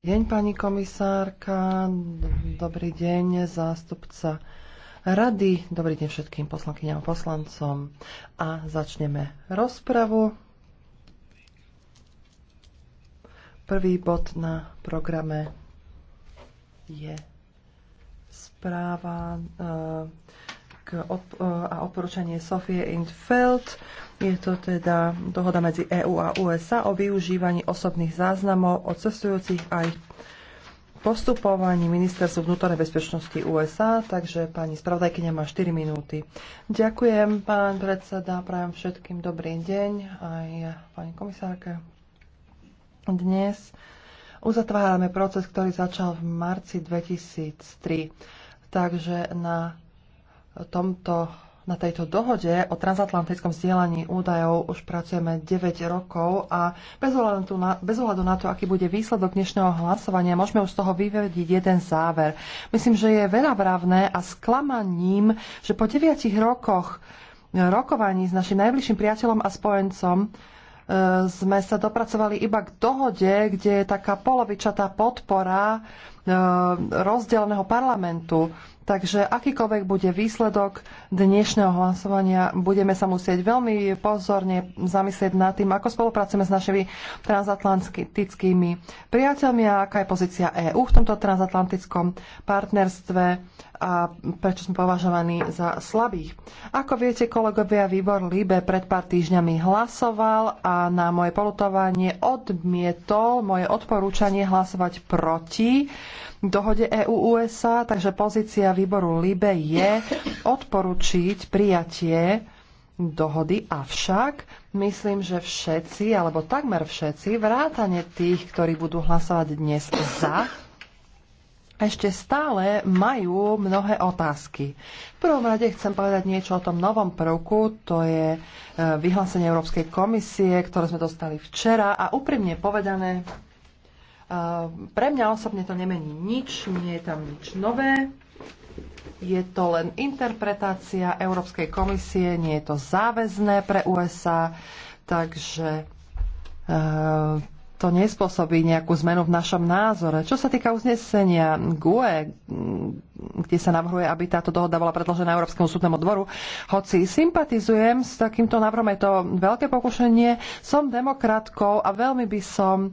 deň, pani komisárka, dobrý deň, zástupca rady, dobrý deň všetkým poslankyňam a poslancom. A začneme rozpravu. Prvý bod na programe je správa. Eh, op- e, a odporúčanie Sofie Intfeld. Je to teda dohoda medzi EU a USA o využívaní osobných záznamov o cestujúcich aj postupovaní ministerstva vnútornej bezpečnosti USA, takže pani spravodajkyňa má 4 minúty. Ďakujem, pán predseda, prajem všetkým dobrý deň aj pani komisárke. Dnes uzatvárame proces, ktorý začal v marci 2003. Takže na tomto, na tejto dohode o transatlantickom vzdielaní údajov už pracujeme 9 rokov a bez ohľadu, na, bez ohľadu na to, aký bude výsledok dnešného hlasovania, môžeme už z toho vyvediť jeden záver. Myslím, že je vravné a sklamaním, že po 9 rokoch e, rokovaní s našim najbližším priateľom a spojencom E, sme sa dopracovali iba k dohode, kde je taká polovičatá podpora e, rozdeleného parlamentu. Takže akýkoľvek bude výsledok dnešného hlasovania, budeme sa musieť veľmi pozorne zamyslieť nad tým, ako spolupracujeme s našimi transatlantickými priateľmi a aká je pozícia EÚ v tomto transatlantickom partnerstve a prečo sme považovaní za slabých. Ako viete, kolegovia, výbor Líbe pred pár týždňami hlasoval a na moje polutovanie odmietol moje odporúčanie hlasovať proti dohode EU-USA, takže pozícia výboru Líbe je odporúčiť prijatie dohody, avšak myslím, že všetci, alebo takmer všetci, vrátane tých, ktorí budú hlasovať dnes za ešte stále majú mnohé otázky. V prvom rade chcem povedať niečo o tom novom prvku, to je e, vyhlásenie Európskej komisie, ktoré sme dostali včera a úprimne povedané, e, pre mňa osobne to nemení nič, nie je tam nič nové. Je to len interpretácia Európskej komisie, nie je to záväzné pre USA, takže e, to nespôsobí nejakú zmenu v našom názore. Čo sa týka uznesenia GUE, kde sa navrhuje, aby táto dohoda bola predložená Európskemu súdnemu dvoru, hoci sympatizujem s takýmto návrhom, je to veľké pokušenie, som demokratkou a veľmi by som e,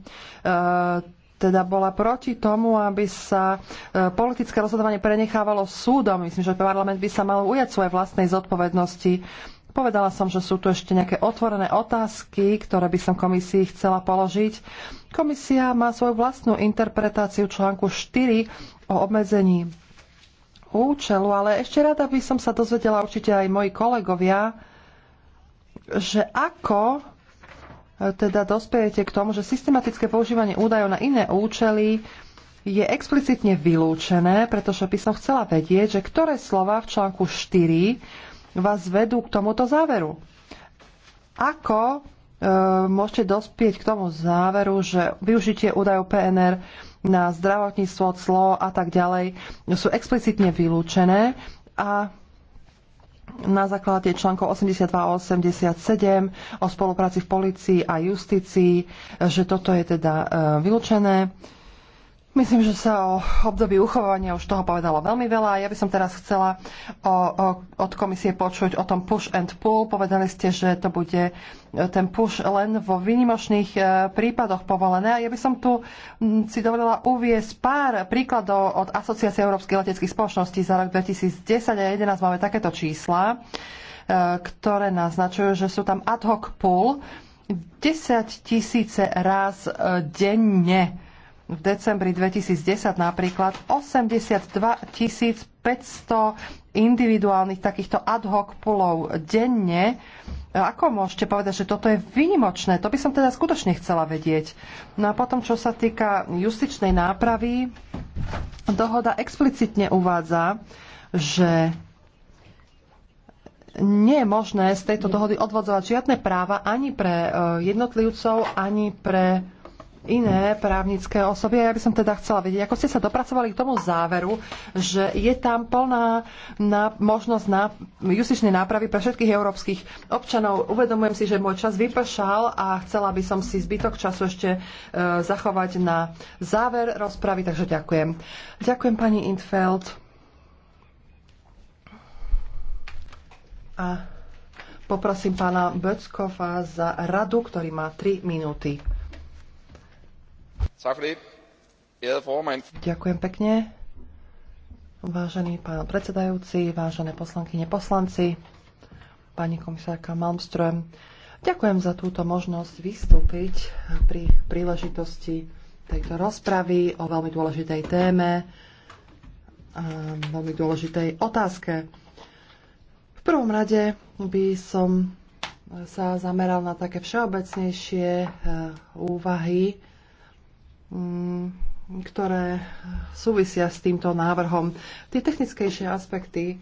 teda bola proti tomu, aby sa e, politické rozhodovanie prenechávalo súdom. Myslím, že parlament by sa mal ujať svoje vlastnej zodpovednosti Povedala som, že sú tu ešte nejaké otvorené otázky, ktoré by som komisii chcela položiť. Komisia má svoju vlastnú interpretáciu článku 4 o obmedzení účelu, ale ešte rada by som sa dozvedela určite aj moji kolegovia, že ako e, teda dospejete k tomu, že systematické používanie údajov na iné účely je explicitne vylúčené, pretože by som chcela vedieť, že ktoré slova v článku 4 vás vedú k tomuto záveru. Ako e, môžete dospieť k tomu záveru, že využitie údajov PNR na zdravotníctvo, clo a tak ďalej sú explicitne vylúčené a na základe článkov 82 a 87 o spolupráci v policii a justícii, že toto je teda e, vylúčené. Myslím, že sa o období uchovania už toho povedalo veľmi veľa. Ja by som teraz chcela o, o, od komisie počuť o tom push and pull. Povedali ste, že to bude e, ten push len vo výnimočných e, prípadoch povolené. A ja by som tu si dovolila uviesť pár príkladov od Asociácie európskych leteckých spoločností za rok 2010 a 2011 máme takéto čísla, e, ktoré naznačujú, že sú tam ad hoc pull 10 tisíce raz denne v decembri 2010 napríklad 82 500 individuálnych takýchto ad hoc pulov denne. Ako môžete povedať, že toto je výnimočné? To by som teda skutočne chcela vedieť. No a potom, čo sa týka justičnej nápravy, dohoda explicitne uvádza, že nie je možné z tejto dohody odvodzovať žiadne práva ani pre e, jednotlivcov, ani pre iné právnické osoby. Ja by som teda chcela vedieť, ako ste sa dopracovali k tomu záveru, že je tam plná na, možnosť na, justičnej nápravy pre všetkých európskych občanov. Uvedomujem si, že môj čas vypršal a chcela by som si zbytok času ešte e, zachovať na záver rozpravy, takže ďakujem. Ďakujem pani Intfeld. A poprosím pána Böckova za radu, ktorý má 3 minúty. Ďakujem pekne. Vážený pán predsedajúci, vážené poslankyne, poslanci, pani komisárka Malmström, ďakujem za túto možnosť vystúpiť pri príležitosti tejto rozpravy o veľmi dôležitej téme, a veľmi dôležitej otázke. V prvom rade by som sa zameral na také všeobecnejšie e, úvahy Mm, ktoré súvisia s týmto návrhom. Tie technickejšie aspekty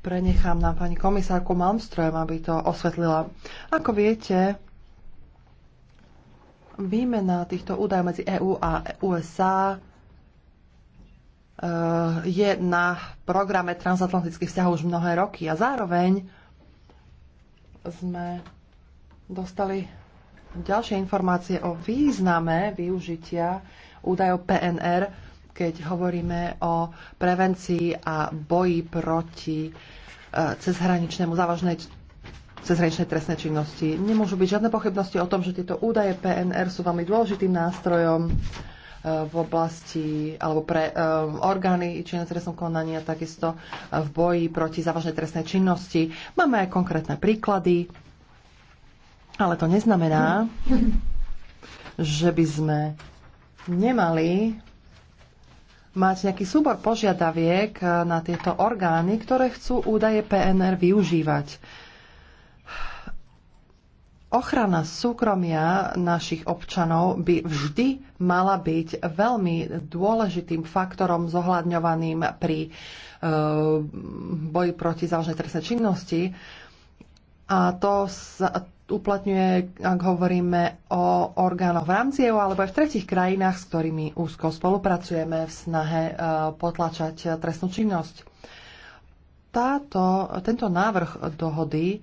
prenechám na pani komisárku Malmström, aby to osvetlila. Ako viete, výmena týchto údajov medzi EÚ a USA eh, je na programe transatlantických vzťahov už mnohé roky a zároveň sme dostali ďalšie informácie o význame využitia údajov PNR, keď hovoríme o prevencii a boji proti e, cezhraničnému závažnej cezhraničnej trestnej činnosti. Nemôžu byť žiadne pochybnosti o tom, že tieto údaje PNR sú veľmi dôležitým nástrojom e, v oblasti alebo pre um, orgány činné trestnom konania, takisto v boji proti závažnej trestnej činnosti. Máme aj konkrétne príklady ale to neznamená, že by sme nemali mať nejaký súbor požiadaviek na tieto orgány, ktoré chcú údaje PNR využívať. Ochrana súkromia našich občanov by vždy mala byť veľmi dôležitým faktorom zohľadňovaným pri uh, boji proti závažnej trestnej činnosti a to sa uplatňuje, ak hovoríme o orgánoch v rámci EU alebo aj v tretich krajinách, s ktorými úzko spolupracujeme v snahe e, potlačať trestnú činnosť. Táto, tento návrh dohody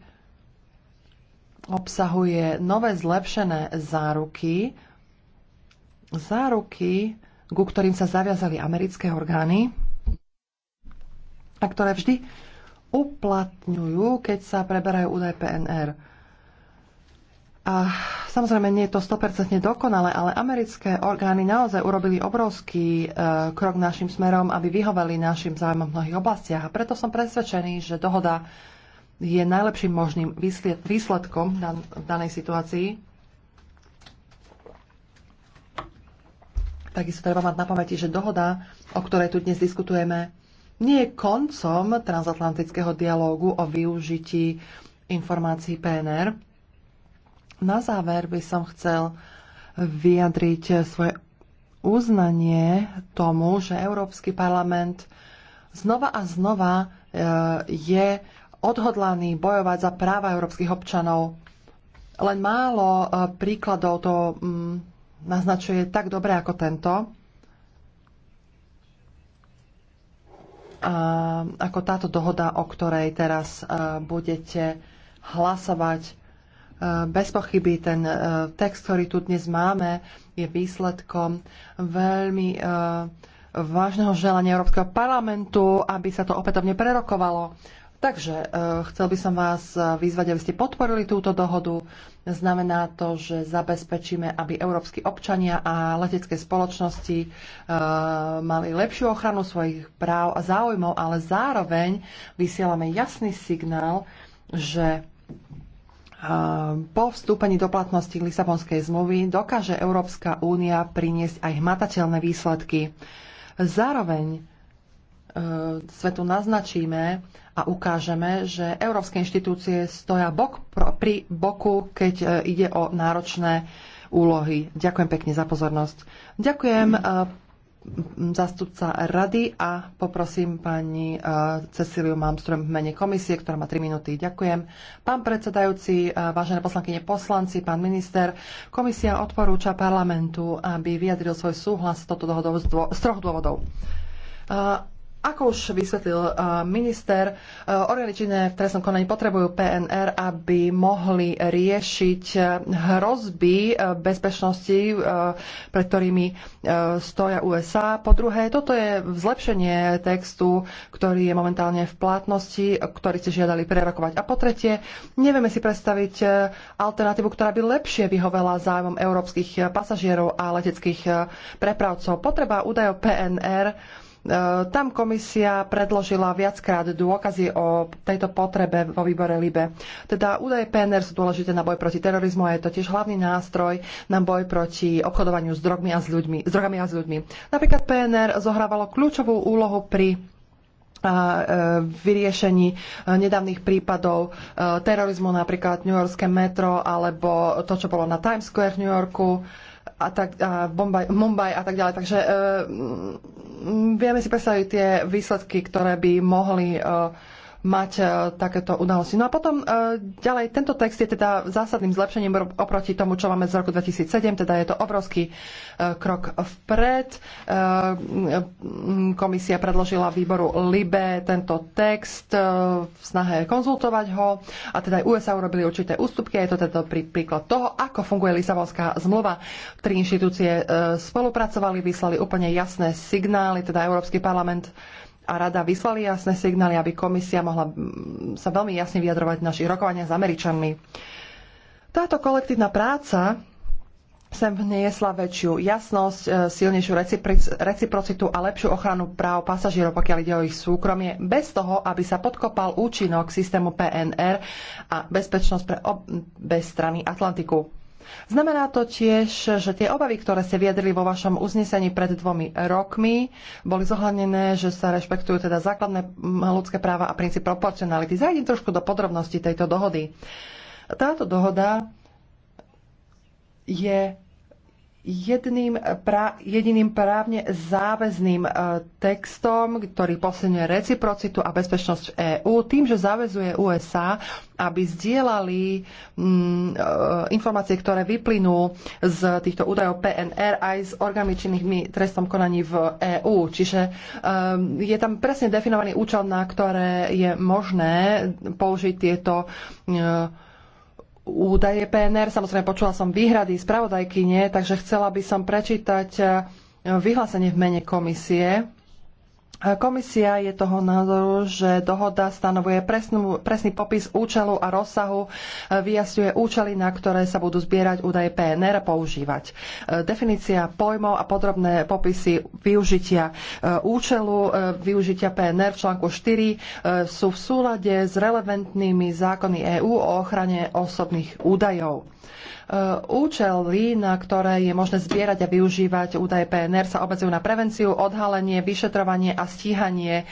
obsahuje nové zlepšené záruky, záruky, ku ktorým sa zaviazali americké orgány a ktoré vždy uplatňujú, keď sa preberajú údaje PNR. A samozrejme, nie je to 100% dokonalé, ale americké orgány naozaj urobili obrovský e, krok našim smerom, aby vyhovali našim zájmom v mnohých oblastiach. A preto som presvedčený, že dohoda je najlepším možným výsledkom v danej situácii. Takisto treba mať na pamäti, že dohoda, o ktorej tu dnes diskutujeme, nie je koncom transatlantického dialógu o využití informácií PNR. Na záver by som chcel vyjadriť svoje uznanie tomu, že Európsky parlament znova a znova e, je odhodlaný bojovať za práva európskych občanov. Len málo e, príkladov to mm, naznačuje tak dobre ako tento. ako táto dohoda, o ktorej teraz budete hlasovať. Bez pochyby ten text, ktorý tu dnes máme, je výsledkom veľmi vážneho želania Európskeho parlamentu, aby sa to opätovne prerokovalo. Takže e, chcel by som vás e, vyzvať, aby ste podporili túto dohodu. Znamená to, že zabezpečíme, aby európsky občania a letecké spoločnosti e, mali lepšiu ochranu svojich práv a záujmov, ale zároveň vysielame jasný signál, že po vstúpení do platnosti Lisabonskej zmluvy dokáže Európska únia priniesť aj hmatateľné výsledky. Zároveň E, svetu naznačíme a ukážeme, že európske inštitúcie stoja bok, pri boku, keď e, ide o náročné úlohy. Ďakujem pekne za pozornosť. Ďakujem e, zastupca rady a poprosím pani Cecíliu Malmström v mene komisie, ktorá má 3 minúty. Ďakujem. Pán predsedajúci, vážené poslankyne poslanci, pán minister, komisia odporúča parlamentu, aby vyjadril svoj súhlas s toto dohodou z, dvo- z troch dôvodov. Ako už vysvetlil eh, minister, eh, orgány činné v trestnom konaní potrebujú PNR, aby mohli riešiť eh, hrozby bezpečnosti, pred ktorými stoja USA. Po druhé, toto je zlepšenie textu, ktorý je momentálne v platnosti, ktorý ste žiadali prerokovať. A po tretie, nevieme si predstaviť alternatívu, ktorá by lepšie vyhovela zájmom európskych pasažierov a leteckých prepravcov. Potreba údajov PNR Eh, tam komisia predložila viackrát dôkazy o tejto potrebe vo výbore LIBE. Teda údaje PNR sú dôležité na boj proti terorizmu a je to tiež hlavný nástroj na boj proti obchodovaniu s, drogmi a s, ľuďmi, s drogami a s ľuďmi. Napríklad PNR zohrávalo kľúčovú úlohu pri a eh, eh, vyriešení nedávnych prípadov terorizmu, napríklad New Yorkské metro alebo to, čo bolo na Times Square v New Yorku a tak, a Bombaj, Mumbai a tak ďalej. Takže uh, vieme si predstaviť tie výsledky, ktoré by mohli uh, mať e, takéto udalosti. No a potom e, ďalej, tento text je teda zásadným zlepšením oproti tomu, čo máme z roku 2007, teda je to obrovský e, krok vpred. E, komisia predložila výboru LIBE tento text e, v snahe konzultovať ho a teda aj USA urobili určité ústupky je to teda prí, príklad toho, ako funguje Lisabonská zmluva. Tri inštitúcie e, spolupracovali, vyslali úplne jasné signály, teda Európsky parlament a rada vyslali jasné signály, aby komisia mohla mm, sa veľmi jasne vyjadrovať v našich rokovaniach s Američanmi. Táto kolektívna práca sem vniesla väčšiu jasnosť, e, silnejšiu reciprocitu a lepšiu ochranu práv pasažierov, pokiaľ ide o ich súkromie, bez toho, aby sa podkopal účinok systému PNR a bezpečnosť pre obe strany Atlantiku. Znamená to tiež, že tie obavy, ktoré ste viedli vo vašom uznesení pred dvomi rokmi, boli zohľadnené, že sa rešpektujú teda základné ľudské práva a princíp proporcionality. Zajdem trošku do podrobností tejto dohody. Táto dohoda je jedným pra, jediným právne záväzným e, textom, ktorý posilňuje reciprocitu a bezpečnosť v EÚ, tým, že záväzuje USA, aby zdieľali mm, e, informácie, ktoré vyplynú z týchto údajov PNR aj s orgánmi činnými trestom konaní v EÚ. Čiže um, je tam presne definovaný účel, na ktoré je možné použiť tieto uh, údaje PNR. Samozrejme, počula som výhrady spravodajkyne, takže chcela by som prečítať eh, vyhlásenie v mene komisie Komisia je toho názoru, že dohoda stanovuje presnú, presný popis účelu a rozsahu, e, vyjasňuje účely, na ktoré sa budú zbierať údaje PNR a používať. E, definícia pojmov a podrobné popisy využitia e, účelu, využitia PNR v článku 4 sú v súlade s relevantnými zákony EÚ o ochrane osobných údajov. Účely, na ktoré je možné zbierať a využívať údaje PNR, sa obmedzujú na prevenciu, odhalenie, vyšetrovanie a stíhanie e,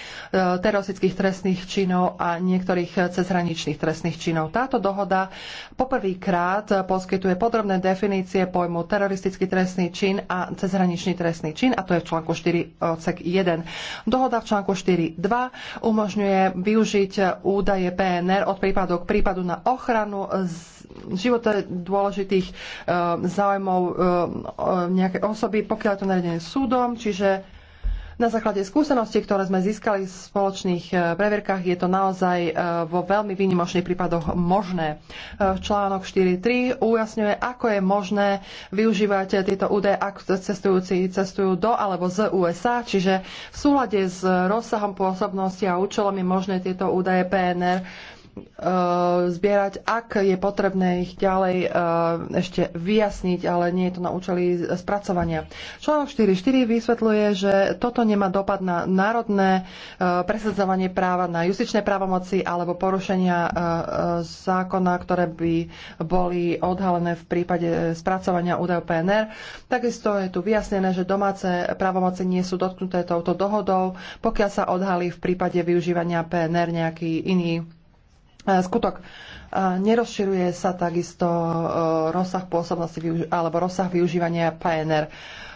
teroristických trestných činov a niektorých cezhraničných trestných činov. Táto dohoda poprvýkrát poskytuje podrobné definície pojmu teroristický trestný čin a cezhraničný trestný čin, a to je v článku 4 odsek 1. Dohoda v článku 4.2 umožňuje využiť údaje PNR od prípadu k prípadu na ochranu života dôležitých eh, záujmov eh, nejakej osoby, pokiaľ je to nariadené súdom, čiže na základe skúseností, ktoré sme získali v spoločných eh, preverkách, je to naozaj vo veľmi výnimočných prípadoch možné. Článok 4.3 ujasňuje, ako je možné využívať tieto údaje, ak cestujúci cestujú do alebo z USA, čiže v súlade s rozsahom pôsobnosti a účelom je možné tieto údaje PNR Eh, zbierať, ak je potrebné ich ďalej eh, ešte vyjasniť, ale nie je to na účely spracovania. Článok 4.4 vysvetľuje, že toto nemá dopad na národné eh, presadzovanie práva na justičné právomoci alebo porušenia zákona, ktoré by boli odhalené v prípade spracovania údajov PNR. Takisto je tu vyjasnené, že domáce právomoci nie sú dotknuté touto dohodou, pokiaľ sa odhalí v prípade využívania PNR nejaký iný skutok. Nerozširuje sa takisto e, rozsah pôsobnosti alebo rozsah využívania PNR.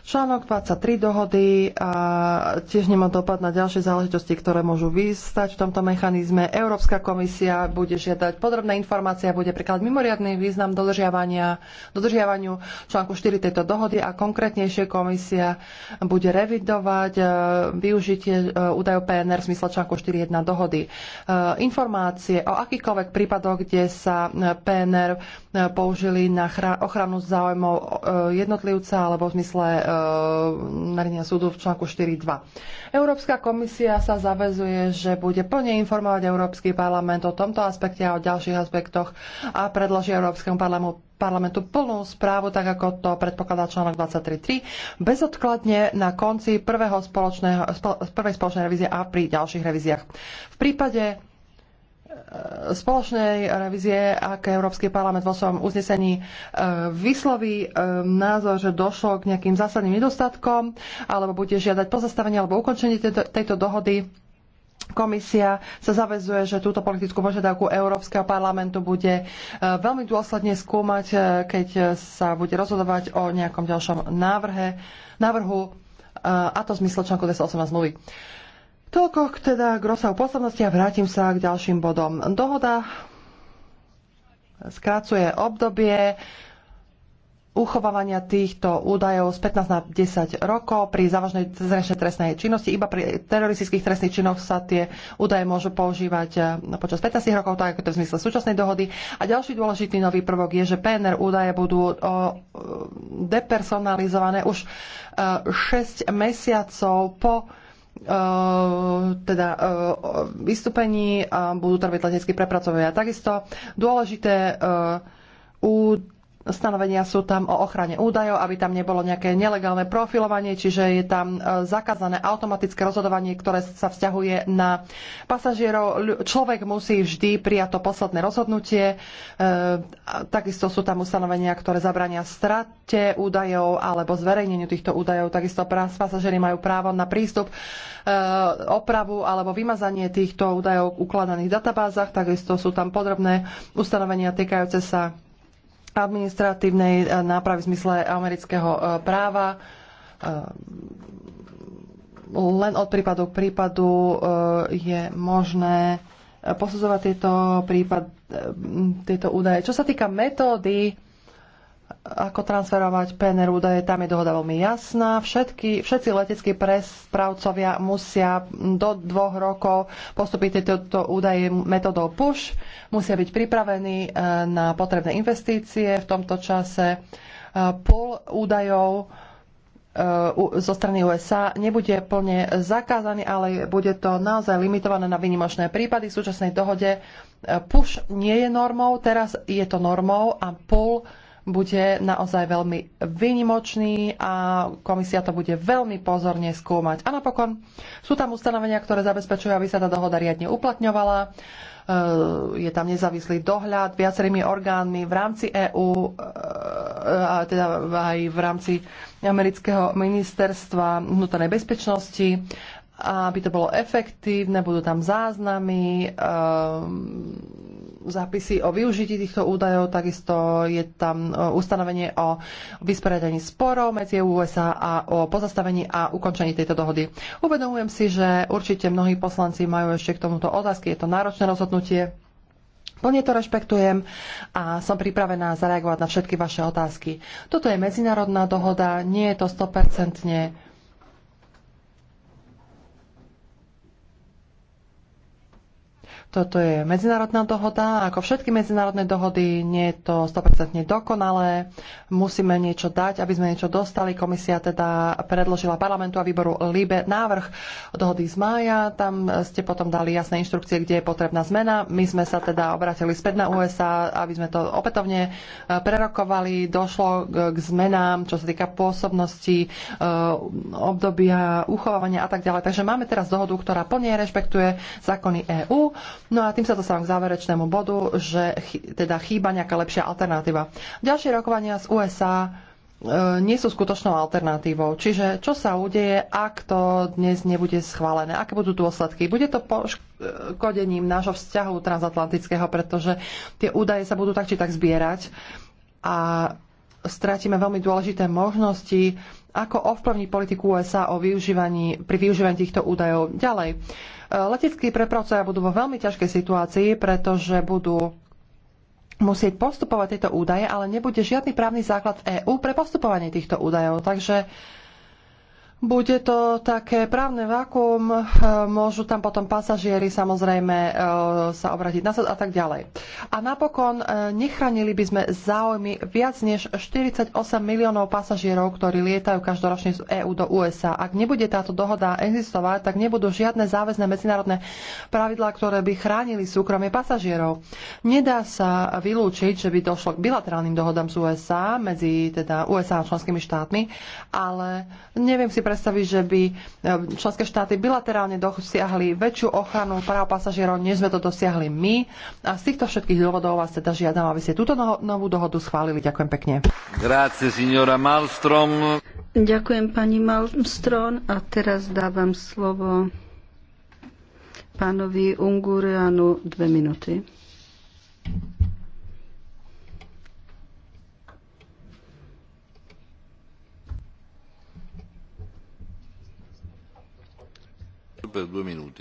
Článok 23 dohody a tiež nemá dopad na ďalšie záležitosti, ktoré môžu vystať v tomto mechanizme. Európska komisia bude žiadať podrobné informácie a bude príklad mimoriadný význam dodržiavania, dodržiavaniu článku 4 tejto dohody a konkrétnejšie komisia bude revidovať e, využitie e, údajov PNR v zmysle článku 4.1 dohody. E, informácie o akýkoľvek prípadoch, kde sa PNR použili na ochranu záujmov jednotlivca alebo v zmysle Eh, nariadenia súdu v článku 4.2. Európska komisia sa zavezuje, že bude plne informovať Európsky parlament o tomto aspekte a o ďalších aspektoch a predloží Európskemu parlamentu parlamentu plnú správu, tak ako to predpokladá článok 23.3, bezodkladne na konci prvého spoločného, prvej spoločnej revízie a pri ďalších revíziách. V prípade spoločnej revízie, ak Európsky parlament vo svojom uznesení e, vysloví e, názor, že došlo k nejakým zásadným nedostatkom, alebo bude žiadať pozastavenie alebo ukončenie tejto, tejto dohody, Komisia sa zavezuje, že túto politickú požiadavku Európskeho parlamentu bude e, veľmi dôsledne skúmať, keď sa bude rozhodovať o nejakom ďalšom návrhe, návrhu, a to v zmysle článku 218 zmluvy. Toľko teda k rozsahu pôsobnosti a vrátim sa k ďalším bodom. Dohoda skracuje obdobie uchovávania týchto údajov z 15 na 10 rokov. Pri závažnej zrešnej trestnej činnosti, iba pri teroristických trestných činoch sa tie údaje môžu používať eh, počas 15 rokov, tak ako to v zmysle súčasnej dohody. A ďalší dôležitý nový prvok je, že PNR údaje budú eh, depersonalizované už 6 eh, mesiacov po teda vystúpení a budú tam letecky prepracovania. prepracovia. Takisto dôležité u Stanovenia sú tam o ochrane údajov, aby tam nebolo nejaké nelegálne profilovanie, čiže je tam e, zakázané automatické rozhodovanie, ktoré sa vzťahuje na pasažierov. Človek musí vždy prijať to posledné rozhodnutie. E, takisto sú tam ustanovenia, ktoré zabrania strate údajov alebo zverejneniu týchto údajov. Takisto pasažieri majú právo na prístup, e, opravu alebo vymazanie týchto údajov ukladaných databázach. Takisto sú tam podrobné ustanovenia týkajúce sa administratívnej eh, nápravy v zmysle eh, amerického eh, práva len od prípadu k prípadu je možné posudzovať tieto, prípad, tieto údaje. Čo sa týka metódy, ako transferovať PNR údaje, tam je dohoda veľmi jasná. Všetky, všetci leteckí prespravcovia musia do dvoch rokov postupiť tieto údaje metodou push, musia byť pripravení eh, na potrebné investície v tomto čase. Eh, Pol údajov eh, zo strany USA nebude plne zakázaný, ale bude to naozaj limitované na výnimočné prípady. V súčasnej dohode push nie je normou, teraz je to normou a pull bude naozaj veľmi vynimočný a komisia to bude veľmi pozorne skúmať. A napokon sú tam ustanovenia, ktoré zabezpečujú, aby sa tá dohoda riadne uplatňovala. E, je tam nezávislý dohľad viacerými orgánmi v rámci EÚ, e, teda aj v rámci amerického ministerstva vnútornej bezpečnosti aby to bolo efektívne, budú tam záznamy, e, zápisy o využití týchto údajov, takisto je tam e, ustanovenie o vysporiadaní sporov medzi e USA a o pozastavení a ukončení tejto dohody. Uvedomujem si, že určite mnohí poslanci majú ešte k tomuto otázky. Je to náročné rozhodnutie. Plne to rešpektujem a som pripravená zareagovať na všetky vaše otázky. Toto je medzinárodná dohoda, nie je to 100% Toto je medzinárodná dohoda. Ako všetky medzinárodné dohody, nie je to 100% dokonalé. Musíme niečo dať, aby sme niečo dostali. Komisia teda predložila parlamentu a výboru LIBE návrh dohody z mája. Tam ste potom dali jasné inštrukcie, kde je potrebná zmena. My sme sa teda obratili späť na USA, aby sme to opätovne e, prerokovali. Došlo k zmenám, čo sa týka pôsobnosti, e, obdobia uchovávania a tak ďalej. Takže máme teraz dohodu, ktorá plne rešpektuje zákony EÚ No a tým sa dostávam k záverečnému bodu, že chy, teda chýba nejaká lepšia alternatíva. Ďalšie rokovania z USA e, nie sú skutočnou alternatívou. Čiže čo sa udeje, ak to dnes nebude schválené? Aké budú dôsledky? Bude to poškodením nášho vzťahu transatlantického, pretože tie údaje sa budú tak či tak zbierať a stratíme veľmi dôležité možnosti, ako ovplyvniť politiku USA o využívaní, pri využívaní týchto údajov ďalej. Uh, Leteckí prepravcovia budú vo veľmi ťažkej situácii, pretože budú musieť postupovať tieto údaje, ale nebude žiadny právny základ v e EÚ pre postupovanie týchto údajov. Takže bude to také právne vákuum, e, môžu tam potom pasažieri samozrejme e, sa obratiť na súd a tak ďalej. A napokon e, nechránili by sme záujmy viac než 48 miliónov pasažierov, ktorí lietajú každoročne z EÚ do USA. Ak nebude táto dohoda existovať, tak nebudú žiadne záväzné medzinárodné pravidlá, ktoré by chránili súkromie pasažierov. Nedá sa vylúčiť, že by došlo k bilaterálnym dohodám z USA, medzi teda USA a členskými štátmi, ale neviem si predstaviť, že by e, členské štáty bilaterálne dosiahli väčšiu ochranu práv pasažierov, než sme to dosiahli my. A z týchto všetkých dôvodov vás teda žiadam, aby ste túto novú dohodu schválili. Ďakujem pekne. Grazie, signora Malstrom. Ďakujem pani Malmström a teraz dávam slovo pánovi Ungurianu dve minúty.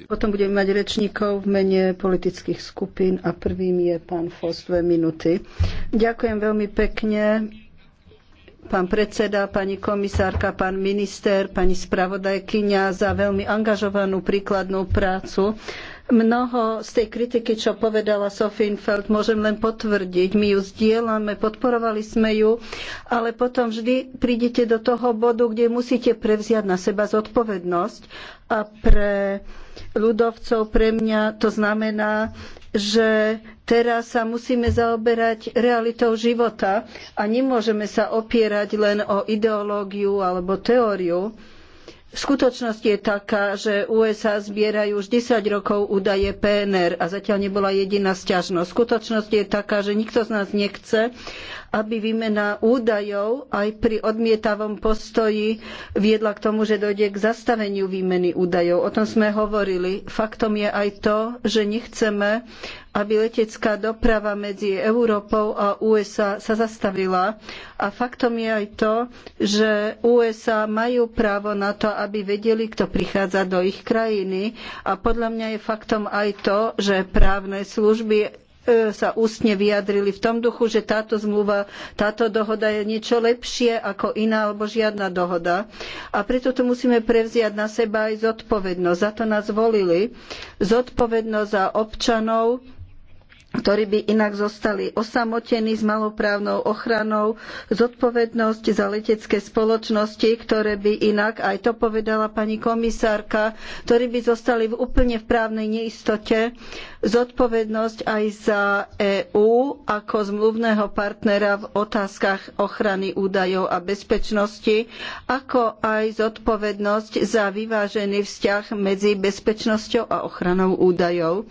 Potom budeme mať rečníkov v mene politických skupín a prvým je pán Fos dve minúty. Ďakujem veľmi pekne pán predseda, pani komisárka, pán minister, pani spravodajkyňa za veľmi angažovanú príkladnú prácu Mnoho z tej kritiky, čo povedala Sofienfeld, môžem len potvrdiť. My ju zdieľame, podporovali sme ju, ale potom vždy prídete do toho bodu, kde musíte prevziať na seba zodpovednosť. A pre ľudovcov, pre mňa to znamená, že teraz sa musíme zaoberať realitou života a nemôžeme sa opierať len o ideológiu alebo teóriu Skutočnosť je taká, že USA zbierajú už 10 rokov údaje PNR a zatiaľ nebola jediná sťažnosť. Skutočnosť je taká, že nikto z nás nechce, aby výmena údajov aj pri odmietavom postoji viedla k tomu, že dojde k zastaveniu výmeny údajov. O tom sme hovorili. Faktom je aj to, že nechceme, aby letecká doprava medzi Európou a USA sa zastavila. A faktom je aj to, že USA majú právo na to, aby vedeli, kto prichádza do ich krajiny. A podľa mňa je faktom aj to, že právne služby e, sa ústne vyjadrili v tom duchu, že táto zmluva, táto dohoda je niečo lepšie ako iná alebo žiadna dohoda. A preto tu musíme prevziať na seba aj zodpovednosť. Za to nás volili. Zodpovednosť za občanov, ktorí by inak zostali osamotení s maloprávnou ochranou, zodpovednosť za letecké spoločnosti, ktoré by inak, aj to povedala pani komisárka, ktorí by zostali v úplne v právnej neistote, zodpovednosť aj za EÚ ako zmluvného partnera v otázkach ochrany údajov a bezpečnosti, ako aj zodpovednosť za vyvážený vzťah medzi bezpečnosťou a ochranou údajov.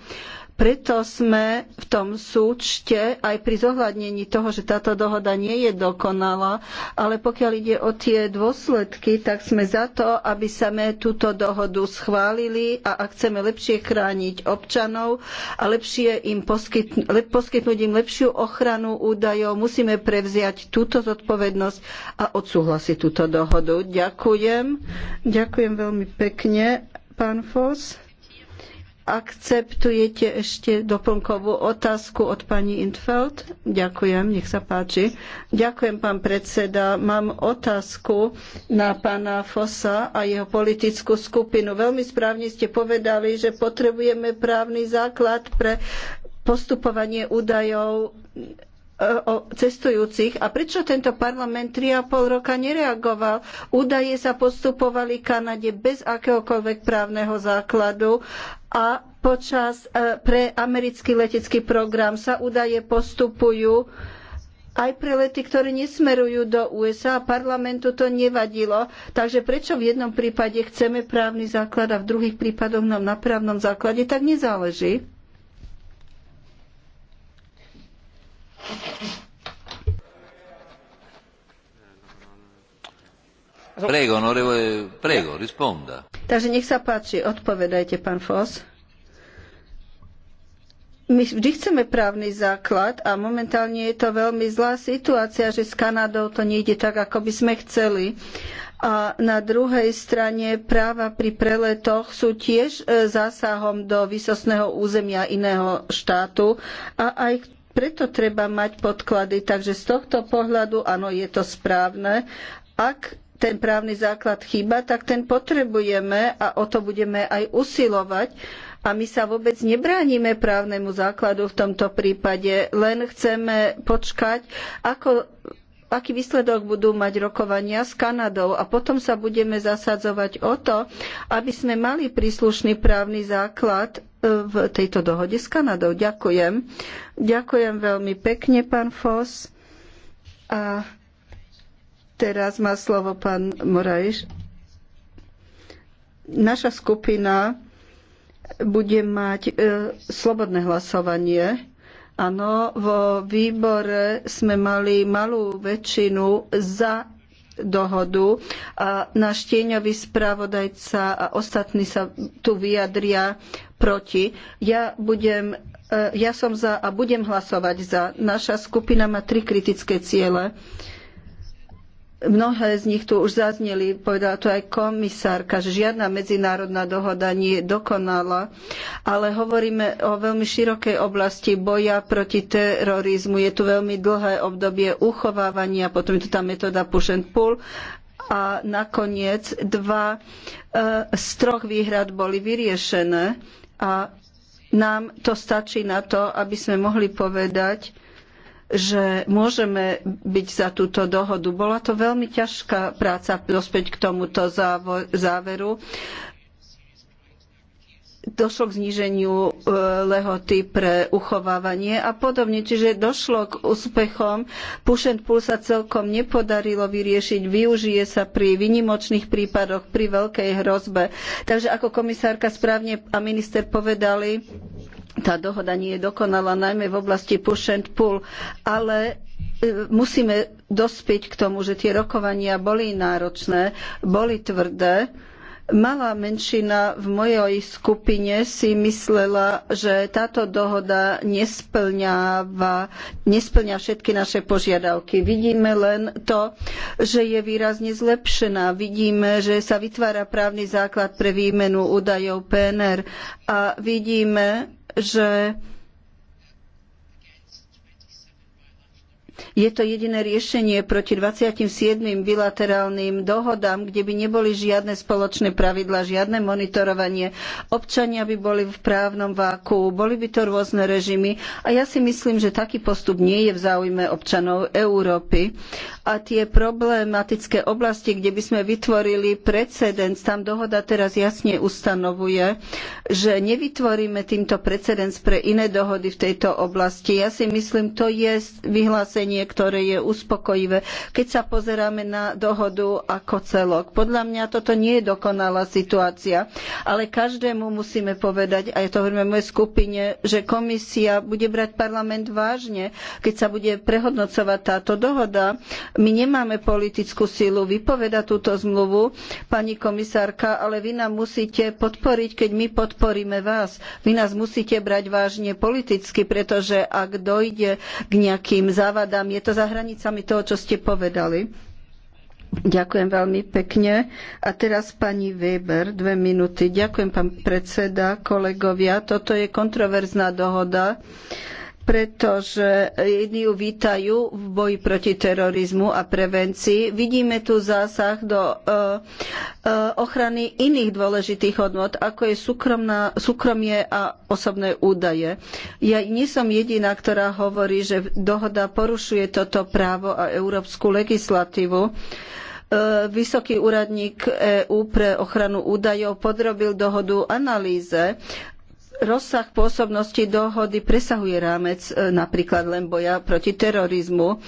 Preto sme v tom súčte aj pri zohľadnení toho, že táto dohoda nie je dokonalá, ale pokiaľ ide o tie dôsledky, tak sme za to, aby sme túto dohodu schválili a ak chceme lepšie chrániť občanov a lepšie im poskytnúť, poskytnúť im lepšiu ochranu údajov, musíme prevziať túto zodpovednosť a odsúhlasiť túto dohodu. Ďakujem. Ďakujem veľmi pekne, pán Foss. Akceptujete ešte doplnkovú otázku od pani Intfeld? Ďakujem, nech sa páči. Ďakujem, pán predseda. Mám otázku na pána Fosa a jeho politickú skupinu. Veľmi správne ste povedali, že potrebujeme právny základ pre postupovanie údajov o cestujúcich. A prečo tento parlament 3,5 roka nereagoval? Údaje sa postupovali Kanade bez akéhokoľvek právneho základu a počas e, pre americký letecký program sa údaje postupujú aj pre lety, ktoré nesmerujú do USA a parlamentu to nevadilo. Takže prečo v jednom prípade chceme právny základ a v druhých prípadoch nám na právnom základe tak nezáleží? Prego, prego, risponda. Takže nech sa páči, odpovedajte, pán Foss. My vždy chceme právny základ a momentálne je to veľmi zlá situácia, že s Kanadou to nejde tak, ako by sme chceli. A na druhej strane práva pri preletoch sú tiež e, zásahom do výsostného územia iného štátu a aj preto treba mať podklady. Takže z tohto pohľadu, áno, je to správne. Ak ten právny základ chýba, tak ten potrebujeme a o to budeme aj usilovať. A my sa vôbec nebránime právnemu základu v tomto prípade, len chceme počkať, ako, aký výsledok budú mať rokovania s Kanadou a potom sa budeme zasadzovať o to, aby sme mali príslušný právny základ v tejto dohode s Kanadou. Ďakujem. Ďakujem veľmi pekne, pán Foss. A teraz má slovo pán Morajš. Naša skupina bude mať e, slobodné hlasovanie. Áno, vo výbore sme mali malú väčšinu za dohodu a náš tieňový spravodajca a ostatní sa tu vyjadria proti. Ja, budem, e, ja som za a budem hlasovať za. Naša skupina má tri kritické ciele. Mnohé z nich tu už zazneli, povedala to aj komisárka, že žiadna medzinárodná dohoda nie je dokonala, ale hovoríme o veľmi širokej oblasti boja proti terorizmu. Je tu veľmi dlhé obdobie uchovávania, potom je tu tá metóda push and pull a nakoniec dva e, z troch výhrad boli vyriešené a nám to stačí na to, aby sme mohli povedať, že môžeme byť za túto dohodu. Bola to veľmi ťažká práca dospäť k tomuto záveru došlo k zníženiu e, lehoty pre uchovávanie a podobne. Čiže došlo k úspechom. Push and pull sa celkom nepodarilo vyriešiť. Využije sa pri vynimočných prípadoch, pri veľkej hrozbe. Takže ako komisárka správne a minister povedali, tá dohoda nie je dokonalá, najmä v oblasti push and pull, ale e, musíme dospieť k tomu, že tie rokovania boli náročné, boli tvrdé Malá menšina v mojej skupine si myslela, že táto dohoda nesplňa všetky naše požiadavky. Vidíme len to, že je výrazne zlepšená. Vidíme, že sa vytvára právny základ pre výmenu údajov PNR a vidíme, že Je to jediné riešenie proti 27 bilaterálnym dohodám, kde by neboli žiadne spoločné pravidlá, žiadne monitorovanie. Občania by boli v právnom váku, boli by to rôzne režimy a ja si myslím, že taký postup nie je v záujme občanov Európy. A tie problematické oblasti, kde by sme vytvorili precedens, tam dohoda teraz jasne ustanovuje, že nevytvoríme týmto precedens pre iné dohody v tejto oblasti. Ja si myslím, to je vyhlásenie riešenie, ktoré je uspokojivé, keď sa pozeráme na dohodu ako celok. Podľa mňa toto nie je dokonalá situácia, ale každému musíme povedať, a ja to hovoríme mojej skupine, že komisia bude brať parlament vážne, keď sa bude prehodnocovať táto dohoda. My nemáme politickú silu vypovedať túto zmluvu, pani komisárka, ale vy nám musíte podporiť, keď my podporíme vás. Vy nás musíte brať vážne politicky, pretože ak dojde k nejakým závadám, hádam, je to za hranicami toho, čo ste povedali. Ďakujem veľmi pekne. A teraz pani Weber, dve minúty. Ďakujem, pán predseda, kolegovia. Toto je kontroverzná dohoda pretože jedni ju vítajú v boji proti terorizmu a prevencii. Vidíme tu zásah do e, e, ochrany iných dôležitých hodnot, ako je súkromná, súkromie a osobné údaje. Ja nie som jediná, ktorá hovorí, že dohoda porušuje toto právo a európsku legislatívu e, vysoký úradník EÚ pre ochranu údajov podrobil dohodu analýze rozsah pôsobnosti dohody presahuje rámec e, napríklad len boja proti terorizmu.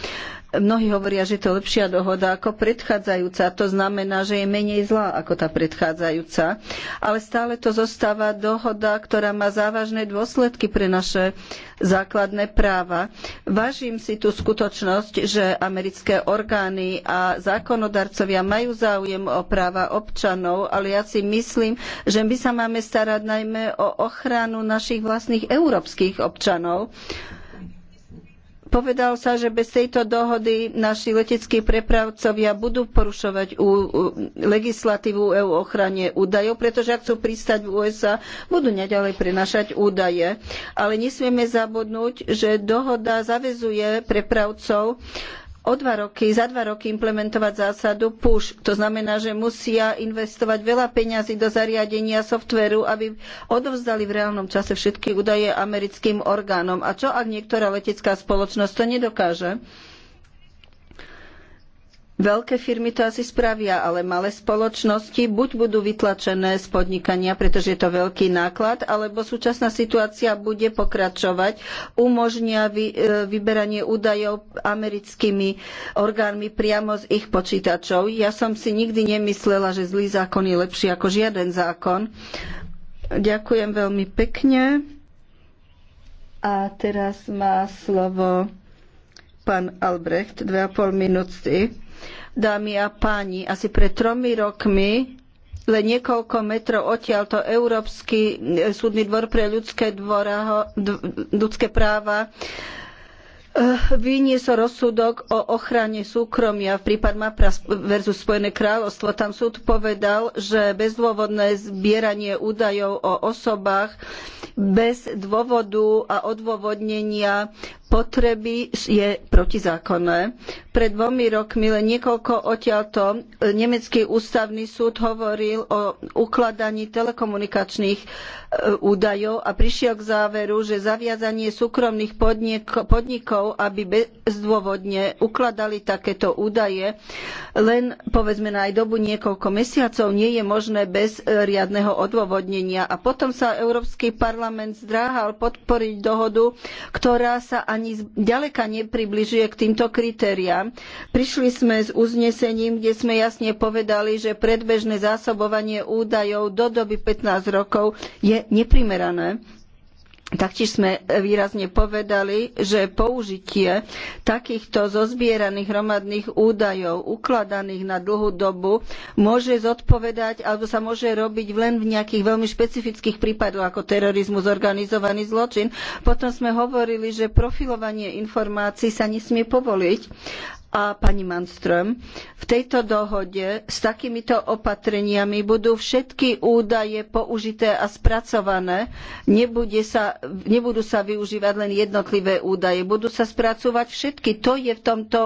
Mnohí hovoria, že to je lepšia dohoda ako predchádzajúca. To znamená, že je menej zlá ako tá predchádzajúca. Ale stále to zostáva dohoda, ktorá má závažné dôsledky pre naše základné práva. Vážim si tú skutočnosť, že americké orgány a zákonodarcovia majú záujem o práva občanov, ale ja si myslím, že my sa máme starať najmä o ochranu našich vlastných európskych občanov. Povedal sa, že bez tejto dohody naši leteckí prepravcovia budú porušovať legislatívu EU o ochrane údajov, pretože ak chcú pristať v USA, budú naďalej prenašať údaje. Ale nesmieme zabudnúť, že dohoda zavezuje prepravcov o dva roky, za dva roky implementovať zásadu push. To znamená, že musia investovať veľa peňazí do zariadenia softvéru, aby odovzdali v reálnom čase všetky údaje americkým orgánom. A čo ak niektorá letecká spoločnosť to nedokáže? Veľké firmy to asi spravia, ale malé spoločnosti buď budú vytlačené z podnikania, pretože je to veľký náklad, alebo súčasná situácia bude pokračovať, umožnia vy, e, vyberanie údajov americkými orgánmi priamo z ich počítačov. Ja som si nikdy nemyslela, že zlý zákon je lepší ako žiaden zákon. Ďakujem veľmi pekne. A teraz má slovo pán Albrecht, dve a pol minúty. Dámy a páni, asi pred tromi rokmi len niekoľko metrov odtiaľto Európsky eh, súdny dvor pre ľudské, dvora, ľudské práva eh, vyniesol rozsudok o ochrane súkromia v prípad Mapra versus Spojené kráľovstvo. Tam súd povedal, že bezdôvodné zbieranie údajov o osobách bez dôvodu a odôvodnenia potreby je protizákonné. Pred dvomi rokmi len niekoľko odtiaľto e, nemecký ústavný súd hovoril o ukladaní telekomunikačných e, údajov a prišiel k záveru, že zaviazanie súkromných podnikov, aby bezdôvodne ukladali takéto údaje, len povedzme na aj dobu niekoľko mesiacov nie je možné bez e, riadneho odôvodnenia. A potom sa Európsky parlament zdráhal podporiť dohodu, ktorá sa ani ani ďaleka nepribližuje k týmto kritériám. Prišli sme s uznesením, kde sme jasne povedali, že predbežné zásobovanie údajov do doby 15 rokov je neprimerané. Taktiež sme výrazne povedali, že použitie takýchto zozbieraných hromadných údajov ukladaných na dlhú dobu môže zodpovedať alebo sa môže robiť len v nejakých veľmi špecifických prípadoch ako terorizmus, organizovaný zločin. Potom sme hovorili, že profilovanie informácií sa nesmie povoliť a pani Manström. V tejto dohode s takýmito opatreniami budú všetky údaje použité a spracované. Sa, nebudú sa využívať len jednotlivé údaje, budú sa spracovať všetky. To je v tomto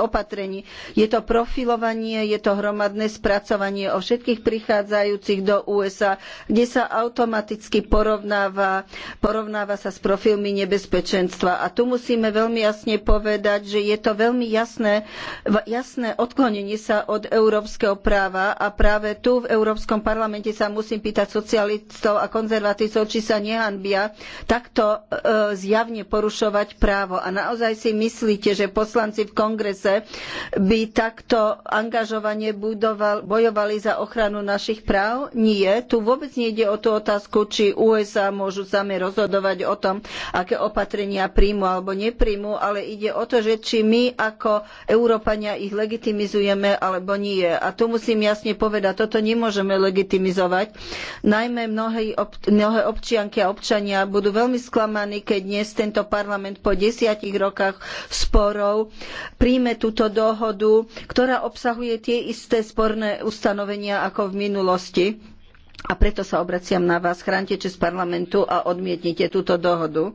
opatrení. Je to profilovanie, je to hromadné spracovanie o všetkých prichádzajúcich do USA, kde sa automaticky porovnáva, porovnáva sa s profilmi nebezpečenstva. A tu musíme veľmi jasne povedať, že je to veľmi jasné jasné, jasné odklonenie sa od európskeho práva a práve tu v Európskom parlamente sa musím pýtať socialistov a konzervatívcov, či sa nehanbia takto e, zjavne porušovať právo. A naozaj si myslíte, že poslanci v kongrese by takto angažovane budoval, bojovali za ochranu našich práv? Nie. Tu vôbec nejde o tú otázku, či USA môžu same rozhodovať o tom, aké opatrenia príjmu alebo nepríjmu, ale ide o to, že či my ako Európania ich legitimizujeme alebo nie. A tu musím jasne povedať, toto nemôžeme legitimizovať. Najmä mnohé, mnohé občianky a občania budú veľmi sklamaní, keď dnes tento parlament po desiatich rokách sporov príjme túto dohodu, ktorá obsahuje tie isté sporné ustanovenia ako v minulosti. A preto sa obraciam na vás. Chránte čest parlamentu a odmietnite túto dohodu.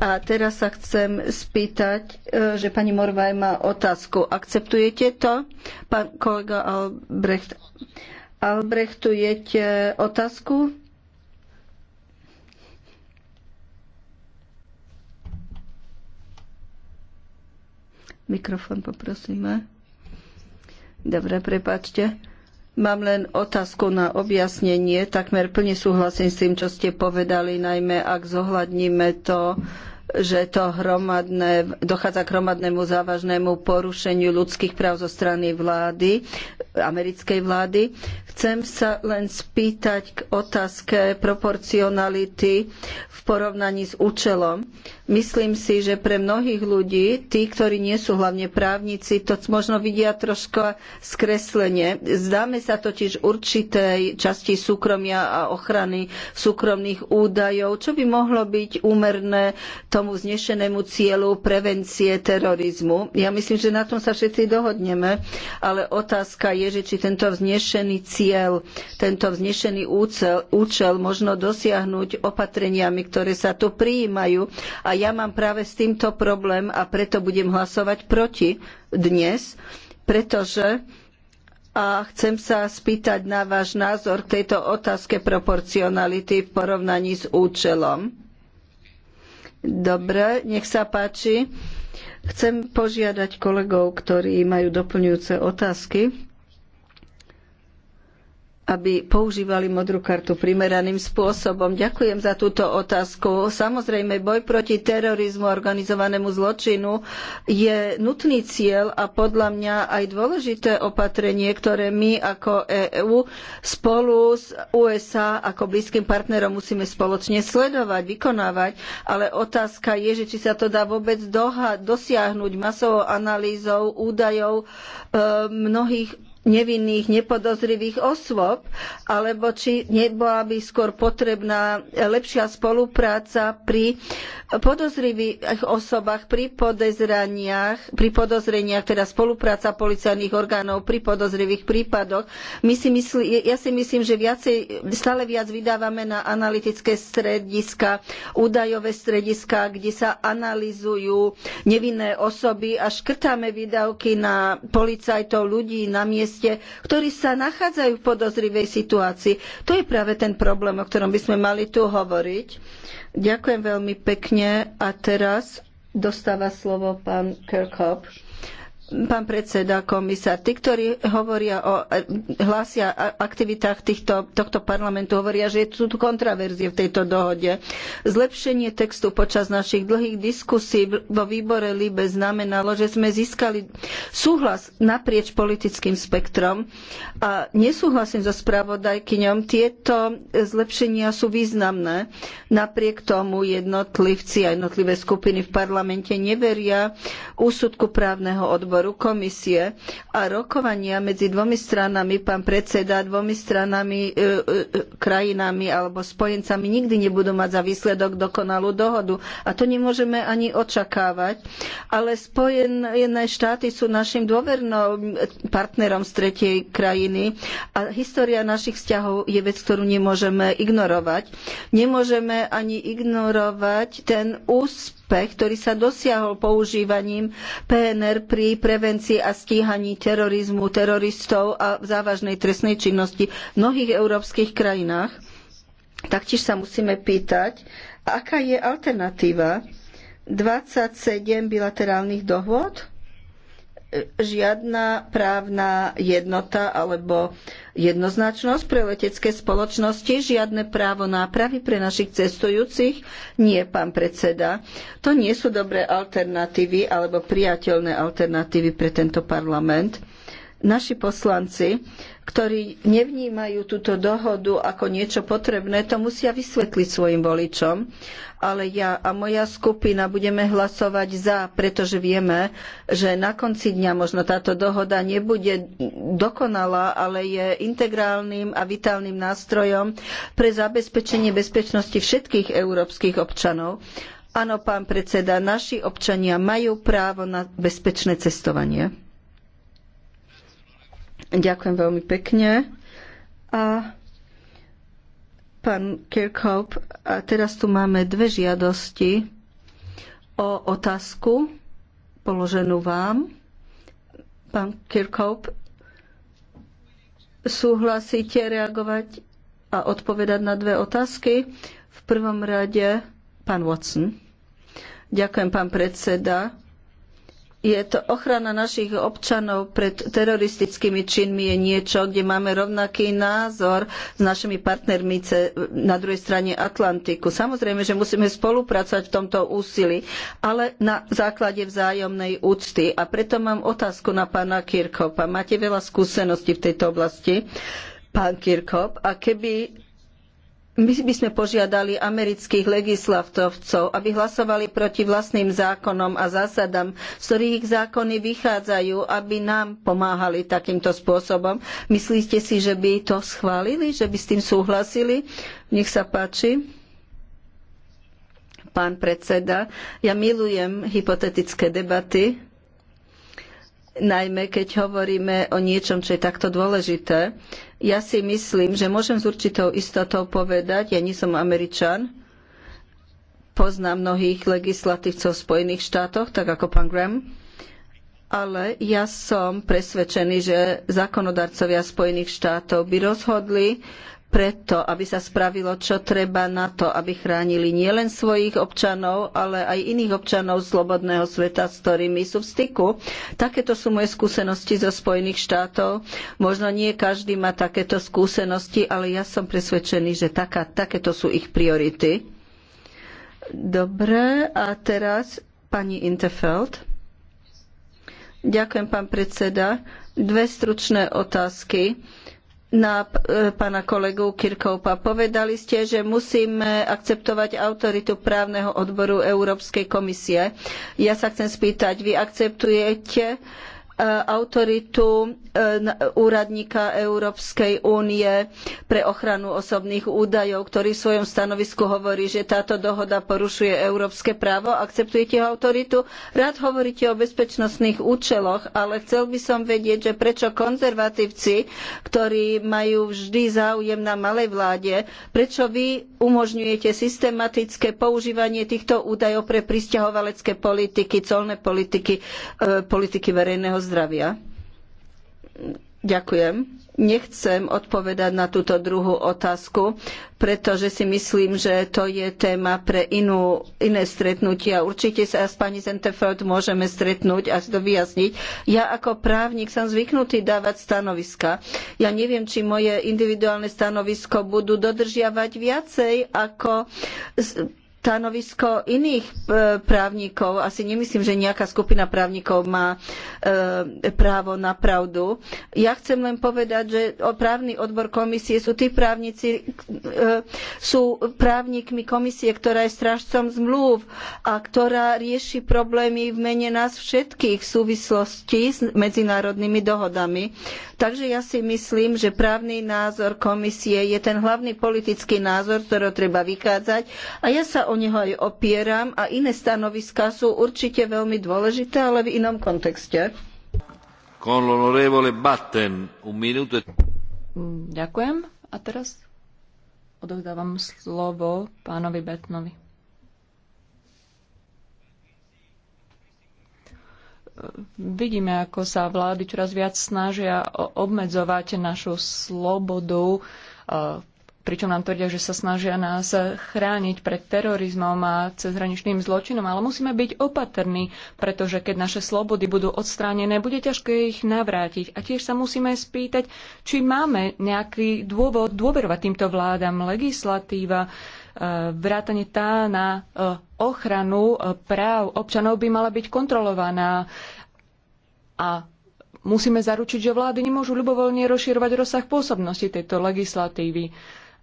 A teraz sa chcem spýtať, e, že pani Morvaj má otázku. Akceptujete to, pán kolega Albrecht? Albrechtujete otázku? Mikrofón poprosíme. Dobre, prepáčte. Mám len otázku na objasnenie. Takmer plne súhlasím s tým, čo ste povedali, najmä ak zohľadníme to, že to hromadné, dochádza k hromadnému závažnému porušeniu ľudských práv zo strany vlády, americkej vlády. Chcem sa len spýtať k otázke proporcionality v porovnaní s účelom. Myslím si, že pre mnohých ľudí, tí, ktorí nie sú hlavne právnici, to možno vidia troška skreslenie. Zdáme sa totiž určitej časti súkromia a ochrany súkromných údajov, čo by mohlo byť úmerné tomu znešenému cieľu prevencie terorizmu. Ja myslím, že na tom sa všetci dohodneme, ale otázka je, že či tento vznešený cieľ cieľ. Tento vznešený účel, účel možno dosiahnuť opatreniami, ktoré sa tu prijímajú a ja mám práve s týmto problém a preto budem hlasovať proti dnes, pretože a chcem sa spýtať na váš názor k tejto otázke proporcionality v porovnaní s účelom. Dobre, nech sa páči. Chcem požiadať kolegov, ktorí majú doplňujúce otázky, aby používali modrú kartu primeraným spôsobom. Ďakujem za túto otázku. Samozrejme, boj proti terorizmu a organizovanému zločinu je nutný cieľ a podľa mňa aj dôležité opatrenie, ktoré my ako EÚ spolu s USA ako blízkym partnerom musíme spoločne sledovať, vykonávať. Ale otázka je, že či sa to dá vôbec dosiahnuť masovou analýzou údajov e, mnohých nevinných, nepodozrivých osôb, alebo či nebola by skôr potrebná lepšia spolupráca pri podozrivých osobách, pri podozraniach, pri podozreniach, teda spolupráca policajných orgánov pri podozrivých prípadoch. My si myslí, ja si myslím, že viacej, stále viac vydávame na analytické strediska, údajové strediska, kde sa analizujú nevinné osoby a škrtáme výdavky na policajtov, ľudí na miest mieste, ktorí sa nachádzajú v podozrivej situácii. To je práve ten problém, o ktorom by sme mali tu hovoriť. Ďakujem veľmi pekne a teraz dostáva slovo pán Kirkhope pán predseda, komisár, tí, ktorí hovoria o, hlásia aktivitách týchto, tohto parlamentu, hovoria, že sú tu kontraverzie v tejto dohode. Zlepšenie textu počas našich dlhých diskusí vo výbore LIBE znamenalo, že sme získali súhlas naprieč politickým spektrom a nesúhlasím so spravodajkyňom, tieto zlepšenia sú významné. Napriek tomu jednotlivci a jednotlivé skupiny v parlamente neveria úsudku právneho odboru podporu komisie a rokovania medzi dvomi stranami, pán predseda, dvomi stranami, e, e, krajinami alebo spojencami nikdy nebudú mať za výsledok dokonalú dohodu. A to nemôžeme ani očakávať. Ale Spojené štáty sú našim dôverným partnerom z tretej krajiny a história našich vzťahov je vec, ktorú nemôžeme ignorovať. Nemôžeme ani ignorovať ten úspech úspech, ktorý sa dosiahol používaním PNR pri prevencii a stíhaní terorizmu, teroristov a závažnej trestnej činnosti v mnohých európskych krajinách. Taktiež sa musíme pýtať, aká je alternatíva 27 bilaterálnych dohôd? Žiadna právna jednota alebo jednoznačnosť pre letecké spoločnosti, žiadne právo nápravy pre našich cestujúcich? Nie, pán predseda. To nie sú dobré alternatívy alebo priateľné alternatívy pre tento parlament naši poslanci, ktorí nevnímajú túto dohodu ako niečo potrebné, to musia vysvetliť svojim voličom. Ale ja a moja skupina budeme hlasovať za, pretože vieme, že na konci dňa možno táto dohoda nebude dokonalá, ale je integrálnym a vitálnym nástrojom pre zabezpečenie bezpečnosti všetkých európskych občanov. Áno, pán predseda, naši občania majú právo na bezpečné cestovanie. Ďakujem veľmi pekne. A pán Kirchhoff, a teraz tu máme dve žiadosti o otázku položenú vám. Pán Kirchhoff, súhlasíte reagovať a odpovedať na dve otázky? V prvom rade pán Watson. Ďakujem, pán predseda je to ochrana našich občanov pred teroristickými činmi je niečo, kde máme rovnaký názor s našimi partnermi na druhej strane Atlantiku. Samozrejme, že musíme spolupracovať v tomto úsilí, ale na základe vzájomnej úcty. A preto mám otázku na pána Kirkopa. Máte veľa skúseností v tejto oblasti, pán Kirkop. A keby my by sme požiadali amerických legislatívcov, aby hlasovali proti vlastným zákonom a zásadám, z ktorých ich zákony vychádzajú, aby nám pomáhali takýmto spôsobom. Myslíte si, že by to schválili, že by s tým súhlasili? Nech sa páči. Pán predseda, ja milujem hypotetické debaty najmä keď hovoríme o niečom, čo je takto dôležité. Ja si myslím, že môžem s určitou istotou povedať, ja nie som Američan, poznám mnohých legislatívcov v Spojených štátoch, tak ako pán Graham, ale ja som presvedčený, že zákonodarcovia Spojených štátov by rozhodli preto, aby sa spravilo, čo treba na to, aby chránili nielen svojich občanov, ale aj iných občanov slobodného sveta, s ktorými sú v styku. Takéto sú moje skúsenosti zo Spojených štátov. Možno nie každý má takéto skúsenosti, ale ja som presvedčený, že taká, takéto sú ich priority. Dobre, a teraz pani Interfeld. Ďakujem, pán predseda. Dve stručné otázky na e, pána kolegu Kirkoupa. Povedali ste, že musíme akceptovať autoritu právneho odboru Európskej komisie. Ja sa chcem spýtať, vy akceptujete E, autoritu e, úradníka Európskej únie pre ochranu osobných údajov, ktorý v svojom stanovisku hovorí, že táto dohoda porušuje európske právo. Akceptujete jeho autoritu? Rád hovoríte o bezpečnostných účeloch, ale chcel by som vedieť, že prečo konzervatívci, ktorí majú vždy záujem na malej vláde, prečo vy umožňujete systematické používanie týchto údajov pre prisťahovalecké politiky, colné politiky, e, politiky verejného zdravia? zdravia. Ďakujem. Nechcem odpovedať na túto druhú otázku, pretože si myslím, že to je téma pre inú, iné stretnutia. Určite sa s pani Zentefeld môžeme stretnúť a to vyjasniť. Ja ako právnik som zvyknutý dávať stanoviska. Ja neviem, či moje individuálne stanovisko budú dodržiavať viacej ako stanovisko iných e, právnikov. Asi nemyslím, že nejaká skupina právnikov má e, právo na pravdu. Ja chcem len povedať, že právny odbor komisie sú tí právnici, e, sú právnikmi komisie, ktorá je strážcom zmluv a ktorá rieši problémy v mene nás všetkých v súvislosti s medzinárodnými dohodami. Takže ja si myslím, že právny názor komisie je ten hlavný politický názor, z ktorého treba vychádzať. A ja sa o neho aj opieram a iné stanoviská sú určite veľmi dôležité, ale v inom kontexte. E- Ďakujem. A teraz odovzdávam slovo pánovi Batnovi. vidíme, ako sa vlády čoraz viac snažia obmedzovať našu slobodu pričom nám tvrdia, že sa snažia nás chrániť pred terorizmom a cezhraničným zločinom, ale musíme byť opatrní, pretože keď naše slobody budú odstránené, bude ťažké ich navrátiť. A tiež sa musíme spýtať, či máme nejaký dôvod dôverovať týmto vládam. Legislatíva, e, vrátane tá na e, ochranu e, práv občanov by mala byť kontrolovaná. A musíme zaručiť, že vlády nemôžu ľubovoľne rozširovať rozsah pôsobnosti tejto legislatívy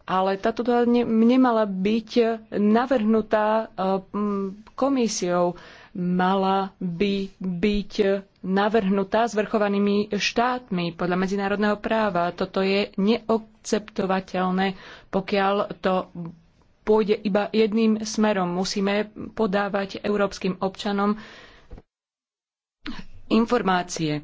ale táto dohoda nemala byť e, navrhnutá e, komisiou. Mala by byť e, navrhnutá zvrchovanými štátmi podľa medzinárodného práva. Toto je neakceptovateľné, pokiaľ to pôjde iba jedným smerom. Musíme podávať európskym občanom informácie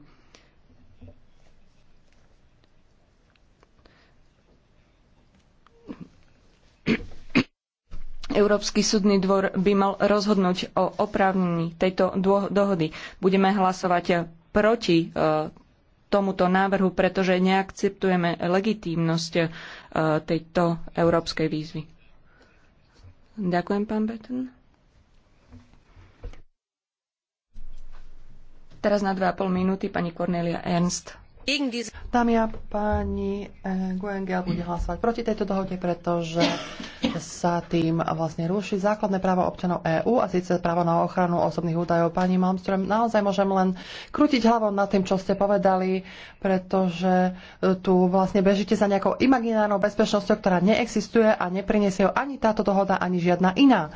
Európsky súdny dvor by mal rozhodnúť o oprávnení tejto dohody. Budeme hlasovať eh, proti eh, tomuto návrhu, pretože neakceptujeme legitímnosť eh, tejto európskej výzvy. Ďakujem, pán Betten. Teraz na 2,5 minúty pani Cornelia Ernst. Dámy a páni, eh, Guengel bude hlasovať proti tejto dohode, pretože sa tým vlastne ruší základné právo občanov EÚ a síce právo na ochranu osobných údajov. Pani Malmström, naozaj môžem len krútiť hlavou nad tým, čo ste povedali, pretože eh, tu vlastne bežíte za nejakou imaginárnou bezpečnosťou, ktorá neexistuje a nepriniesie ani táto dohoda, ani žiadna iná.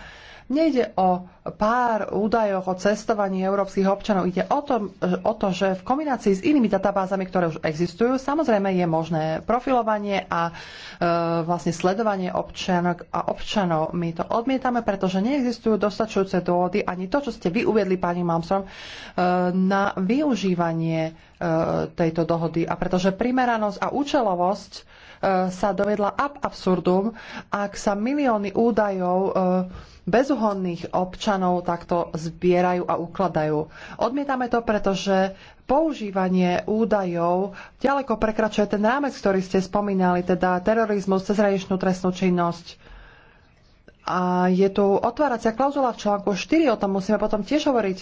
Nejde o pár údajoch o cestovaní európskych občanov. Ide o to, o to, že v kombinácii s inými databázami, ktoré už existujú, samozrejme je možné profilovanie a e, vlastne sledovanie občanok a občanov. My to odmietame, pretože neexistujú dostačujúce dôvody ani to, čo ste vy uviedli, pani Malmström, e, na využívanie e, tejto dohody. A pretože primeranosť a účelovosť E, sa dovedla ab absurdum, ak sa milióny údajov e, bezúhonných občanov takto zbierajú a ukladajú. Odmietame to, pretože používanie údajov ďaleko prekračuje ten rámec, ktorý ste spomínali, teda terorizmus, cezhraničnú trestnú činnosť. A je tu otváracia klauzula v článku 4, o tom musíme potom tiež hovoriť.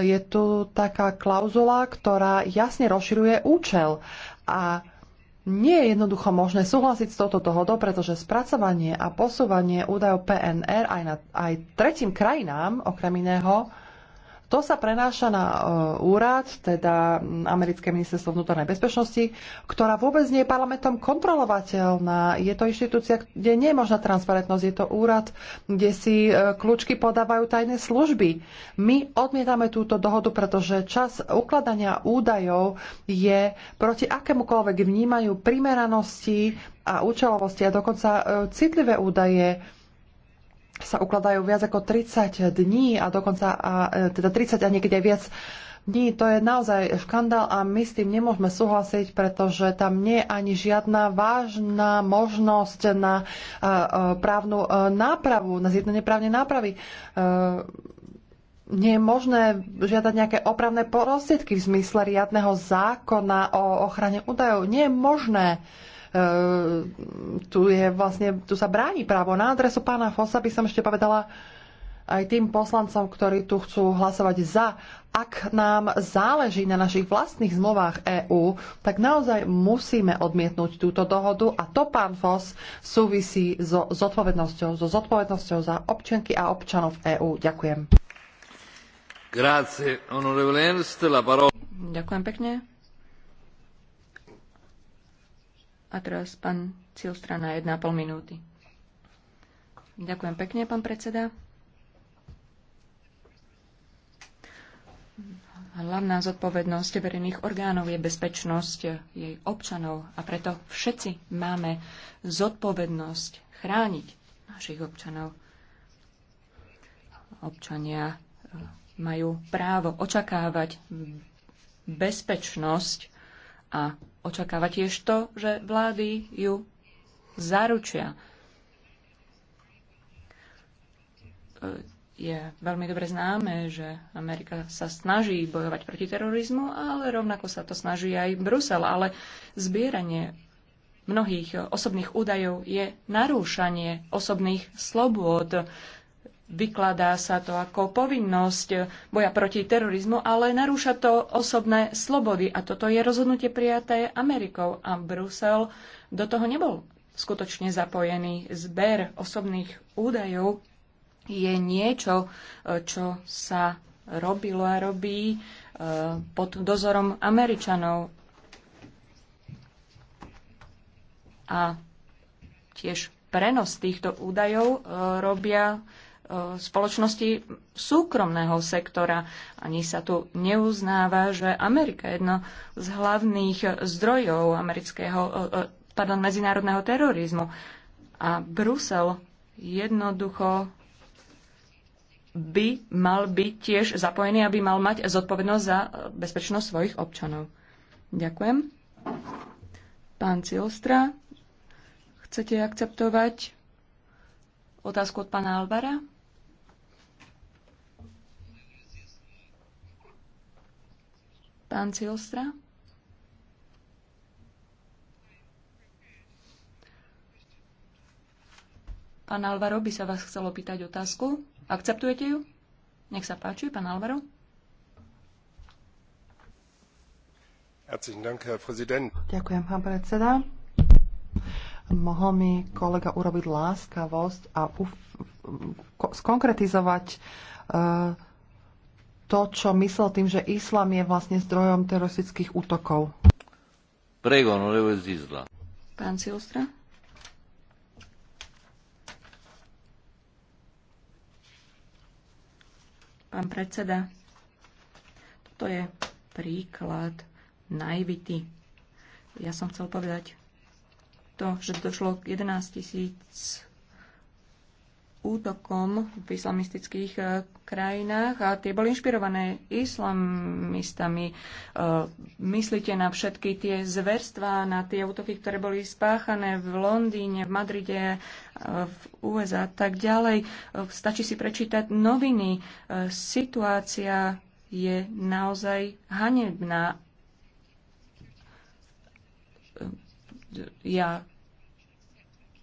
Je tu taká klauzula, ktorá jasne rozširuje účel. A nie je jednoducho možné súhlasiť s touto dohodou, pretože spracovanie a posúvanie údajov PNR aj, na, aj tretím krajinám, okrem iného, to sa prenáša na e, úrad, teda Americké ministerstvo vnútornej bezpečnosti, ktorá vôbec nie je parlamentom kontrolovateľná. Je to inštitúcia, kde nie je možná transparentnosť. Je to úrad, kde si e, kľúčky podávajú tajné služby. My odmietame túto dohodu, pretože čas ukladania údajov je proti akémukoľvek vnímaniu primeranosti a účelovosti a dokonca e, citlivé údaje sa ukladajú viac ako 30 dní a dokonca a, e, teda 30 a niekedy aj viac dní. To je naozaj škandál a my s tým nemôžeme súhlasiť, pretože tam nie je ani žiadna vážna možnosť na e, e, právnu nápravu, na zjednanie právnej nápravy. nie je možné žiadať nejaké opravné prostriedky v zmysle riadneho zákona o ochrane údajov. Nie je možné uh, Ehm, tu, je vlastne, tu sa bráni právo. Na adresu pána Fosa by som ešte povedala aj tým poslancom, ktorí tu chcú hlasovať za. Ak nám záleží na našich vlastných zmluvách EÚ, tak naozaj musíme odmietnúť túto dohodu a to, pán Fos, súvisí so zodpovednosťou, so zodpovednosťou za občianky a občanov EÚ. Ďakujem. Grazie, Ernst, Ďakujem pekne. A teraz pán Cilstra na 1,5 minúty. Ďakujem pekne, pán predseda. Hlavná zodpovednosť verejných orgánov je bezpečnosť jej občanov a preto všetci máme zodpovednosť chrániť našich občanov. Občania eh, majú právo očakávať bezpečnosť a očakáva tiež to, že vlády ju zaručia. E, je veľmi dobre známe, že Amerika sa snaží bojovať proti terorizmu, ale rovnako sa to snaží aj Brusel. Ale zbieranie mnohých osobných údajov je narúšanie osobných slobôd vykladá sa to ako povinnosť boja proti terorizmu, ale narúša to osobné slobody. A toto je rozhodnutie prijaté Amerikou a Brusel do toho nebol skutočne zapojený. Zber osobných údajov je niečo, čo sa robilo a robí eh, pod dozorom Američanov. A tiež prenos týchto údajov eh, robia spoločnosti súkromného sektora. Ani sa tu neuznáva, že Amerika je jedno z hlavných zdrojov amerického, e, e, pardon, medzinárodného terorizmu. A Brusel jednoducho by mal byť tiež zapojený, aby mal mať zodpovednosť za e, bezpečnosť svojich občanov. Ďakujem. Pán Cilstra, chcete akceptovať otázku od pána Alvara? Pán Cielstra? Pán Alvaro by sa vás chcelo pýtať otázku. Akceptujete ju? Nech sa páči, pán Alvaro. Ďakujem, pán predseda. Mohol mi kolega urobiť láskavosť a uf, ko, skonkretizovať uh, to, čo myslel tým, že islám je vlastne zdrojom teroristických útokov. Prego, no lebo zizla. Pán Silostra? Pán predseda, toto je príklad najvity. Ja som chcel povedať to, že došlo k 11 tisíc útokom v islamistických e, krajinách a tie boli inšpirované islamistami. E, myslíte na všetky tie zverstvá, na tie útoky, ktoré boli spáchané v Londýne, v Madride, e, v USA a tak ďalej. Stačí si prečítať noviny. Situácia je naozaj hanebná. Ja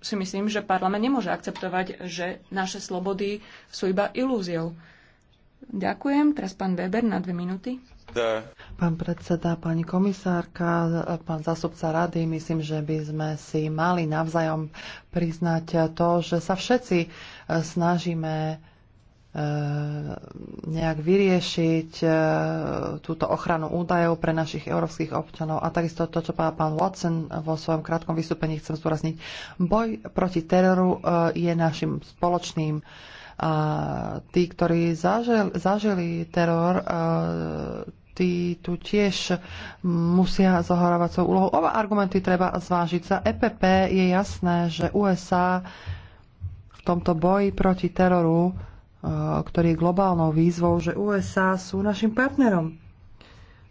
si myslím, že parlament nemôže akceptovať, že naše slobody sú iba ilúziou. Ďakujem. Teraz pán Weber na dve minúty. Pán predseda, pani komisárka, pán zásobca rady, myslím, že by sme si mali navzájom priznať to, že sa všetci snažíme Eh, nejak vyriešiť eh, túto ochranu údajov pre našich európskych občanov. A takisto to, čo povedal pán Watson vo svojom krátkom vystúpení, chcem zdôrazniť. Boj proti teroru eh, je našim spoločným a tí, ktorí zažil, zažili teror, tí tu tiež musia zohorovať svoju úlohu. Oba argumenty treba zvážiť. Za EPP je jasné, že USA v tomto boji proti teroru ktorý je globálnou výzvou, že USA sú našim partnerom.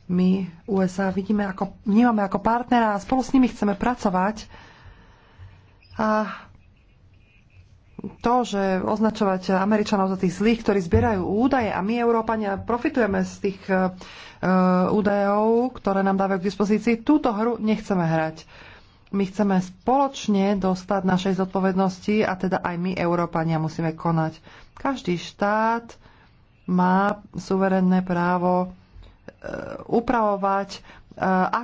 My USA vidíme ako, vnímame ako partnera a spolu s nimi chceme pracovať. A to, že označovať Američanov za tých zlých, ktorí zbierajú údaje a my, Európania, profitujeme z tých uh, údajov, ktoré nám dávajú k dispozícii, túto hru nechceme hrať. My chceme spoločne dostať našej zodpovednosti a teda aj my, Európania, musíme konať. Každý štát má suverénne právo e, upravovať, e,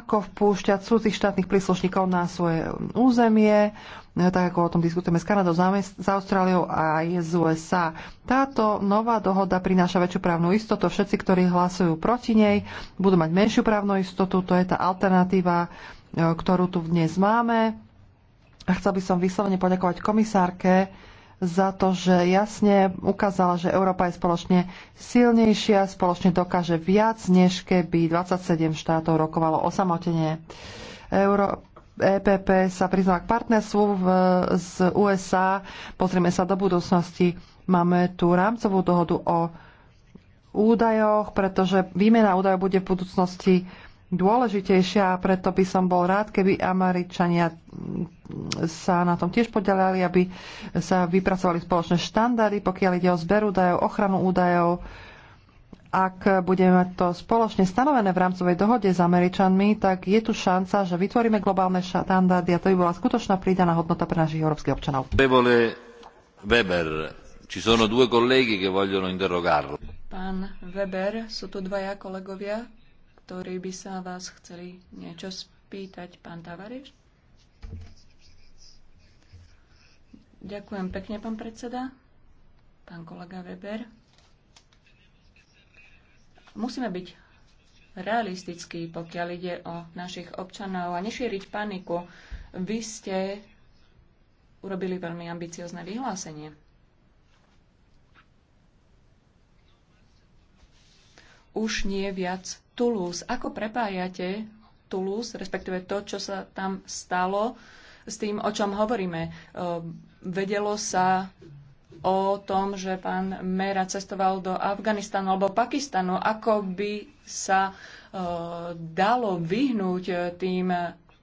ako vpúšťať cudzích štátnych príslušníkov na svoje územie, e, tak ako o tom diskutujeme s Kanadou, s Austráliou a aj z USA. Táto nová dohoda prináša väčšiu právnu istotu. Všetci, ktorí hlasujú proti nej, budú mať menšiu právnu istotu. To je tá alternatíva, ktorú tu dnes máme. A chcel by som vyslovene poďakovať komisárke za to, že jasne ukázala, že Európa je spoločne silnejšia, spoločne dokáže viac, než keby 27 štátov rokovalo osamotenie. Euro... EPP sa priznala k partnerstvu v, z USA. Pozrieme sa do budúcnosti. Máme tu rámcovú dohodu o údajoch, pretože výmena údajov bude v budúcnosti dôležitejšia a preto by som bol rád, keby Američania sa na tom tiež podelali, aby sa vypracovali spoločné štandardy, pokiaľ ide o zber údajov, ochranu údajov. Ak budeme mať to spoločne stanovené v rámcovej dohode s Američanmi, tak je tu šanca, že vytvoríme globálne štandardy a to by bola skutočná pridaná hodnota pre našich európskych občanov. Weber, ci sono due colleghi che vogliono interrogarlo. Pán Weber, sú tu dvaja kolegovia, ktorí by sa vás chceli niečo spýtať. Pán Tavareš? Ďakujem pekne, pán predseda. Pán kolega Weber. Musíme byť realistickí, pokiaľ ide o našich občanov a nešíriť paniku. Vy ste urobili veľmi ambiciozne vyhlásenie. Už nie viac Toulouse. Ako prepájate Toulouse, respektíve to, čo sa tam stalo, s tým, o čom hovoríme? Ehm, vedelo sa o tom, že pán Mera cestoval do Afganistanu alebo Pakistanu, ako by sa e, dalo vyhnúť e, tým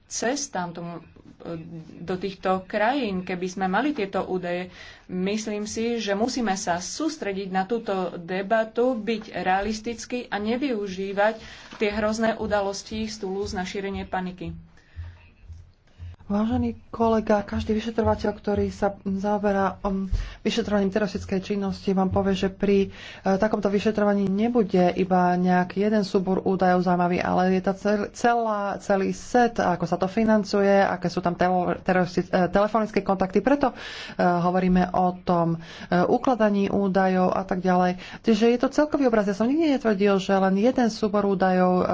cestám tomu, e, do týchto krajín, keby sme mali tieto údaje. Myslím si, že musíme sa sústrediť na túto debatu, byť realistický a nevyužívať tie hrozné udalosti z Tulu na šírenie paniky. Vážený kolega, každý vyšetrovateľ, ktorý sa zaoberá um, vyšetrovaním teroristickej činnosti, vám povie, že pri e, takomto vyšetrovaní nebude iba nejak jeden súbor údajov zaujímavý, ale je to celá, celý set, ako sa to financuje, aké sú tam e, telefonické kontakty. Preto e, hovoríme o tom ukladaní údajov a tak ďalej. Čiže je to celkový obraz. Ja som nikdy netvrdil, že len jeden súbor údajov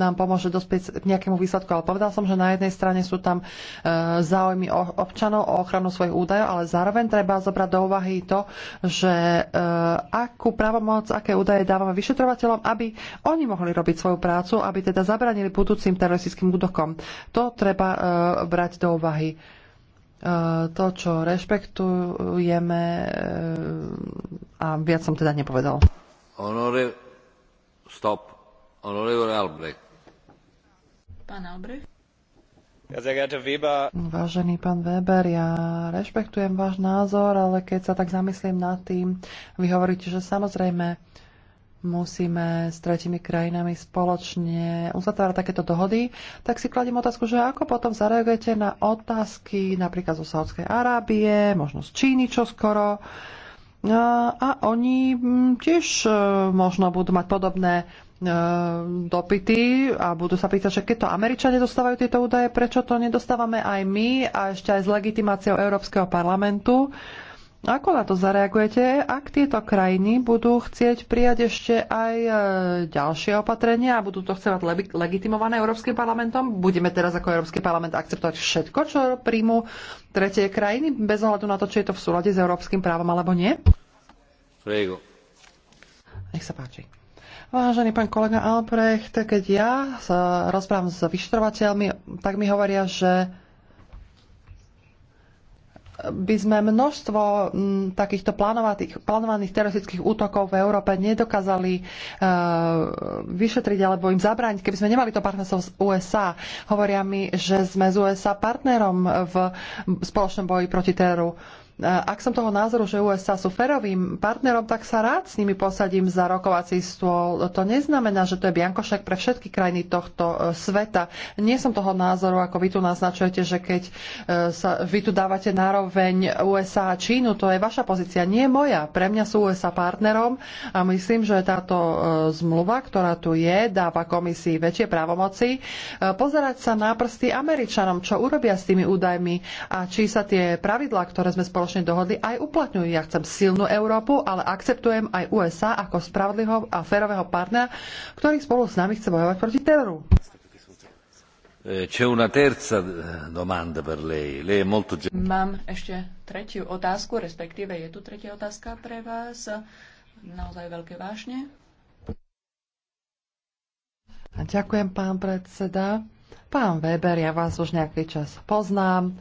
nám pomôže dospieť k nejakému výsledku, ale povedal som, že na jednej strane sú tam E, záujmy občanov o ochranu svojich údajov, ale zároveň treba zobrať do úvahy to, že e, akú právomoc, aké údaje dávame vyšetrovateľom, aby oni mohli robiť svoju prácu, aby teda zabranili budúcim teroristickým útokom. To treba e, brať do úvahy to, čo rešpektujeme a viac som teda nepovedal. Honore, stop. Honore Albrecht. Pán Albrecht. Vážený pán Weber, ja rešpektujem váš názor, ale keď sa tak zamyslím nad tým, vy hovoríte, že samozrejme musíme s tretimi krajinami spoločne uzatvárať takéto dohody, tak si kladím otázku, že ako potom zareagujete na otázky napríklad zo Saudskej Arábie, možno z Číny čo skoro. A, a oni mm, tiež e, možno budú mať podobné E, dopity a budú sa pýtať, že keď to Američania dostávajú tieto údaje, prečo to nedostávame aj my a ešte aj s legitimáciou Európskeho parlamentu. Ako na to zareagujete, ak tieto krajiny budú chcieť prijať ešte aj e, ďalšie opatrenia a budú to chcevať legitimované Európskym parlamentom? Budeme teraz ako Európsky parlament akceptovať všetko, čo príjmu tretie krajiny, bez ohľadu na to, či je to v súlade s európskym právom alebo nie? Prego. Nech sa páči. Vážený pán kolega Albrecht, keď ja sa rozprávam s vyšetrovateľmi, tak mi hovoria, že by sme množstvo takýchto plánovaných teroristických útokov v Európe nedokázali uh, vyšetriť alebo im zabrániť, keby sme nemali to partnerstvo z USA. Hovoria mi, že sme z USA partnerom v spoločnom boji proti teroru. Ak som toho názoru, že USA sú ferovým partnerom, tak sa rád s nimi posadím za rokovací stôl. To neznamená, že to je biankošek pre všetky krajiny tohto e, sveta. Nie som toho názoru, ako vy tu naznačujete, že keď e, sa, vy tu dávate nároveň USA a Čínu, to je vaša pozícia, nie moja. Pre mňa sú USA partnerom a myslím, že táto e, zmluva, ktorá tu je, dáva komisii väčšie právomoci pozerať sa na prsty Američanom, čo urobia s tými údajmi a či sa tie pravidlá, ktoré sme spoločne spoločne dohodli, aj uplatňujú. Ja chcem silnú Európu, ale akceptujem aj USA ako spravodlivého a férového partnera, ktorý spolu s nami chce bojovať proti teroru. Mám ešte tretiu otázku, respektíve je tu tretia otázka pre vás. Naozaj veľké vážne. Ďakujem, pán predseda. Pán Weber, ja vás už nejaký čas poznám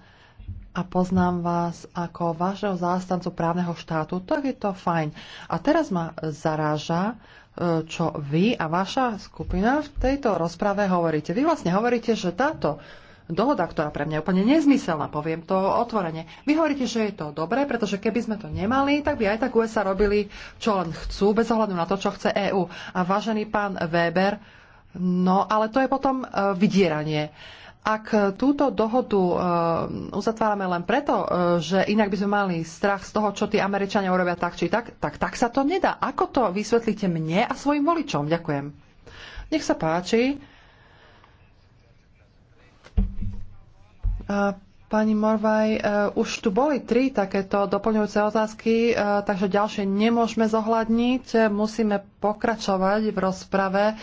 a poznám vás ako vášho zástancu právneho štátu, tak je to fajn. A teraz ma zaráža, e, čo vy a vaša skupina v tejto rozprave hovoríte. Vy vlastne hovoríte, že táto dohoda, ktorá pre mňa je úplne nezmyselná, poviem to otvorene. Vy hovoríte, že je to dobré, pretože keby sme to nemali, tak by aj tak USA robili, čo len chcú, bez ohľadu na to, čo chce EÚ. A vážený pán Weber, no ale to je potom e, vydieranie. Ak túto dohodu ehm, uzatvárame len preto, eh, že inak by sme mali strach z toho, čo tí Američania urobia tak či tak, tak tak sa to nedá. Ako to vysvetlíte mne a svojim voličom? Ďakujem. Nech sa páči. Eh, Pani Morvaj, e, už tu boli tri takéto doplňujúce otázky, e, takže ďalšie nemôžeme zohľadniť. Musíme pokračovať v rozprave.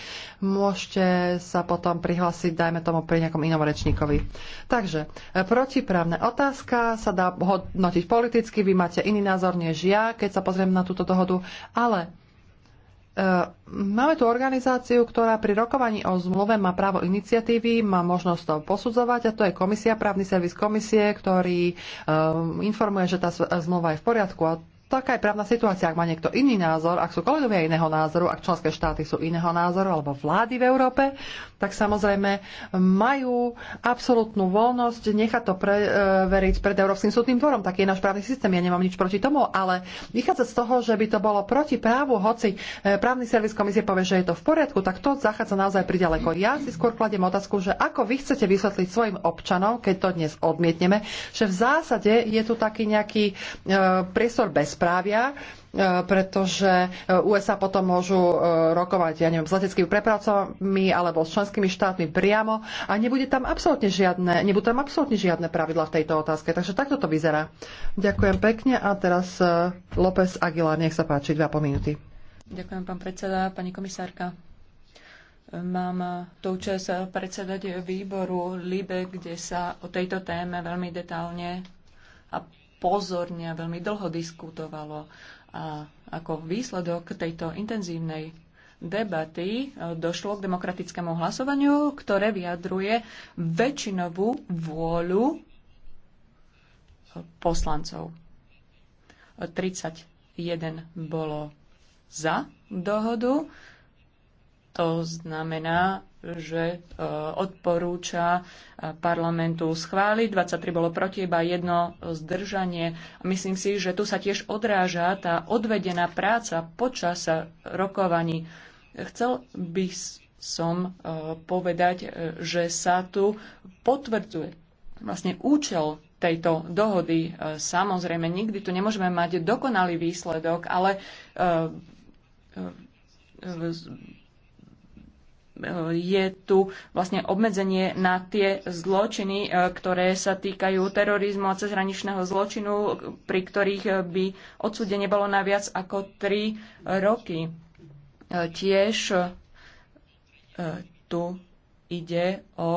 Môžete sa potom prihlásiť, dajme tomu, pri nejakom inom rečníkovi. Takže, e, protiprávna otázka sa dá hodnotiť politicky. Vy máte iný názor než ja, keď sa pozriem na túto dohodu, ale Ehm, máme tu organizáciu, ktorá pri rokovaní o zmluve má právo iniciatívy, má možnosť to posudzovať a to je komisia, právny servis komisie, ktorý ehm, informuje, že tá zmluva je v poriadku. A Taká je právna situácia, ak má niekto iný názor, ak sú kolegovia iného názoru, ak členské štáty sú iného názoru alebo vlády v Európe, tak samozrejme majú absolútnu voľnosť nechať to preveriť pred Európskym súdnym dvorom. Taký je náš právny systém, ja nemám nič proti tomu, ale vychádza z toho, že by to bolo proti právu, hoci e, právny servis komisie povie, že je to v poriadku, tak to zachádza naozaj priďaleko. Ja si skôr kladiem otázku, že ako vy chcete vysvetliť svojim občanom, keď to dnes odmietneme, že v zásade je tu taký nejaký e, priestor bez správia, e, pretože USA potom môžu e, rokovať, ja neviem, s leteckými prepracovami alebo s členskými štátmi priamo a nebude tam absolútne žiadne, nebudú tam absolútne žiadne pravidla v tejto otázke. Takže takto to vyzerá. Ďakujem pekne a teraz e, López Aguilar, nech sa páči, dva po minúty. Ďakujem, pán predseda, pani komisárka. Mám tú čas predsedať výboru LIBE, kde sa o tejto téme veľmi detálne pozorne a veľmi dlho diskutovalo. A ako výsledok tejto intenzívnej debaty e, došlo k demokratickému hlasovaniu, ktoré vyjadruje väčšinovú vôľu e, poslancov. 31 bolo za dohodu, to znamená že e, odporúča e, parlamentu schváliť. 23 bolo proti, iba jedno zdržanie. Myslím si, že tu sa tiež odráža tá odvedená práca počas rokovaní. Chcel by som e, povedať, že sa tu potvrdzuje vlastne účel tejto dohody. Samozrejme, nikdy tu nemôžeme mať dokonalý výsledok, ale je tu vlastne obmedzenie na tie zločiny, e, ktoré sa týkajú terorizmu a cezhraničného zločinu, pri ktorých e, by odsúdenie bolo na viac ako 3 roky. E, tiež tu ide o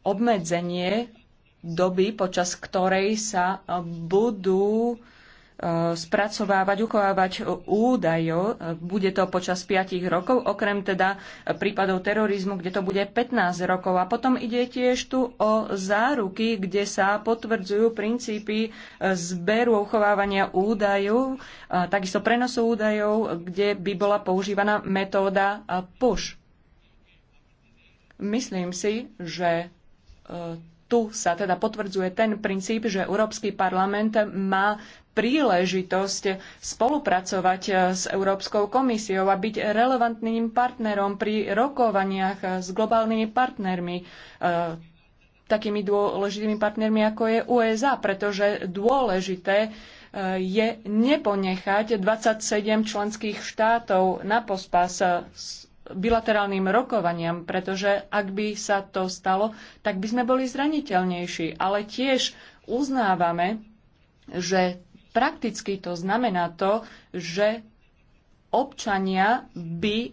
obmedzenie doby, počas ktorej sa budú E, spracovávať, uchovávať údajov. E, bude to počas 5 rokov, okrem teda prípadov terorizmu, kde to bude 15 rokov. A potom ide tiež tu o záruky, kde sa potvrdzujú princípy e, zberu uchovávania údajov, takisto prenosu údajov, kde by bola používaná metóda push. Myslím si, že tu sa teda potvrdzuje ten princíp, že Európsky parlament má príležitosť spolupracovať eh, s Európskou komisiou a byť relevantným partnerom pri rokovaniach eh, s globálnymi partnermi, eh, takými dôležitými partnermi ako je USA, pretože dôležité je neponechať 27 členských štátov na pospas s bilaterálnym rokovaniam, pretože ak by sa to stalo, tak by sme boli zraniteľnejší. Ale tiež uznávame, že prakticky to znamená to, že občania by e,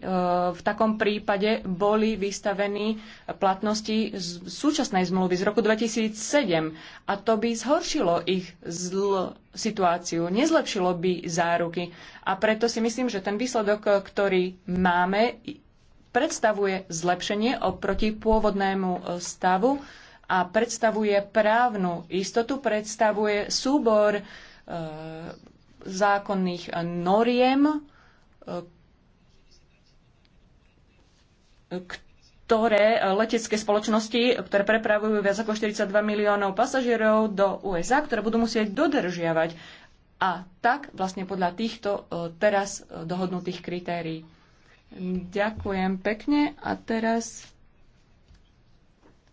v takom prípade boli vystavení platnosti z súčasnej zmluvy z roku 2007 a to by zhoršilo ich zl situáciu, nezlepšilo by záruky. A preto si myslím, že ten výsledok, e, ktorý máme, predstavuje zlepšenie oproti pôvodnému e, stavu a predstavuje právnu istotu, predstavuje súbor E, zákonných noriem, e, ktoré letecké spoločnosti, ktoré prepravujú viac ako 42 miliónov pasažierov do USA, ktoré budú musieť dodržiavať. A tak vlastne podľa týchto e, teraz dohodnutých kritérií. Ďakujem pekne a teraz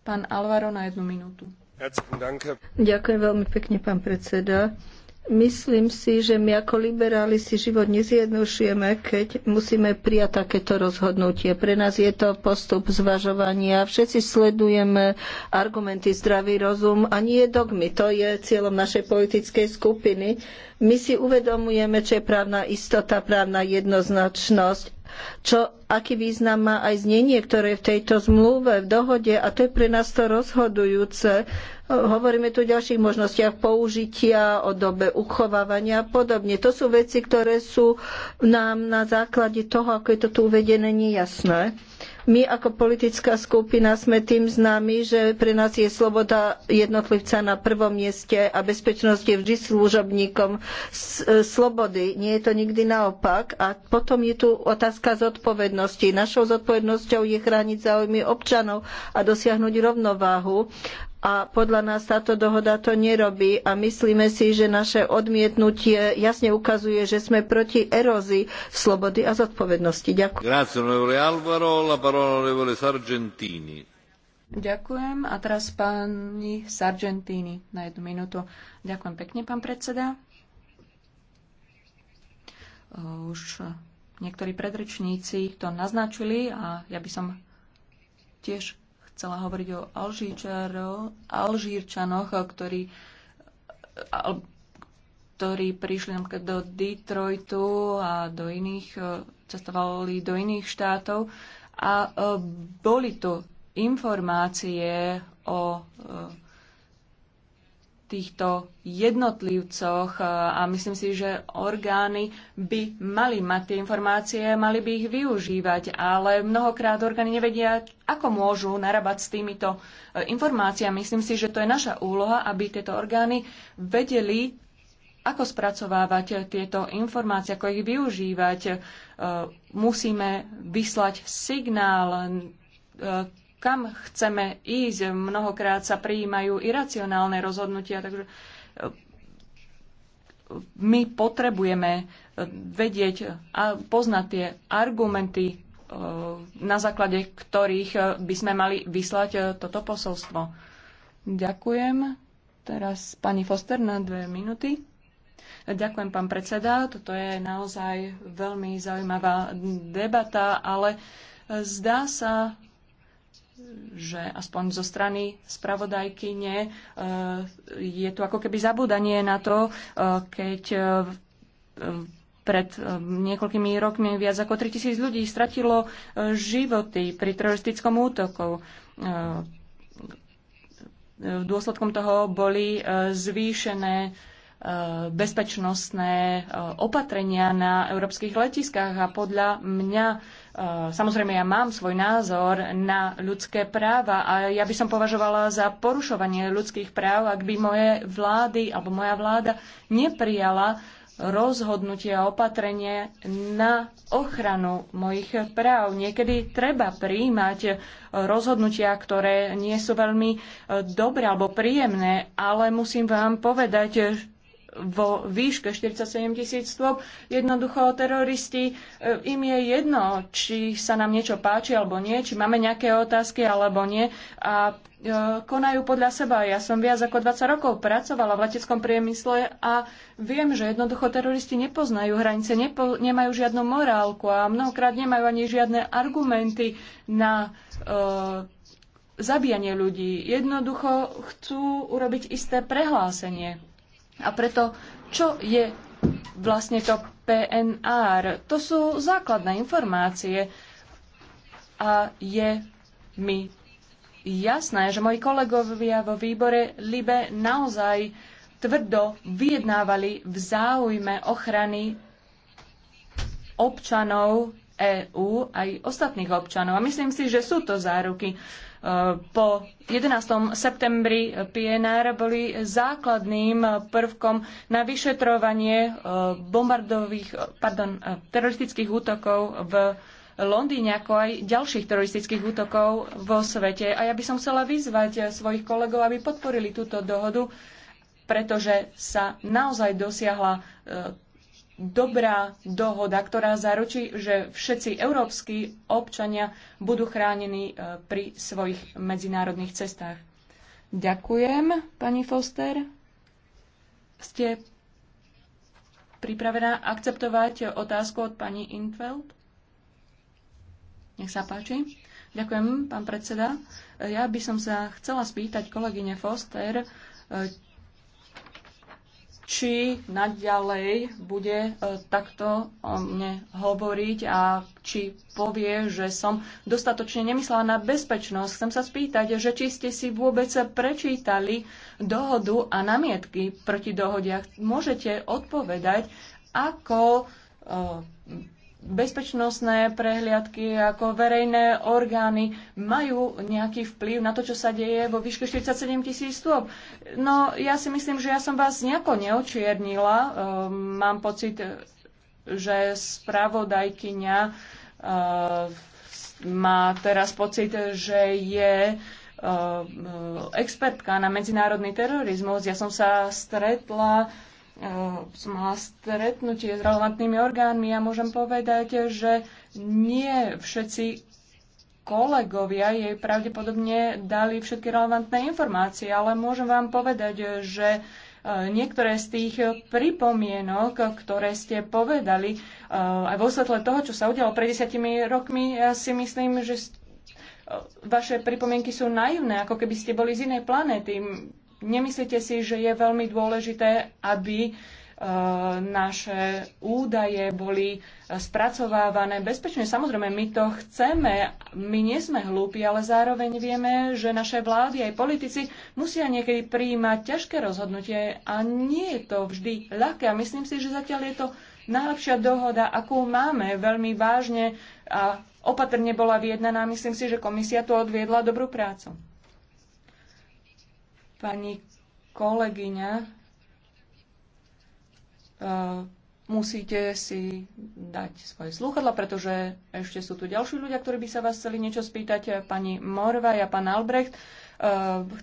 pán Alvaro na jednu minútu. Ďakujem veľmi pekne, pán predseda. Myslím si, že my ako liberáli si život nezjednodušujeme, keď musíme prijať takéto rozhodnutie. Pre nás je to postup zvažovania. Všetci sledujeme argumenty zdravý rozum a nie dogmy. To je cieľom našej politickej skupiny. My si uvedomujeme, čo je právna istota, právna jednoznačnosť čo, aký význam má aj znenie, ktoré je v tejto zmluve, v dohode a to je pre nás to rozhodujúce. Hovoríme tu o ďalších možnostiach použitia, o dobe uchovávania a podobne. To sú veci, ktoré sú nám na základe toho, ako je to tu uvedené, nejasné. My ako politická skupina sme tým známi, že pre nás je sloboda jednotlivca na prvom mieste a bezpečnosť je vždy služobníkom e, slobody. Nie je to nikdy naopak. A potom je tu otázka zodpovednosti. Našou zodpovednosťou je chrániť záujmy občanov a dosiahnuť rovnováhu a podľa nás táto dohoda to nerobí a myslíme si, že naše odmietnutie jasne ukazuje, že sme proti erózii slobody a zodpovednosti. Ďakujem. Ďakujem. A teraz pani Sargentini na jednu minútu. Ďakujem pekne, pán predseda. Už niektorí predrečníci to naznačili a ja by som tiež chcela hovoriť o Alžírčanoch, ktorí, al, ktorí prišli napríklad do Detroitu a do iných, e, cestovali do iných štátov a e, boli tu informácie o e, týchto jednotlivcoch a myslím si, že orgány by mali mať tie informácie, mali by ich využívať, ale mnohokrát orgány nevedia, ako môžu narabať s týmito e, informáciami. Myslím si, že to je naša úloha, aby tieto orgány vedeli, ako spracovávať tieto informácie, ako ich využívať. E, musíme vyslať signál e, kam chceme ísť. Mnohokrát sa prijímajú iracionálne rozhodnutia, takže e, my potrebujeme e, vedieť a poznať tie argumenty, e, na základe ktorých by sme mali vyslať toto posolstvo. Ďakujem. Teraz pani Foster na dve minúty. Ďakujem, pán predseda. Toto je naozaj veľmi zaujímavá debata, ale zdá sa, že aspoň zo strany nie. E, je tu ako keby zabúdanie na to, e, keď e, pred niekoľkými rokmi viac ako 3000 ľudí stratilo životy pri teroristickom útoku. Dôsledkom toho boli zvýšené Eh, bezpečnostné eh, opatrenia na európskych letiskách a podľa mňa eh, Samozrejme, ja mám svoj názor na ľudské práva a ja by som považovala za porušovanie ľudských práv, ak by moje vlády alebo moja vláda neprijala rozhodnutie a opatrenie na ochranu mojich práv. Niekedy treba príjmať rozhodnutia, ktoré nie sú veľmi dobré alebo príjemné, ale musím vám povedať, vo výške 47 tisíc stôp. Jednoducho teroristi, e, im je jedno, či sa nám niečo páči alebo nie, či máme nejaké otázky alebo nie. A e, konajú podľa seba. Ja som viac ako 20 rokov pracovala v leteckom priemysle a viem, že jednoducho teroristi nepoznajú hranice, nepo, nemajú žiadnu morálku a mnohokrát nemajú ani žiadne argumenty na uh, zabíjanie ľudí. Jednoducho chcú urobiť isté prehlásenie. A preto, čo je vlastne to PNR? To sú základné informácie a je mi jasné, že moji kolegovia vo výbore LIBE naozaj tvrdo vyjednávali v záujme ochrany občanov EÚ aj ostatných občanov. A myslím si, že sú to záruky. Eh, po 11. septembri PNR boli základným prvkom na vyšetrovanie eh, bombardových, eh, pardon, teroristických útokov v Londýne, ako aj ďalších teroristických útokov vo svete. A ja by som chcela vyzvať svojich kolegov, aby podporili túto dohodu, pretože sa naozaj dosiahla dobrá dohoda, ktorá zaručí, že všetci európsky občania budú chránení e, pri svojich medzinárodných cestách. Ďakujem, pani Foster. Ste pripravená akceptovať otázku od pani Infeld? Nech sa páči. Ďakujem, pán predseda. E, ja by som sa chcela spýtať kolegyne Foster, e, či naďalej bude e, takto o mne hovoriť a či povie, že som dostatočne nemyslela na bezpečnosť. Chcem sa spýtať, že či ste si vôbec prečítali dohodu a namietky proti dohodiach. Môžete odpovedať, ako e, bezpečnostné prehliadky ako verejné orgány majú nejaký vplyv na to, čo sa deje vo výške 47 tisíc stôp. No ja si myslím, že ja som vás nejako neočiernila. Um, mám pocit, že spravodajkyňa ehm, má teraz pocit, že je ehm, expertka na medzinárodný terorizmus. Ja som sa stretla Ehm, som mala stretnutie s relevantnými orgánmi a môžem povedať, že nie všetci kolegovia jej pravdepodobne dali všetky relevantné informácie, ale môžem vám povedať, že ehm, niektoré z tých pripomienok, ktoré ste povedali, ehm, aj vo svetle toho, čo sa udialo pred desiatimi rokmi, ja si myslím, že vaše pripomienky sú naivné, ako keby ste boli z inej planéty. Nemyslíte si, že je veľmi dôležité, aby e, naše údaje boli e, spracovávané bezpečne. Samozrejme, my to chceme, my nie sme hlúpi, ale zároveň vieme, že naše vlády aj politici musia niekedy prijímať ťažké rozhodnutie a nie je to vždy ľahké. A myslím si, že zatiaľ je to najlepšia dohoda, akú máme, veľmi vážne a opatrne bola vyjednaná. Myslím si, že komisia tu odviedla dobrú prácu. Pani kolegyňa, eh, musíte si dať svoje sluchadla, pretože ešte sú tu ďalší ľudia, ktorí by sa vás chceli niečo spýtať. Pani Morvaj a pán Albrecht, eh,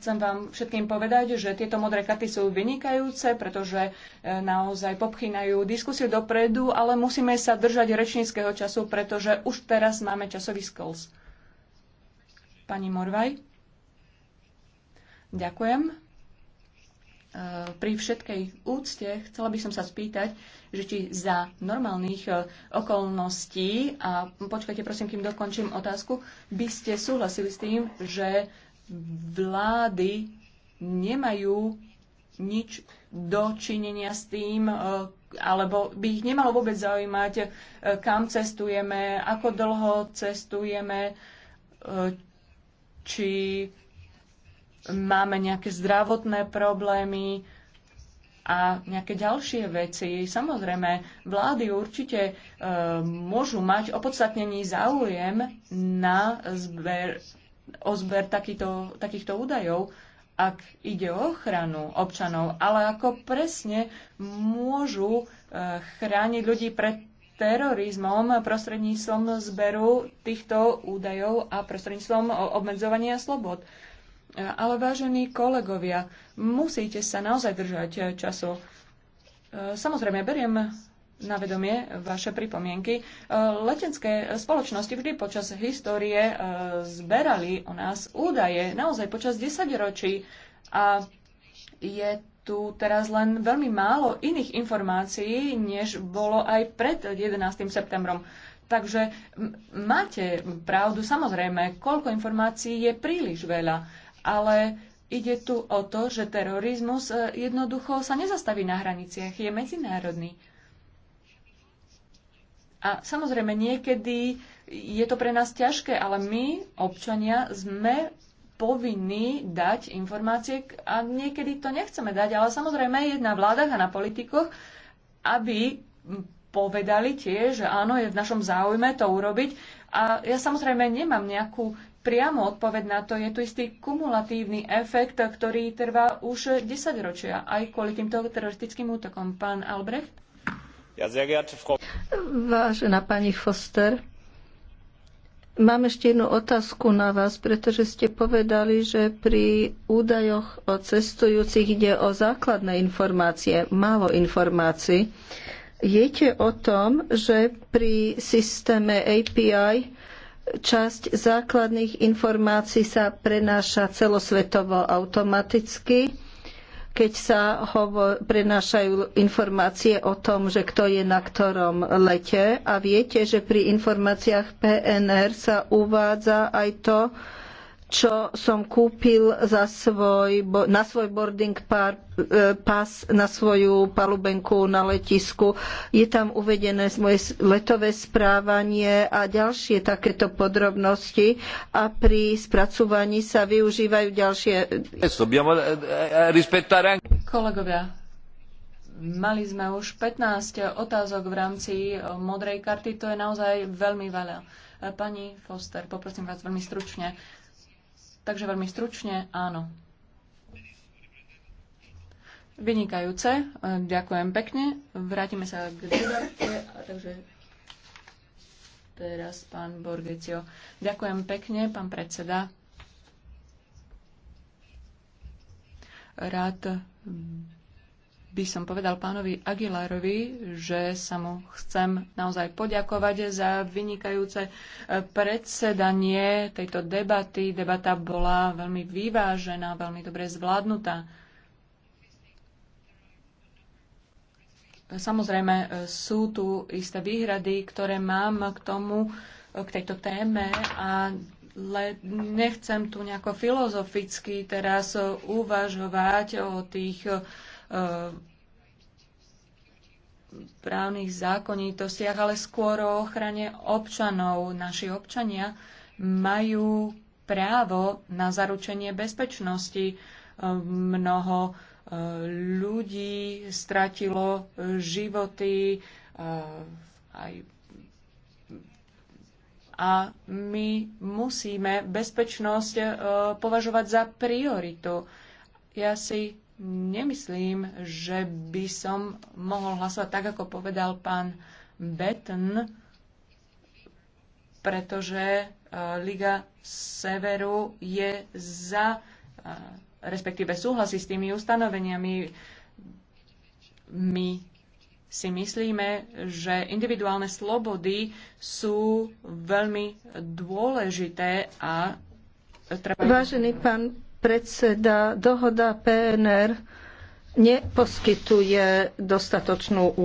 chcem vám všetkým povedať, že tieto modré katy sú vynikajúce, pretože eh, naozaj popchynajú diskusiu dopredu, ale musíme sa držať rečníckého času, pretože už teraz máme časový skls. Pani Morvaj? Ďakujem. E, pri všetkej úcte chcela by som sa spýtať, že či za normálnych e, okolností, a počkajte prosím, kým dokončím otázku, by ste súhlasili s tým, že vlády nemajú nič dočinenia s tým, e, alebo by ich nemalo vôbec zaujímať, kam cestujeme, ako dlho cestujeme, či máme nejaké zdravotné problémy a nejaké ďalšie veci. Samozrejme, vlády určite e, môžu mať opodstatnený záujem na zber, o zber takýto, takýchto údajov, ak ide o ochranu občanov, ale ako presne môžu e, chrániť ľudí pred terorizmom prostredníctvom zberu týchto údajov a prostredníctvom obmedzovania slobod. E, ale vážení kolegovia, musíte sa naozaj držať eh, času. Eh, samozrejme, beriem na vedomie vaše pripomienky. Eh, Letenské spoločnosti vždy počas histórie zberali o nás údaje, naozaj počas 10 ročí. A je tu teraz len veľmi málo iných informácií, než bolo aj pred 11. septembrom. Takže máte pravdu, samozrejme, koľko informácií je príliš veľa ale ide tu o to, že terorizmus e, jednoducho sa nezastaví na hraniciach, je medzinárodný. A samozrejme, niekedy je to pre nás ťažké, ale my, občania, sme povinní dať informácie a niekedy to nechceme dať, ale samozrejme je na vládach a na politikoch, aby povedali tie, že áno, je v našom záujme to urobiť. A ja samozrejme nemám nejakú priamo odpoveď na to. Je tu istý kumulatívny efekt, ktorý trvá už 10 ročia aj kvôli týmto teroristickým útokom. Pán Albrecht? Ja, sehr geehrte Frau... Vážená pani Foster, mám ešte jednu otázku na vás, pretože ste povedali, že pri údajoch o cestujúcich ide o základné informácie, málo informácií. Viete o tom, že pri systéme API časť základných informácií sa prenáša celosvetovo automaticky, keď sa hovor, prenášajú informácie o tom, že kto je na ktorom lete. A viete, že pri informáciách PNR sa uvádza aj to, čo som kúpil za svoj, na svoj boarding par, e, pas, na svoju palubenku na letisku. Je tam uvedené moje letové správanie a ďalšie takéto podrobnosti a pri spracúvaní sa využívajú ďalšie. Eh, eh, Kolegovia, mali sme už 15 otázok v rámci eh, modrej karty, to je naozaj veľmi veľa. Pani Foster, poprosím vás veľmi stručne. Takže veľmi stručne, áno. Vynikajúce, e, ďakujem pekne. Vrátime sa k debate. Takže teraz pán Borgecio. Ďakujem pekne, pán predseda. Rád by som povedal pánovi Aguilarovi, že sa mu chcem naozaj poďakovať za vynikajúce e, predsedanie tejto debaty. Debata bola veľmi vyvážená, veľmi dobre zvládnutá. Samozrejme, e, sú tu isté výhrady, ktoré mám k tomu, e, k tejto téme, a le, nechcem tu nejako filozoficky teraz uvažovať o tých Eh, právnych zákonitostiach, ale skôr o ochrane občanov. Naši občania majú právo na zaručenie bezpečnosti. Eh, mnoho eh, ľudí stratilo životy aj a my musíme bezpečnosť považovať za prioritu. Ja si nemyslím, že by som mohol hlasovať tak, ako povedal pán Betten, pretože e, Liga Severu je za, e, respektíve súhlasí s tými ustanoveniami. My si myslíme, že individuálne slobody sú veľmi dôležité a treba... Vážený pán predseda, dohoda PNR neposkytuje dostatočnú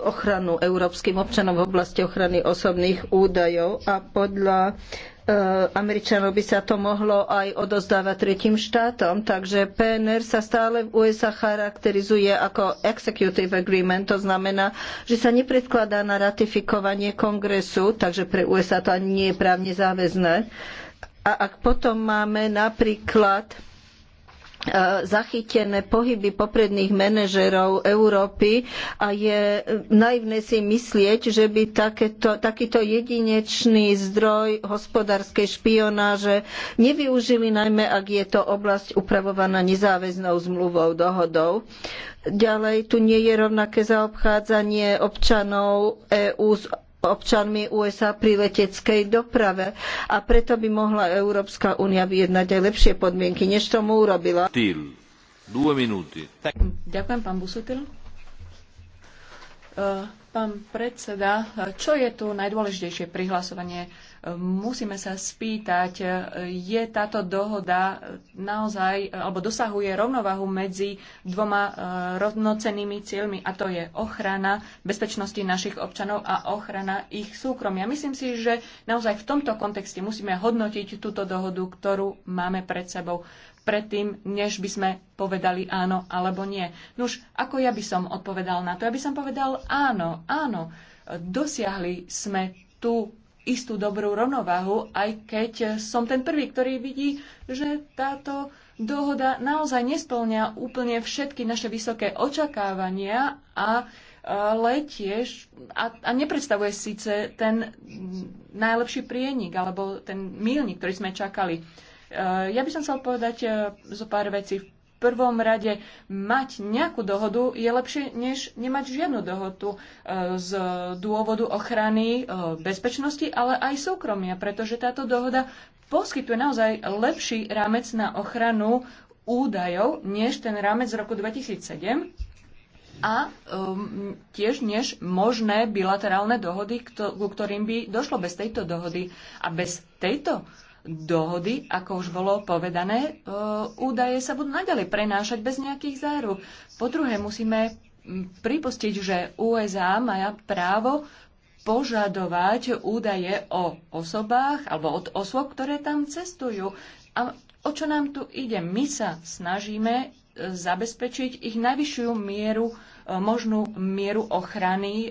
ochranu európskym občanom v oblasti ochrany osobných údajov a podľa eh, Američanov by sa to mohlo aj odozdávať tretím štátom, takže PNR sa stále v USA charakterizuje ako executive agreement, to znamená, že sa nepredkladá na ratifikovanie kongresu, takže pre USA to ani nie je právne záväzné. A ak potom máme napríklad e, zachytené pohyby popredných manažerov Európy a je naivné si myslieť, že by takéto, takýto jedinečný zdroj hospodárskej špionáže nevyužili, najmä ak je to oblasť upravovaná nezáväznou zmluvou, dohodou. Ďalej tu nie je rovnaké zaobchádzanie občanov EÚ s občanmi USA pri leteckej doprave a preto by mohla Európska únia vyjednať aj lepšie podmienky, než tomu urobila. Týl. Dve minúty. Ďakujem, pán Busutil. E, pán predseda, čo je tu najdôležitejšie prihlasovanie Musíme sa spýtať, je táto dohoda naozaj, alebo dosahuje rovnovahu medzi dvoma e, rovnocenými cieľmi, a to je ochrana bezpečnosti našich občanov a ochrana ich súkromia. Myslím si, že naozaj v tomto kontexte musíme hodnotiť túto dohodu, ktorú máme pred sebou predtým, než by sme povedali áno alebo nie. Nuž, ako ja by som odpovedal na to? Ja by som povedal áno, áno, dosiahli sme tú istú dobrú rovnováhu, aj keď som ten prvý, ktorý vidí, že táto dohoda naozaj nesplňa úplne všetky naše vysoké očakávania a e, ale tiež a, a nepredstavuje síce ten najlepší prienik alebo ten mílnik, ktorý sme čakali. E, ja by som chcel povedať e, zo pár vecí. V prvom rade mať nejakú dohodu je lepšie, než nemať žiadnu dohodu e, z dôvodu ochrany e, bezpečnosti, ale aj súkromia, pretože táto dohoda poskytuje naozaj lepší rámec na ochranu údajov, než ten rámec z roku 2007 a um, tiež než možné bilaterálne dohody, kto, ku ktorým by došlo bez tejto dohody. A bez tejto dohody, ako už bolo povedané, e, údaje sa budú naďalej prenášať bez nejakých záruk. Po druhé, musíme pripustiť, že USA majú právo požadovať údaje o osobách alebo od osôb, ktoré tam cestujú. A o čo nám tu ide? My sa snažíme e, zabezpečiť ich najvyššiu mieru E, možnú mieru ochrany e,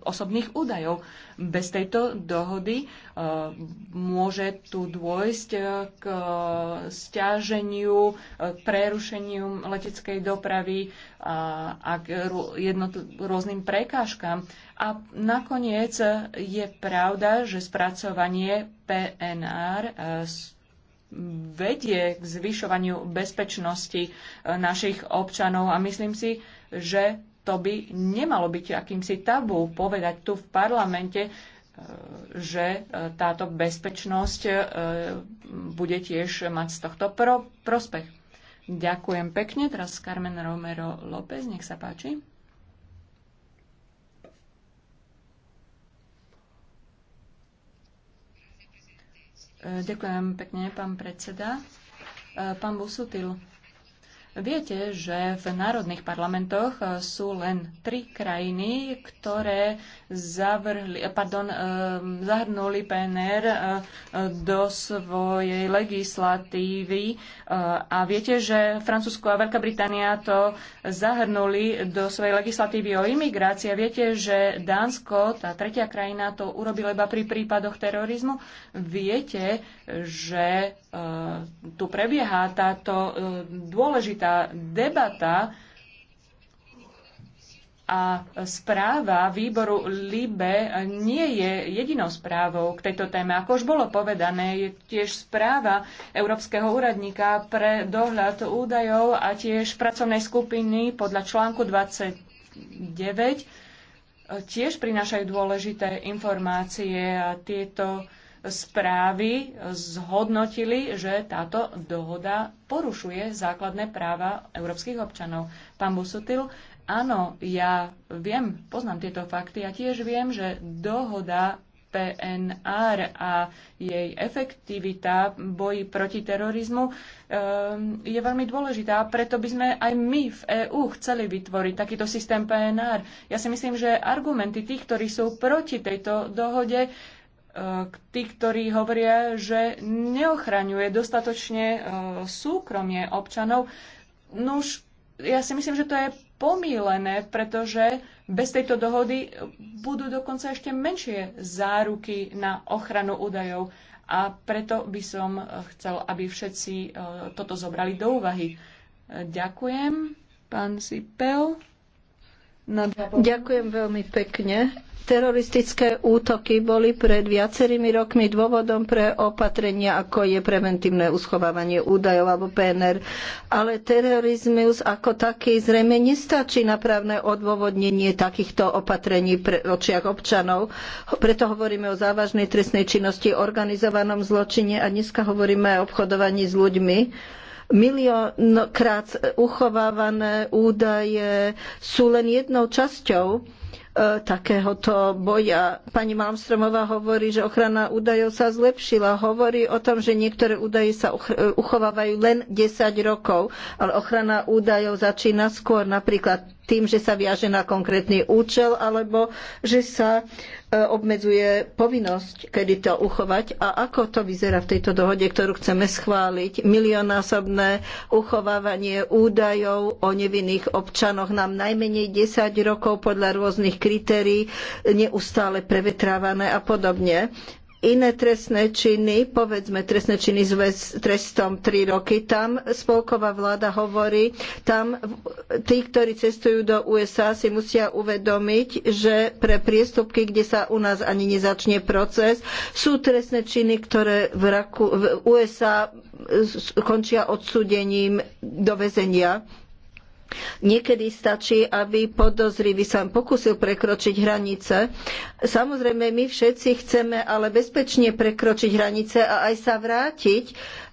osobných údajov. Bez tejto dohody e, môže tu dôjsť k stiaženiu, k prerušeniu leteckej dopravy a k rôznym prekážkam. A nakoniec je pravda, že spracovanie PNR vedie k zvyšovaniu bezpečnosti e, našich občanov a myslím si, že to by nemalo byť akýmsi tabu povedať tu v parlamente, e, že e, táto bezpečnosť bude tiež mať z tohto pro- prospech. Ďakujem pekne. Teraz Carmen Romero López, nech sa páči. Ďakujem pekne, pán predseda. Pán Busutil, Viete, že v národných parlamentoch e, sú len tri krajiny, ktoré zavrhli, e, pardon, e, zahrnuli PNR do svojej legislatívy a viete, že Francúzsko a Veľká Británia to zahrnuli do svojej legislatívy o imigrácii. Viete, že Dánsko, tá tretia krajina, to urobila iba pri prípadoch terorizmu. Viete, že E, tu prebieha táto e, dôležitá debata a správa výboru LIBE nie je jedinou správou k tejto téme. Ako už bolo povedané, je tiež správa Európskeho úradníka pre dohľad údajov a tiež pracovnej skupiny podľa článku 29 e, tiež prinášajú dôležité informácie a tieto správy zhodnotili, že táto dohoda porušuje základné práva európskych občanov. Pán Busutil, áno, ja viem, poznám tieto fakty a tiež viem, že dohoda PNR a jej efektivita boji proti terorizmu ehm, je veľmi dôležitá. Preto by sme aj my v EÚ chceli vytvoriť takýto systém PNR. Ja si myslím, že argumenty tých, ktorí sú proti tejto dohode, tí, ktorí hovoria, že neochraňuje dostatočne e, súkromie občanov. No už ja si myslím, že to je pomílené, pretože bez tejto dohody budú dokonca ešte menšie záruky na ochranu údajov. A preto by som chcel, aby všetci e, toto zobrali do úvahy. E, ďakujem, pán Sipel. Ďakujem veľmi pekne. Teroristické útoky boli pred viacerými rokmi dôvodom pre opatrenia, ako je preventívne uschovávanie údajov alebo PNR. Ale terorizmus ako taký zrejme nestačí na právne odôvodnenie takýchto opatrení pre očiach občanov. Preto hovoríme o závažnej trestnej činnosti, organizovanom zločine a dneska hovoríme aj o obchodovaní s ľuďmi miliónkrát uchovávané údaje sú len jednou časťou e, takéhoto boja. Pani Malmstromová hovorí, že ochrana údajov sa zlepšila. Hovorí o tom, že niektoré údaje sa uchovávajú len 10 rokov, ale ochrana údajov začína skôr napríklad tým, že sa viaže na konkrétny účel alebo že sa E, obmedzuje povinnosť, kedy to uchovať a ako to vyzerá v tejto dohode, ktorú chceme schváliť. Miliónásobné uchovávanie údajov o nevinných občanoch nám najmenej 10 rokov podľa rôznych kritérií neustále prevetrávané a podobne. Iné trestné činy, povedzme trestné činy s trestom 3 roky, tam spolková vláda hovorí, tam tí, ktorí cestujú do USA, si musia uvedomiť, že pre priestupky, kde sa u nás ani nezačne proces, sú trestné činy, ktoré v, Raku, v USA končia odsúdením do väzenia Niekedy stačí, aby podozrivý sa pokusil prekročiť hranice. Samozrejme, my všetci chceme ale bezpečne prekročiť hranice a aj sa vrátiť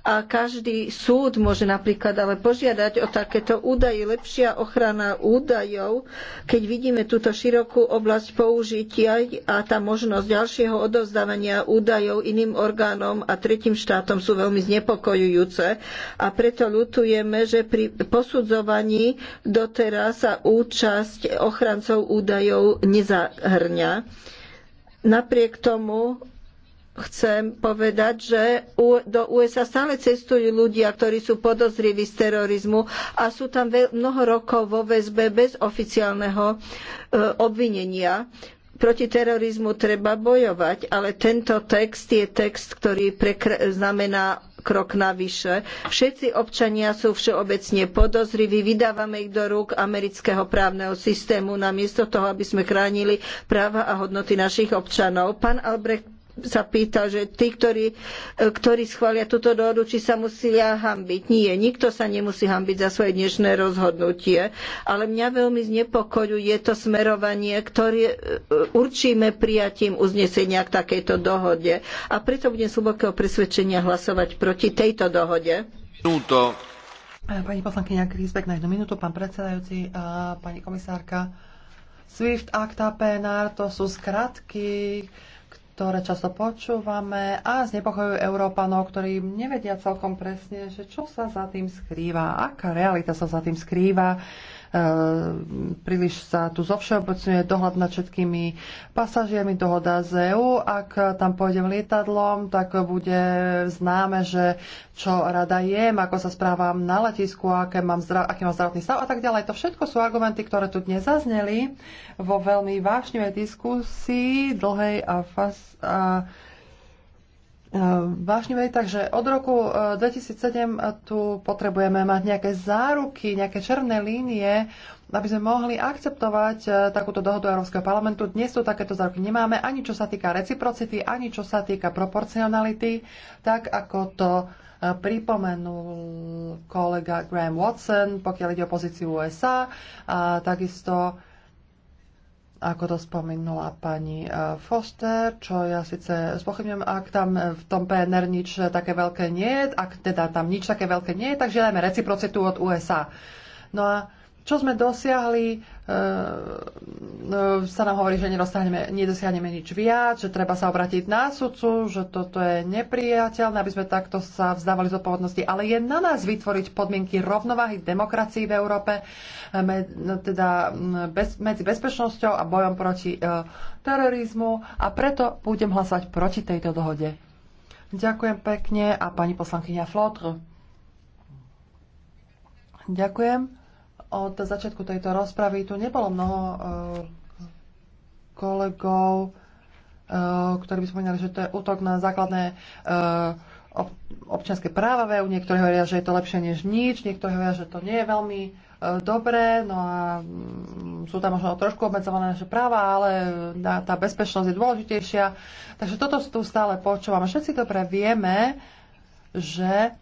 a každý súd môže napríklad ale požiadať o takéto údaje. Lepšia ochrana údajov, keď vidíme túto širokú oblasť použitia a tá možnosť ďalšieho odovzdávania údajov iným orgánom a tretím štátom sú veľmi znepokojujúce a preto ľutujeme, že pri posudzovaní doteraz sa účasť ochrancov údajov nezahrňa. Napriek tomu chcem povedať, že do USA stále cestujú ľudia, ktorí sú podozriví z terorizmu a sú tam mnoho rokov vo väzbe bez oficiálneho e, obvinenia. Proti terorizmu treba bojovať, ale tento text je text, ktorý znamená krok navyše. Všetci občania sú všeobecne podozriví, vydávame ich do rúk amerického právneho systému namiesto toho, aby sme chránili práva a hodnoty našich občanov. Pán Albrecht sa pýta, že tí, ktorí, e, ktorí schvália túto dohodu, či sa musia hambiť. Nie, nikto sa nemusí hambiť za svoje dnešné rozhodnutie. Ale mňa veľmi znepokojuje to smerovanie, ktoré e, určíme prijatím uznesenia k takejto dohode. A preto budem z hlbokého presvedčenia hlasovať proti tejto dohode. Minúto. E, pani poslankyňa krízbek na jednu minútu, pán predsedajúci, a pani komisárka. SWIFT, ACTA, PNR, to sú skratky ktoré často počúvame a znepokojujú Európanov, ktorí nevedia celkom presne, že čo sa za tým skrýva, aká realita sa za tým skrýva Ehm, príliš sa tu zovšeobecňuje dohľad nad všetkými pasažiermi dohoda z EU. Ak tam pôjdem lietadlom, tak bude známe, že čo rada jem, ako sa správam na letisku, aké mám zdrav, aký mám zdravotný stav a tak ďalej. To všetko sú argumenty, ktoré tu dnes zazneli vo veľmi vášnivej diskusii, dlhej a, fas, a tak, e, takže od roku 2007 e, tu potrebujeme mať nejaké záruky, nejaké černé línie, aby sme mohli akceptovať e, takúto dohodu Európskeho parlamentu. Dnes tu takéto záruky nemáme, ani čo sa týka reciprocity, ani čo sa týka proporcionality, tak ako to pripomenul kolega Graham Watson, pokiaľ ide o pozíciu USA, a takisto ako to spomenula pani e, Foster, čo ja síce spochybňujem, ak tam v tom PNR nič také veľké nie je, ak teda tam nič také veľké nie je, tak žiadame reciprocitu od USA. No a čo sme dosiahli, e, e, sa nám hovorí, že nedosiahneme nič viac, že treba sa obratiť na sudcu, že toto je nepriateľné, aby sme takto sa vzdávali zodpovednosti. Ale je na nás vytvoriť podmienky rovnováhy demokracií v Európe, e, med, no, teda bez, medzi bezpečnosťou a bojom proti e, terorizmu a preto budem hlasovať proti tejto dohode. Ďakujem pekne a pani poslankyňa Flotr. Ďakujem. Od začiatku tejto rozpravy tu nebolo mnoho e, kolegov, e, ktorí by spomínali, že to je útok na základné e, občianské práva v EU. Niektorí hovoria, že je to lepšie než nič, niektorí hovoria, že to nie je veľmi dobré, no a mm, sú tam možno trošku obmedzované naše práva, ale tá bezpečnosť je dôležitejšia. Takže toto tu stále počúvam. Všetci dobre vieme, že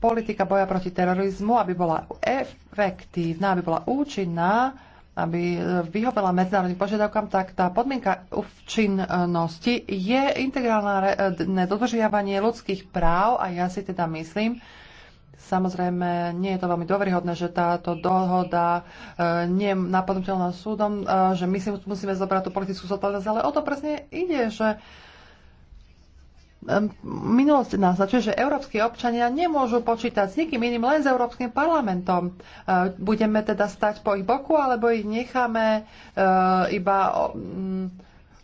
politika boja proti terorizmu, aby bola efektívna, aby bola účinná, aby vyhovela medzinárodným požiadavkám, tak tá podmienka účinnosti je integrálne dodržiavanie ľudských práv a ja si teda myslím, Samozrejme, nie je to veľmi dôveryhodné, že táto dohoda e, nie je napadnutelná súdom, e, že my si musíme zobrať tú politickú zodpovednosť, ale o to presne ide, že Minulosť naznačuje, že európsky občania nemôžu počítať s nikým iným, len s Európskym parlamentom. E, budeme teda stať po ich boku, alebo ich necháme e, iba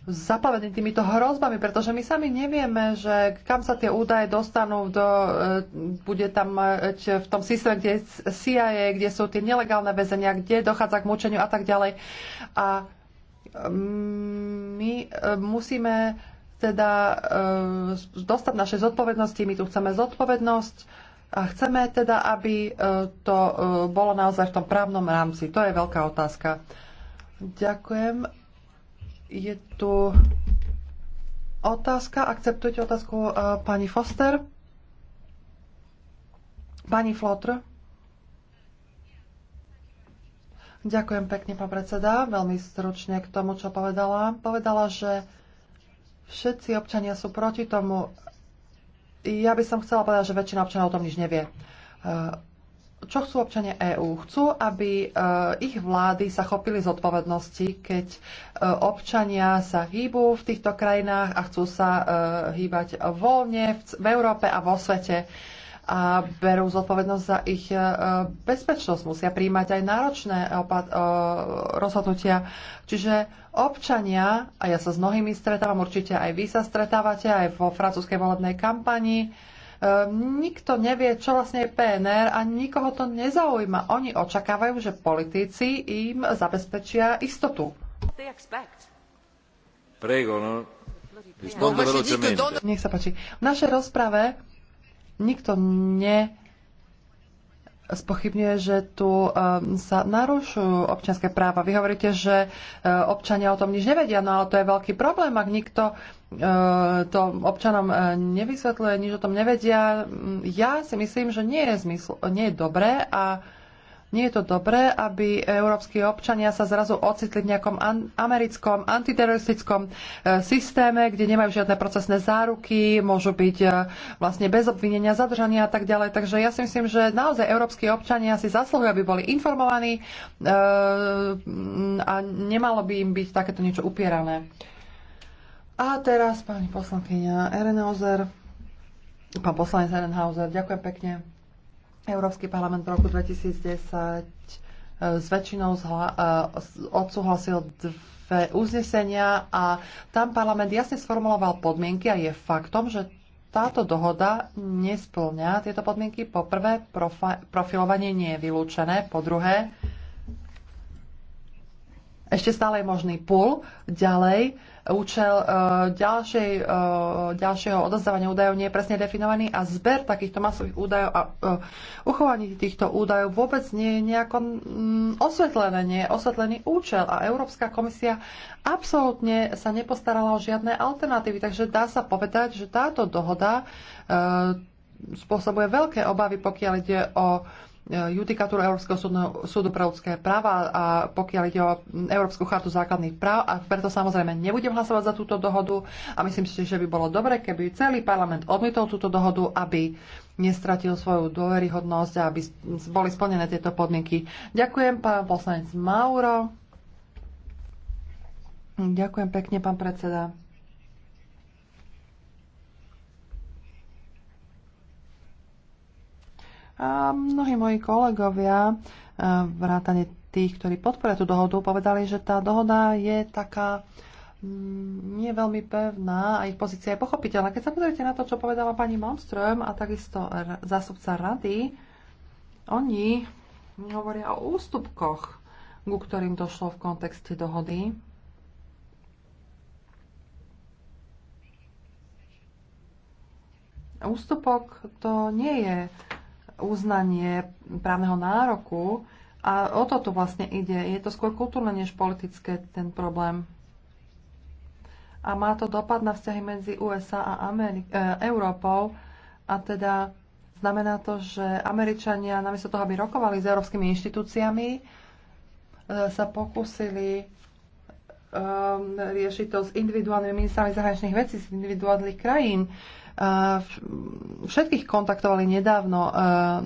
zaplavený týmito hrozbami, pretože my sami nevieme, že kam sa tie údaje dostanú, do, e, bude tam v tom systéme, kde CIA, kde sú tie nelegálne väzenia, kde dochádza k mučeniu a tak ďalej. A my musíme teda e, dostať našej zodpovednosti. My tu chceme zodpovednosť a chceme teda, aby e, to e, bolo naozaj v tom právnom rámci. To je veľká otázka. Ďakujem. Je tu otázka. Akceptujete otázku e, pani Foster? Pani Flotr? Ďakujem pekne, pán predseda. Veľmi stručne k tomu, čo povedala. Povedala, že Všetci občania sú proti tomu. Ja by som chcela povedať, že väčšina občanov o tom nič nevie. E, čo chcú občania EÚ? Chcú, aby e, ich vlády sa chopili zodpovednosti, keď e, občania sa hýbu v týchto krajinách a chcú sa hýbať voľne v Európe a vo svete a berú zodpovednosť za ich e, bezpečnosť. Musia príjmať aj náročné e, rozhodnutia. Čiže občania, a ja sa s mnohými stretávam, určite aj vy sa stretávate, aj vo francúzskej volebnej kampani. E, nikto nevie, čo vlastne je PNR a nikoho to nezaujíma. Oni očakávajú, že politici im zabezpečia istotu. Prego, no? Vlastne Nech sa páči. V našej rozprave nikto ne spochybňuje, že tu um, sa narušujú občianské práva. Vy hovoríte, že uh, občania o tom nič nevedia, no ale to je veľký problém, ak nikto uh, to občanom uh, nevysvetľuje, nič o tom nevedia. Mm, ja si myslím, že nie je, zmysl, nie je dobré a nie je to dobré, aby európsky občania sa zrazu ocitli v nejakom an- americkom antiteroristickom e, systéme, kde nemajú žiadne procesné záruky, môžu byť e, vlastne bez obvinenia zadržania a tak ďalej. Takže ja si myslím, že naozaj európsky občania si zaslúhujú, aby boli informovaní e, a nemalo by im byť takéto niečo upierané. A teraz pani poslankyňa Erenhauser, pán poslanec Erenhauser, ďakujem pekne. Európsky parlament v roku 2010 e, s väčšinou e, odsúhlasil dve uznesenia a tam parlament jasne sformuloval podmienky a je faktom, že táto dohoda nesplňa tieto podmienky. Po prvé, profilovanie nie je vylúčené. Po druhé, ešte stále je možný pul. Ďalej, účel e, ďalšej, e, ďalšieho odozdávania údajov nie je presne definovaný a zber takýchto masových údajov a e, uchovanie týchto údajov vôbec nie je nejako mm, osvetlené, nie je osvetlený účel a Európska komisia absolútne sa nepostarala o žiadne alternatívy, takže dá sa povedať, že táto dohoda spôsobuje veľké obavy, pokiaľ ide o Eh, judikatúru Európskeho súdneho, súdu pre ľudské práva a pokiaľ ide o Európsku chartu základných práv a preto samozrejme nebudem hlasovať za túto dohodu a myslím si, že by bolo dobre, keby celý parlament odmietol túto dohodu, aby nestratil svoju dôveryhodnosť a aby boli splnené tieto podmienky. Ďakujem pán poslanec Mauro. Ďakujem pekne, pán predseda. A mnohí moji kolegovia, e, vrátane tých, ktorí podporia tú dohodu, povedali, že tá dohoda je taká mm, nie veľmi pevná a ich pozícia je pochopiteľná. Keď sa pozriete na to, čo povedala pani Malmström a takisto zástupca rady, oni hovoria o ústupkoch, ku ktorým došlo v kontexte dohody. Ústupok to nie je uznanie právneho nároku a o to tu vlastne ide. Je to skôr kultúrne než politické ten problém. A má to dopad na vzťahy medzi USA a Ameri- e, Európou a teda znamená to, že Američania namiesto toho, aby rokovali s európskymi inštitúciami, e, sa pokúsili e, riešiť to s individuálnymi ministrami zahraničných vecí z individuálnych krajín. E, Všetkých kontaktovali nedávno e,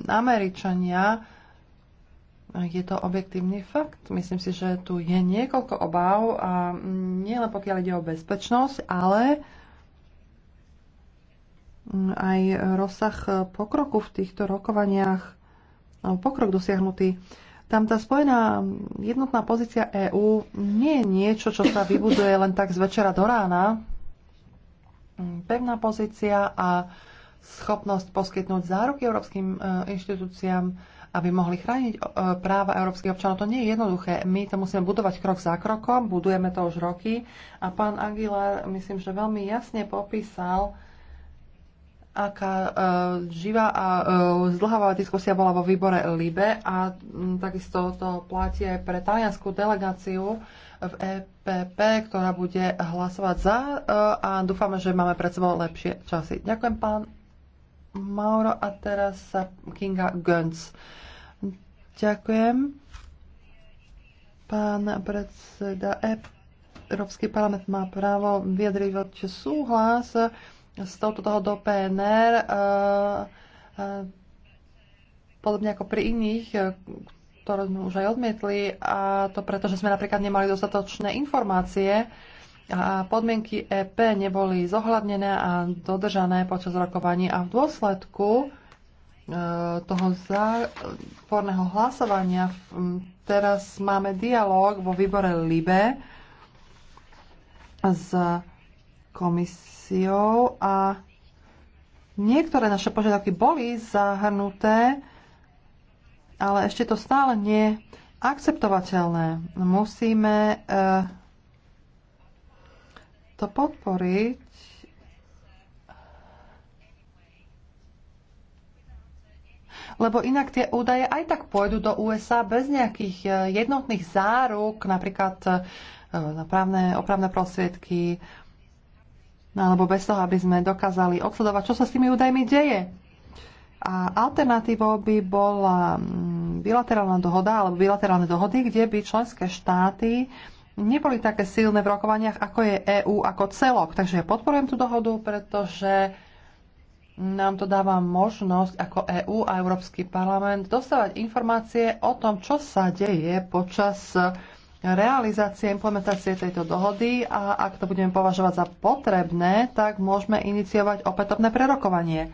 Američania. Je to objektívny fakt. Myslím si, že tu je niekoľko obáv a nielen pokiaľ ide o bezpečnosť, ale aj rozsah pokroku v týchto rokovaniach, pokrok dosiahnutý. Tam tá spojená jednotná pozícia EÚ nie je niečo, čo sa vybuduje len tak z večera do rána, Mm, pevná pozícia a schopnosť poskytnúť záruky európskym e, inštitúciám, aby mohli chrániť e, práva európskych občanov. To nie je jednoduché. My to musíme budovať krok za krokom, budujeme to už roky a pán Aguilar, myslím, že veľmi jasne popísal aká uh, živá a uh, zdlhavá diskusia bola vo výbore LIBE a um, takisto to platí aj pre talianskú delegáciu v EPP, ktorá bude hlasovať za uh, a dúfame, že máme pred sebou lepšie časy. Ďakujem pán Mauro a teraz sa Kinga Gönc. Ďakujem. Pán predseda EPP Európsky parlament má právo vyjadriť súhlas uh, s toho do PNR, e, e, podobne ako pri iných, e, ktoré sme už aj odmietli, a to preto, že sme napríklad nemali dostatočné informácie a podmienky EP neboli zohľadnené a dodržané počas rokovaní a v dôsledku toho záporného hlasovania teraz máme dialog vo výbore LIBE s komisiou a niektoré naše požiadavky boli zahrnuté, ale ešte to stále nie je akceptovateľné. Musíme eh, to podporiť lebo inak tie údaje aj tak pôjdu do USA bez nejakých eh, jednotných záruk, napríklad eh, na právne, opravné prostriedky, No, alebo bez toho, aby sme dokázali odsledovať, čo sa s tými údajmi deje. A alternatívou by bola mm, bilaterálna dohoda alebo bilaterálne dohody, kde by členské štáty neboli také silné v rokovaniach, ako je EÚ ako celok. Takže ja podporujem tú dohodu, pretože nám to dáva možnosť ako EÚ a Európsky parlament dostávať informácie o tom, čo sa deje počas realizácie, implementácie tejto dohody a ak to budeme považovať za potrebné, tak môžeme iniciovať opätovné prerokovanie.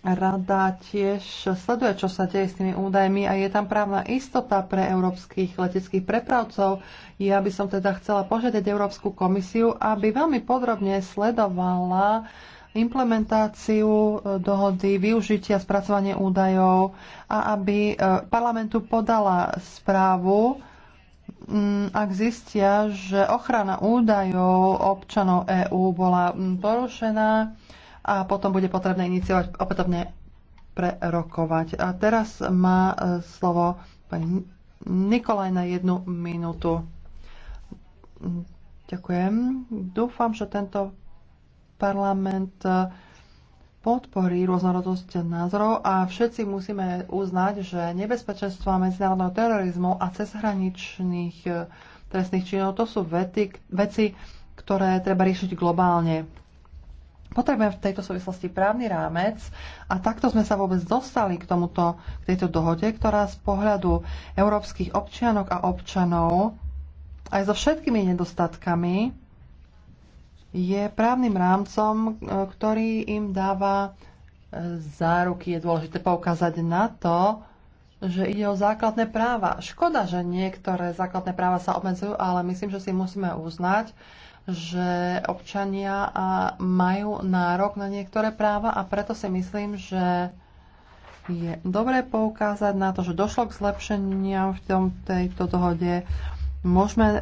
Rada tiež sleduje, čo sa deje s tými údajmi a je tam právna istota pre európskych leteckých prepravcov. Ja by som teda chcela požiadať Európsku komisiu, aby veľmi podrobne sledovala implementáciu e, dohody, využitia a spracovanie údajov a aby e, parlamentu podala správu, ak zistia, že ochrana údajov občanov EÚ bola porušená a potom bude potrebné iniciovať opätovne prerokovať. A teraz má e, slovo pani Nikolaj na jednu minútu. Ďakujem. Dúfam, že tento parlament e, podporí rôznorodosť názorov a všetci musíme uznať, že nebezpečenstva medzinárodného terorizmu a cezhraničných e, trestných činov to sú vety, veci, ktoré treba riešiť globálne. Potrebujeme v tejto súvislosti právny rámec a takto sme sa vôbec dostali k, tomuto, k tejto dohode, ktorá z pohľadu európskych občianok a občanov aj so všetkými nedostatkami je právnym rámcom, e, ktorý im dáva e, záruky. Je dôležité poukázať na to, že ide o základné práva. Škoda, že niektoré základné práva sa obmedzujú, ale myslím, že si musíme uznať, že občania majú nárok na niektoré práva a preto si myslím, že je dobré poukázať na to, že došlo k zlepšeniam v tom, tejto dohode. Môžeme um,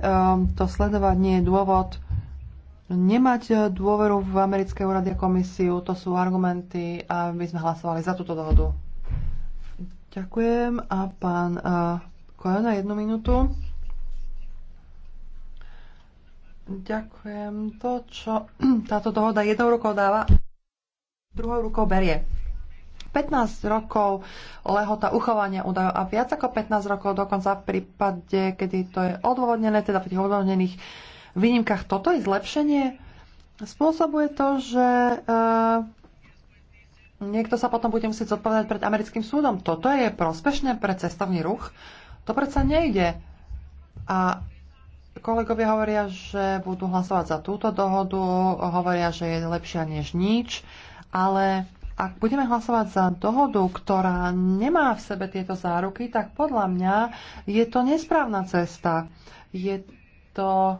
to sledovať, nie je dôvod nemať eh, dôveru v americké úrady a komisiu, to sú argumenty, aby sme hlasovali za túto dohodu. Ďakujem. A pán uh, na jednu minútu. Ďakujem. To, čo táto dohoda jednou rukou dáva, druhou rukou berie. 15 rokov lehota uchovania údajov a viac ako 15 rokov dokonca v prípade, kedy to je odôvodnené, teda v tých odôvodnených uh, výnimkách. Toto je zlepšenie. Spôsobuje to, že e, niekto sa potom bude musieť zodpovedať pred americkým súdom. Toto je prospešné pre cestovný ruch. To predsa nejde. A kolegovia hovoria, že budú hlasovať za túto dohodu, hovoria, že je lepšia než nič, ale ak budeme hlasovať za dohodu, ktorá nemá v sebe tieto záruky, tak podľa mňa je to nesprávna cesta. Je to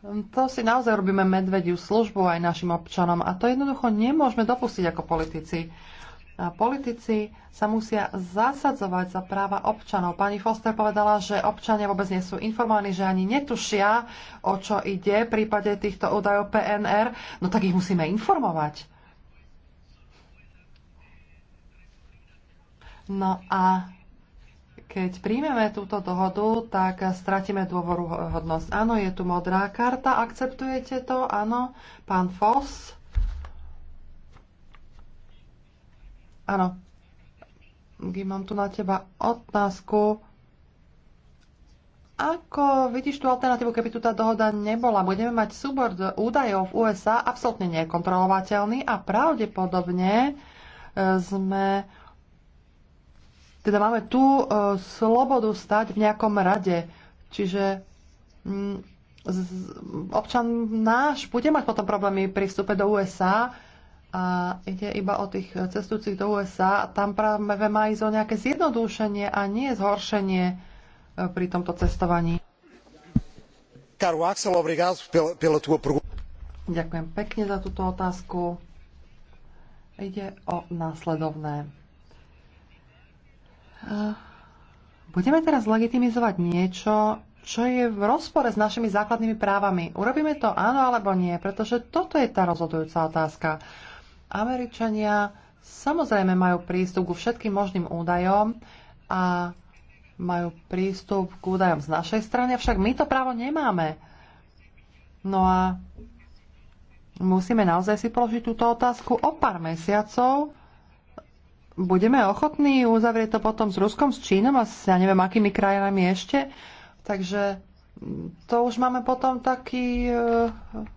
Hm, to si naozaj robíme medvediu službu aj našim občanom a to jednoducho nemôžeme dopustiť ako politici. A politici sa musia zasadzovať za práva občanov. Pani Foster povedala, že občania vôbec nie sú informovaní, že ani netušia, o čo ide v prípade týchto údajov PNR. No tak ich musíme informovať. No a keď príjmeme túto dohodu, tak stratíme dôvoruhodnosť. Áno, je tu modrá karta, akceptujete to? Áno, pán Foss? Áno. Mám tu na teba otázku. Ako vidíš tú alternatívu, keby tu tá dohoda nebola? Budeme mať súbor údajov v USA absolútne nekontrolovateľný a pravdepodobne e, sme teda máme tu e, slobodu stať v nejakom rade. Čiže m, mm, z, občan náš bude mať potom problémy pri vstupe do USA a ide iba o tých cestujúcich do USA a tam práve má ísť o nejaké zjednodušenie a nie zhoršenie e, pri tomto cestovaní. Caro Axel, obrigado pela tua pergunta. Ďakujem pekne za túto otázku. Ide o následovné Eh, budeme teraz legitimizovať niečo, čo je v rozpore s našimi základnými právami. Urobíme to áno alebo nie, pretože toto je tá rozhodujúca otázka. Američania samozrejme majú prístup ku všetkým možným údajom a majú prístup k údajom z našej strany, avšak my to právo nemáme. No a musíme naozaj si položiť túto otázku o pár mesiacov, budeme ochotní uzavrieť to potom s Ruskom, s Čínom a s ja neviem akými krajinami ešte. Takže to už máme potom taký eh,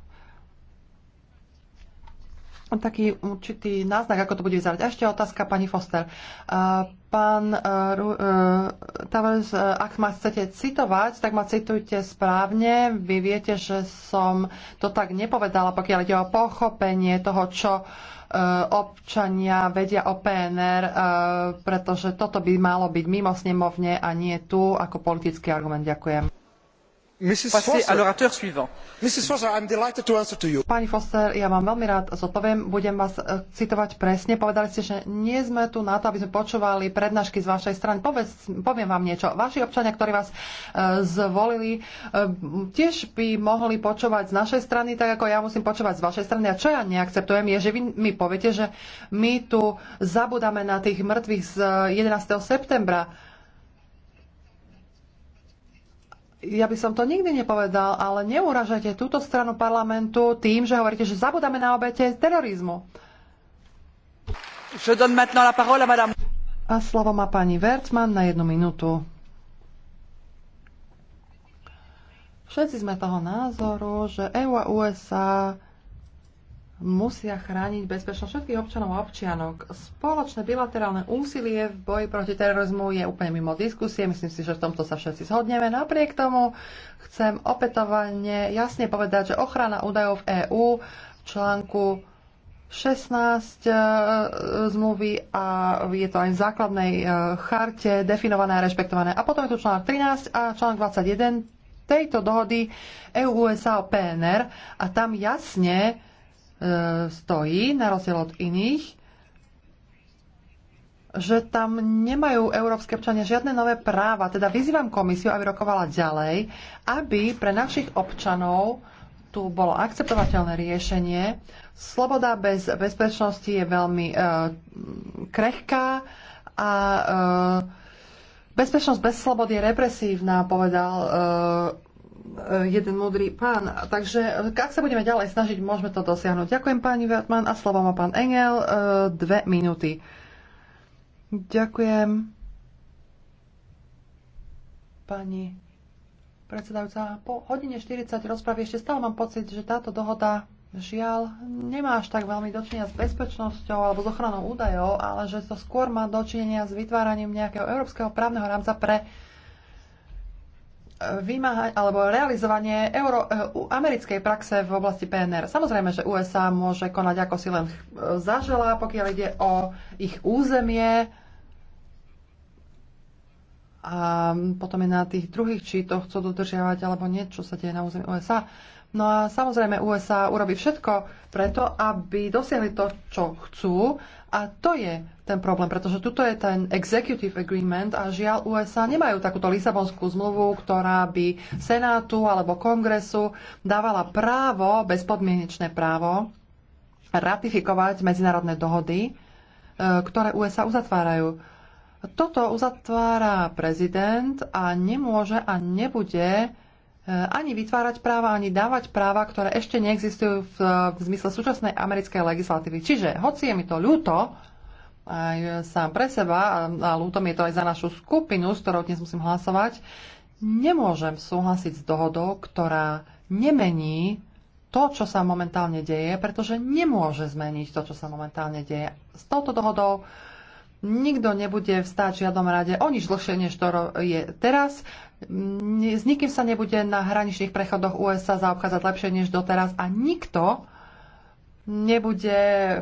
taký určitý náznak, ako to bude vyzerať. ešte otázka pani Foster. Pán e, e, Tavares, e, ak ma chcete citovať, tak ma citujte správne. Vy viete, že som to tak nepovedala, pokiaľ ide o pochopenie toho, čo občania vedia o PNR, pretože toto by malo byť mimo snemovne a nie tu ako politický argument. Ďakujem. Pani Foster, ja vám veľmi rád zodpoviem. Budem vás eh, citovať presne. Povedali ste, že nie sme tu na to, aby sme počúvali prednášky z vašej strany. Povedz, poviem vám niečo. Vaši občania, ktorí vás eh, zvolili, eh, tiež by mohli počúvať z našej strany, tak ako ja musím počúvať z vašej strany. A čo ja neakceptujem, je, že vy mi poviete, že my tu zabudáme na tých mŕtvych z 11. septembra ja by som to nikdy nepovedal, ale neuražajte túto stranu parlamentu tým, že hovoríte, že zabudáme na obete terorizmu. A slovo má pani Wertmann na jednu minútu. Všetci sme toho názoru, že EU a USA musia chrániť bezpečnosť všetkých občanov a občianok. Spoločné bilaterálne úsilie v boji proti terorizmu je úplne mimo diskusie. Myslím si, že v tomto sa všetci zhodneme. Napriek tomu chcem opätovane jasne povedať, že ochrana údajov v EÚ v článku 16 e, zmluvy a je to aj v základnej e, charte definované a rešpektované. A potom je tu článok 13 a článok 21 tejto dohody EU-USA o PNR a tam jasne E, stojí, na rozdiel od iných, že tam nemajú európske občania žiadne nové práva. Teda vyzývam komisiu, aby rokovala ďalej, aby pre našich občanov tu bolo akceptovateľné riešenie. Sloboda bez bezpečnosti je veľmi e, krehká a e, bezpečnosť bez slobody je represívna, povedal e, E, jeden múdry pán. Takže ak sa budeme ďalej snažiť, môžeme to dosiahnuť. Ďakujem pani Vatman a slovo má pán Engel. E, dve minúty. Ďakujem. Pani predsedajúca, po hodine 40 rozpravy ešte stále mám pocit, že táto dohoda žiaľ nemá až tak veľmi dočinenia s bezpečnosťou alebo s ochranou údajov, ale že to skôr má dočinenia s vytváraním nejakého európskeho právneho rámca pre uh, vymáha- alebo realizovanie euro, eh, americkej praxe v oblasti PNR. Samozrejme, že USA môže konať ako si len zaželá, pokiaľ ide o ich územie. A potom je na tých druhých, či to chcú dodržiavať alebo niečo sa deje na území USA. No a samozrejme USA urobí všetko preto, aby dosiahli to, čo chcú. A to je ten problém, pretože tuto je ten executive agreement a žiaľ USA nemajú takúto Lisabonskú zmluvu, ktorá by Senátu alebo Kongresu dávala právo, bezpodmienečné právo ratifikovať medzinárodné dohody, e, ktoré USA uzatvárajú. Toto uzatvára prezident a nemôže a nebude e, ani vytvárať práva, ani dávať práva, ktoré ešte neexistujú v, v zmysle súčasnej americkej legislatívy. Čiže, hoci je mi to ľúto, aj sám pre seba, a ľútom je to aj za našu skupinu, s ktorou dnes musím hlasovať, nemôžem súhlasiť s dohodou, ktorá nemení to, čo sa momentálne deje, pretože nemôže zmeniť to, čo sa momentálne deje. S touto dohodou nikto nebude vstáť v žiadnom rade o nič dlhšie, než to je teraz. S nikým sa nebude na hraničných prechodoch USA zaobchádzať lepšie než doteraz a nikto nebude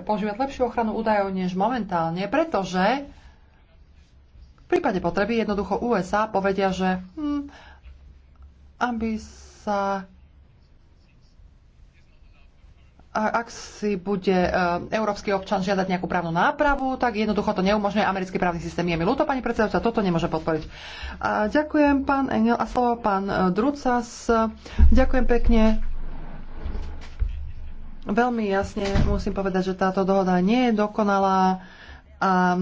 požívať lepšiu ochranu údajov než momentálne, pretože v prípade potreby jednoducho USA povedia, že hm, aby sa ak si bude e, európsky občan žiadať nejakú právnu nápravu, tak jednoducho to neumožňuje americký právny systém. Je mi ľúto, pani predsedajúca, toto nemôže podporiť. A ďakujem, pán Engel a slovo pán e, Drucas. Ďakujem pekne. Veľmi jasne musím povedať, že táto dohoda nie je dokonalá a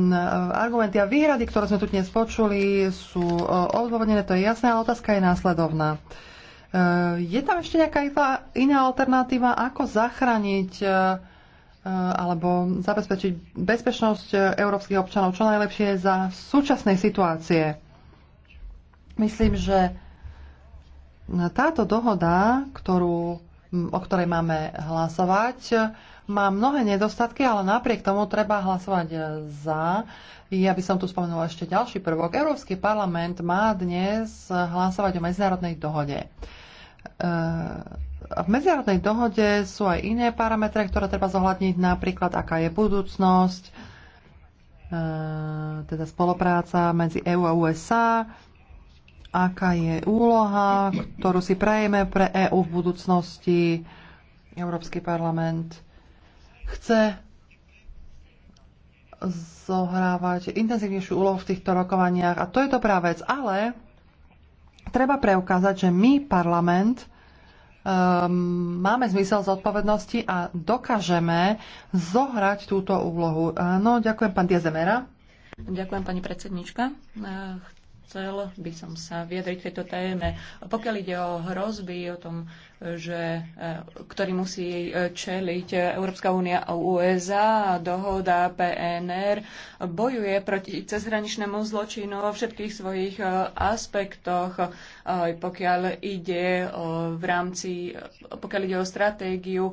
argumenty a výhrady, ktoré sme tu dnes počuli, sú e, odôvodnené, to je jasné, ale otázka je následovná. E, je tam ešte nejaká iná alternatíva, ako zachrániť e, alebo zabezpečiť bezpečnosť európskych občanov čo najlepšie za súčasnej situácie? Myslím, že táto dohoda, ktorú o ktorej máme hlasovať, má mnohé nedostatky, ale napriek tomu treba hlasovať za. Ja by som tu spomenula ešte ďalší prvok. Európsky parlament má dnes hlasovať o medzinárodnej dohode. E, v medzinárodnej dohode sú aj iné parametre, ktoré treba zohľadniť, napríklad aká je budúcnosť, e, teda spolupráca medzi EU a USA, aká je úloha, ktorú si prajeme pre EÚ v budúcnosti. Európsky parlament chce zohrávať intenzívnejšiu úlohu v týchto rokovaniach a to je dobrá vec, ale treba preukázať, že my, parlament, um, máme zmysel zodpovednosti a dokážeme zohrať túto úlohu. Áno, ďakujem pán Diazemera. Ďakujem pani predsednička chcel by som sa vyjadriť k tejto téme. Pokiaľ ide o hrozby, o tom, že, e, ktorý musí e, čeliť Európska únia a USA, dohoda PNR, bojuje proti cezhraničnému zločinu vo všetkých svojich e, aspektoch, pokiaľ ide v rámci, pokiaľ ide o stratégiu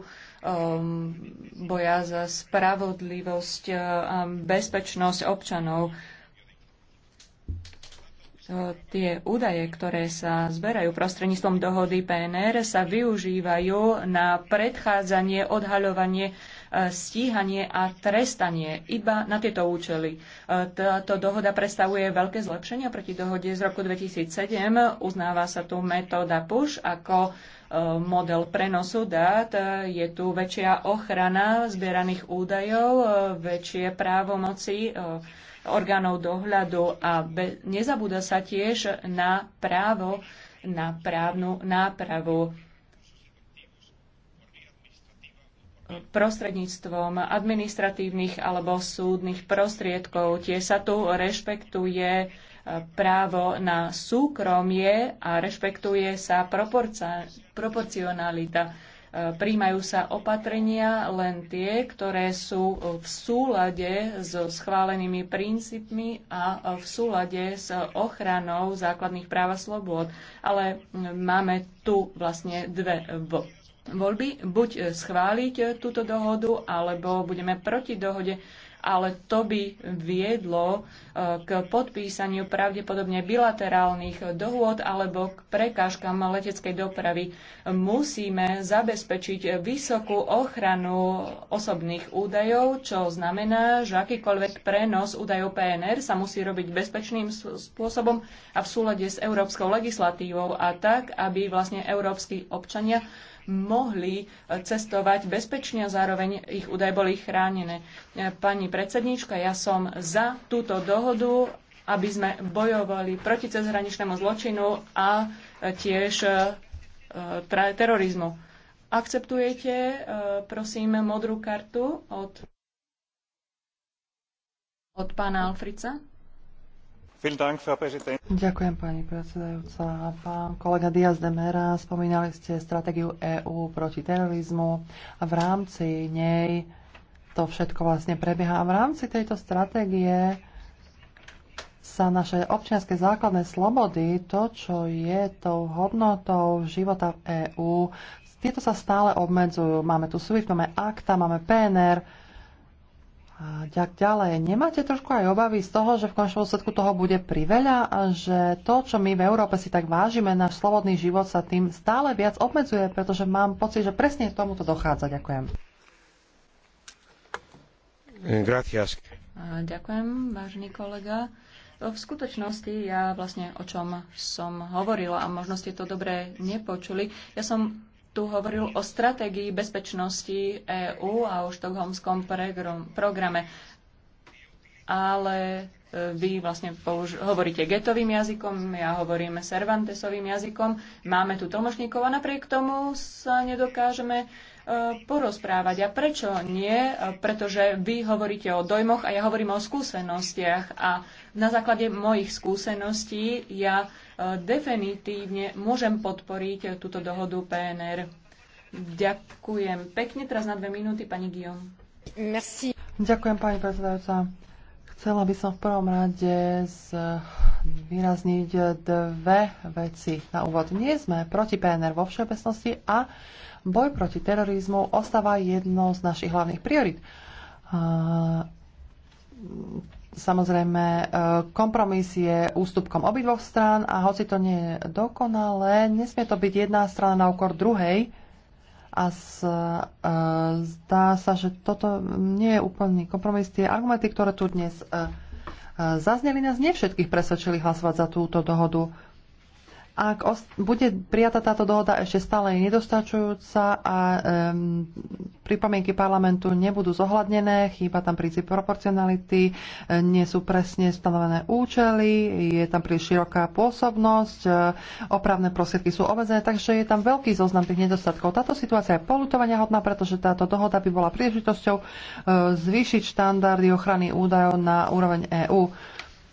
boja za spravodlivosť a bezpečnosť občanov E, tie údaje, ktoré sa zberajú prostredníctvom dohody PNR, sa využívajú na predchádzanie, odhaľovanie, e, stíhanie a trestanie iba na tieto účely. E, táto dohoda predstavuje veľké zlepšenia proti dohode z roku 2007. Uznáva sa tu metóda PUSH ako model prenosu dát. Je tu väčšia ochrana zbieraných údajov, väčšie právomoci orgánov dohľadu a be, nezabúda sa tiež na právo na právnu nápravu prostredníctvom administratívnych alebo súdnych prostriedkov. Tie sa tu rešpektuje e, právo na súkromie a rešpektuje sa proporcionalita. Príjmajú sa opatrenia len tie, ktoré sú v súlade so schválenými princípmi a v súlade s ochranou základných práv a slobôd. Ale máme tu vlastne dve voľby. Buď schváliť túto dohodu, alebo budeme proti dohode ale to by viedlo e, k podpísaniu pravdepodobne bilaterálnych dohôd alebo k prekážkam leteckej dopravy. Musíme zabezpečiť vysokú ochranu osobných údajov, čo znamená, že akýkoľvek prenos údajov PNR sa musí robiť bezpečným spôsobom a v súlade s európskou legislatívou a tak, aby vlastne európsky občania mohli e, cestovať bezpečne a zároveň ich údaje boli chránené. E, pani predsedníčka, ja som za túto dohodu, aby sme bojovali proti cezhraničnému zločinu a e, tiež terorizmu. Akceptujete, prosím, modrú kartu od, od pána Alfrica? Ďakujem pani predsedajúca. Pán kolega Diaz de Mera, spomínali ste stratégiu EÚ proti terorizmu a v rámci nej to všetko vlastne prebieha. A v rámci tejto stratégie sa naše občianske základné slobody, to, čo je tou hodnotou života v EÚ, tieto sa stále obmedzujú. Máme tu SWIFT, máme ACTA, máme PNR, Ďak ďalej. Nemáte trošku aj obavy z toho, že v končnom dôsledku toho bude priveľa a že to, čo my v Európe si tak vážime, náš slobodný život sa tým stále viac obmedzuje, pretože mám pocit, že presne k tomuto dochádza. Ďakujem. Gracias. Ďakujem, vážený kolega. V skutočnosti ja vlastne o čom som hovorila a možno ste to dobre nepočuli. Ja som tu hovoril o stratégii bezpečnosti EÚ a o štokholmskom programe. Ale e, vy vlastne hovoríte getovým jazykom, ja hovorím Cervantesovým jazykom, máme tu tlmočníkov a napriek tomu sa nedokážeme e, porozprávať. A prečo nie? E, pretože vy hovoríte o dojmoch a ja hovorím o skúsenostiach. A na základe mojich skúseností ja definitívne môžem podporiť túto dohodu PNR. Ďakujem pekne. Teraz na dve minúty pani Guillaume. Merci. Ďakujem pani predsedajúca. Chcela by som v prvom rade z, vyrazniť dve veci na úvod. Nie sme proti PNR vo všeobecnosti a boj proti terorizmu ostáva jednou z našich hlavných priorit. Samozrejme, e, kompromis je ústupkom obidvoch strán a hoci to nie je dokonalé, nesmie to byť jedna strana na úkor druhej. A z, e, zdá sa, že toto nie je úplný kompromis. Tie argumenty, ktoré tu dnes e, e, zazneli, nás nevšetkých presvedčili hlasovať za túto dohodu. Ak bude prijatá táto dohoda, ešte stále je nedostačujúca a um, pripomienky parlamentu nebudú zohľadnené, chýba tam princíp proporcionality, e, nie sú presne stanovené účely, je tam príliš široká pôsobnosť, e, opravné prostriedky sú obmedzené, takže je tam veľký zoznam tých nedostatkov. Táto situácia je polutovania hodná, pretože táto dohoda by bola príležitosťou e, zvýšiť štandardy ochrany údajov na úroveň EÚ.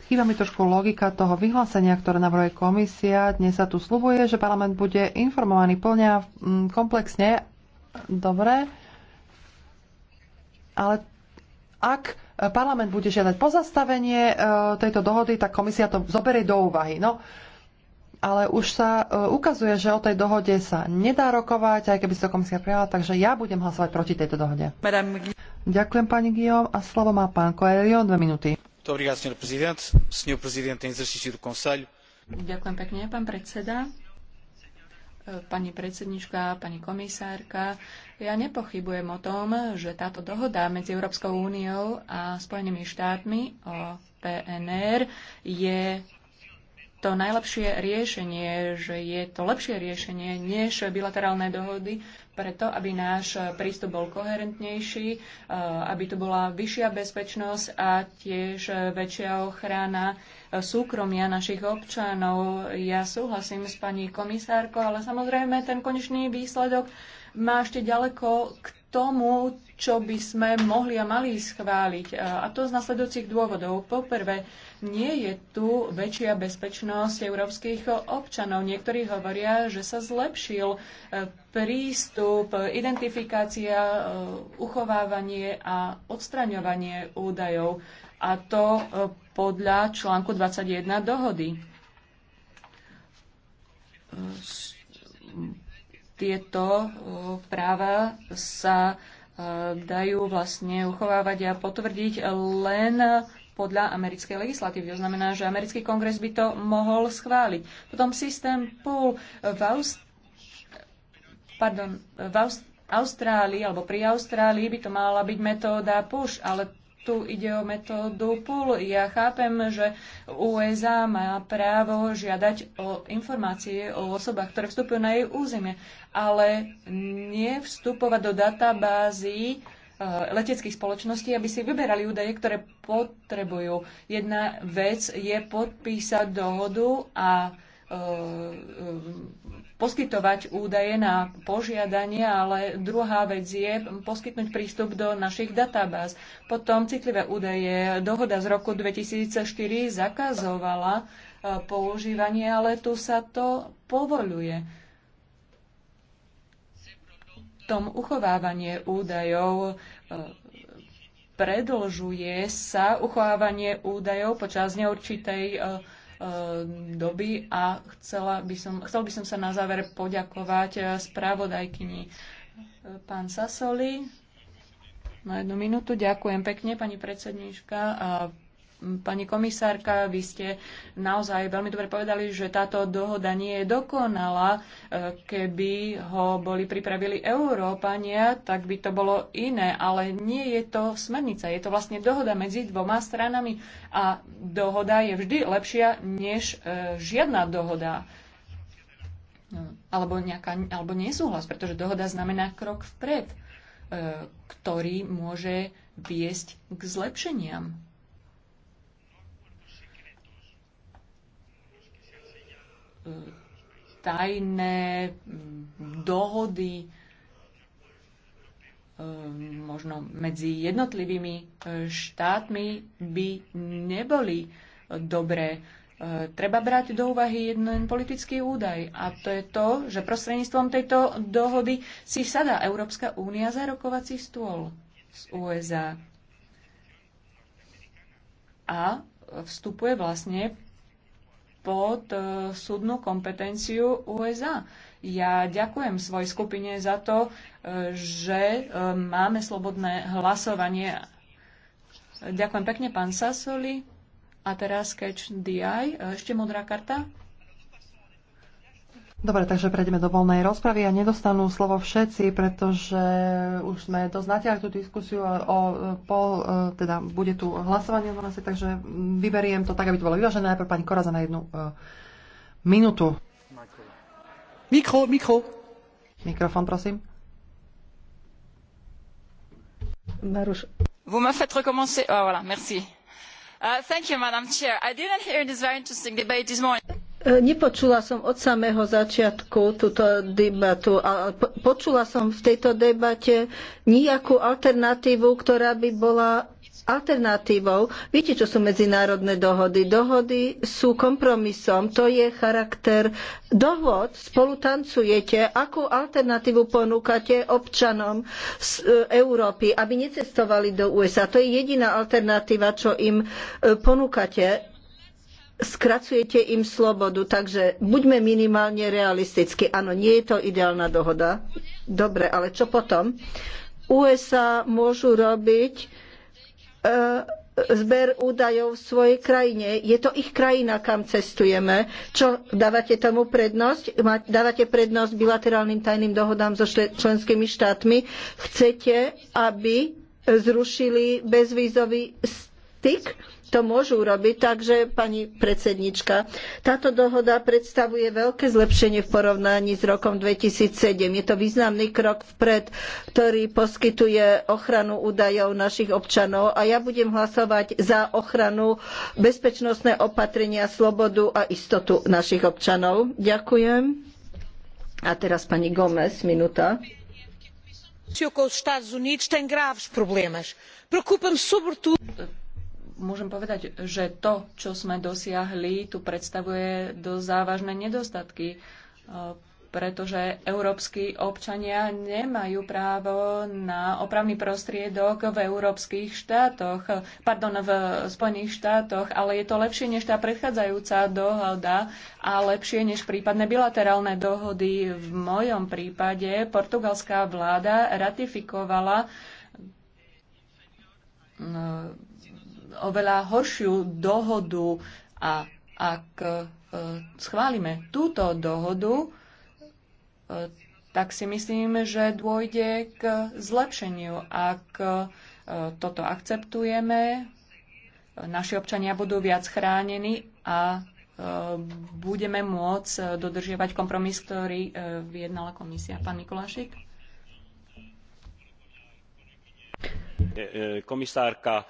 Chýba mi trošku logika toho vyhlásenia, ktoré navrhuje komisia. Dnes sa tu slubuje, že parlament bude informovaný plne a mm, komplexne. Dobre. Ale ak parlament bude žiadať pozastavenie e, tejto dohody, tak komisia to zoberie do úvahy. No, ale už sa e, ukazuje, že o tej dohode sa nedá rokovať, aj keby si to komisia prijala, takže ja budem hlasovať proti tejto dohode. Madame... Ďakujem pani Guillaume a slovo má pán Coelho, dve minúty. Ďakujem pekne, pán predseda e, pani predsednička, pani komisárka. Ja nepochybujem o tom, že táto dohoda medzi Európskou úniou a Spojenými štátmi o PNR je to najlepšie riešenie, že je to lepšie riešenie než bilaterálne dohody preto, aby náš prístup bol koherentnejší, eh, aby tu bola vyššia bezpečnosť a tiež väčšia ochrana eh, súkromia našich občanov. Ja súhlasím s pani komisárkou, ale samozrejme ten konečný výsledok má ešte ďaleko k tomu, čo by sme mohli a mali schváliť. A to z nasledujúcich dôvodov. Poprvé, nie je tu väčšia bezpečnosť európskych občanov. Niektorí hovoria, že sa zlepšil e, prístup, identifikácia, e, uchovávanie a odstraňovanie údajov. A to e, podľa článku 21 dohody tieto práva sa e, dajú vlastne uchovávať a potvrdiť len podľa americkej legislatívy. To znamená, že americký kongres by to mohol schváliť. Potom systém pool v, Aust- v Aust- Austrálii alebo pri Austrálii by to mala byť metóda push, ale tu ide o metódu PUL. Ja chápem, že USA má právo žiadať o informácie o osobách, ktoré vstupujú na jej územie, ale nie vstupovať do databázy eh, leteckých spoločností, aby si vyberali údaje, ktoré potrebujú. Jedna vec je podpísať dohodu a E, e, poskytovať údaje na požiadanie, ale druhá vec je poskytnúť prístup do našich databáz. Potom citlivé údaje. Dohoda z roku 2004 zakazovala e, používanie, ale tu sa to povoluje. Tom uchovávanie údajov predlžuje sa uchovávanie údajov počas neurčitej Eh, doby a chcela by som, chcel by som sa na záver poďakovať eh, správodajkyni eh, pán Sasoli. Na jednu minútu ďakujem pekne, pani predsedníčka. Pani komisárka, vy ste naozaj veľmi dobre povedali, že táto dohoda nie je dokonalá. E, keby ho boli pripravili Európania, tak by to bolo iné, ale nie je to smernica. Je to vlastne dohoda medzi dvoma stranami a dohoda je vždy lepšia než e, žiadna dohoda. Alebo, nejaká, alebo nesúhlas, pretože dohoda znamená krok vpred, e, ktorý môže viesť k zlepšeniam tajné dohody e, možno medzi jednotlivými e, štátmi by neboli dobré. E, treba brať do úvahy jeden politický údaj a to je to, že prostredníctvom tejto dohody si sadá Európska únia za rokovací stôl z USA a vstupuje vlastne pod e, súdnu kompetenciu USA. Ja ďakujem svojej skupine za to, e, že e, máme slobodné hlasovanie. Ďakujem pekne, pán Sasoli. A teraz catch DI. Ešte modrá karta. Dobre, takže prejdeme do voľnej rozpravy a nedostanú slovo všetci, pretože už sme dosť natiahli tú diskusiu o o pol, e, teda bude tu hlasovanie o takže vyberiem to tak, aby to bolo vyvážené. Najprv pani Koraza na jednu uh, minútu. Mikro, mikro. Mikrofón, prosím. Maruš. Vous me faites recommencer. Oh, voilà, merci. Uh, thank you, Madam Chair. I didn't hear this very interesting debate this morning. E, nepočula som od samého začiatku túto debatu, ale počula som v tejto debate nejakú alternatívu, ktorá by bola alternatívou. Viete, čo sú medzinárodné dohody? Dohody sú kompromisom, to je charakter dohod. Spolu tancujete, akú alternatívu ponúkate občanom z e, Európy, aby necestovali do USA. To je jediná alternatíva, čo im e, ponúkate skracujete im slobodu, takže buďme minimálne realisticky. Áno, nie je to ideálna dohoda. Dobre, ale čo potom? USA môžu robiť e, zber údajov v svojej krajine. Je to ich krajina, kam cestujeme. Čo dávate tomu prednosť? Dávate prednosť bilaterálnym tajným dohodám so členskými štátmi? Chcete, aby zrušili bezvízový styk? to môžu urobiť, takže pani predsednička, táto dohoda predstavuje veľké zlepšenie v porovnaní s rokom 2007. Je to významný krok vpred, ktorý poskytuje ochranu údajov našich občanov a ja budem hlasovať za ochranu bezpečnostné opatrenia, slobodu a istotu našich občanov. Ďakujem. A teraz pani Gomez, minúta Preocupa-me sobretudo môžem povedať, že to, čo sme dosiahli, tu predstavuje do závažné nedostatky, e, pretože európsky občania nemajú právo na opravný prostriedok v európskych štátoch, pardon, v Spojených štátoch, ale je to lepšie než tá predchádzajúca dohoda a lepšie než prípadné bilaterálne dohody. V mojom prípade portugalská vláda ratifikovala no, oveľa horšiu dohodu a ak e, schválime túto dohodu, e, tak si myslím, že dôjde k zlepšeniu. Ak e, toto akceptujeme, naši občania budú viac chránení a budeme môcť dodržiavať kompromis, ktorý vyjednala komisia. Pán Mikulášik? Komisárka,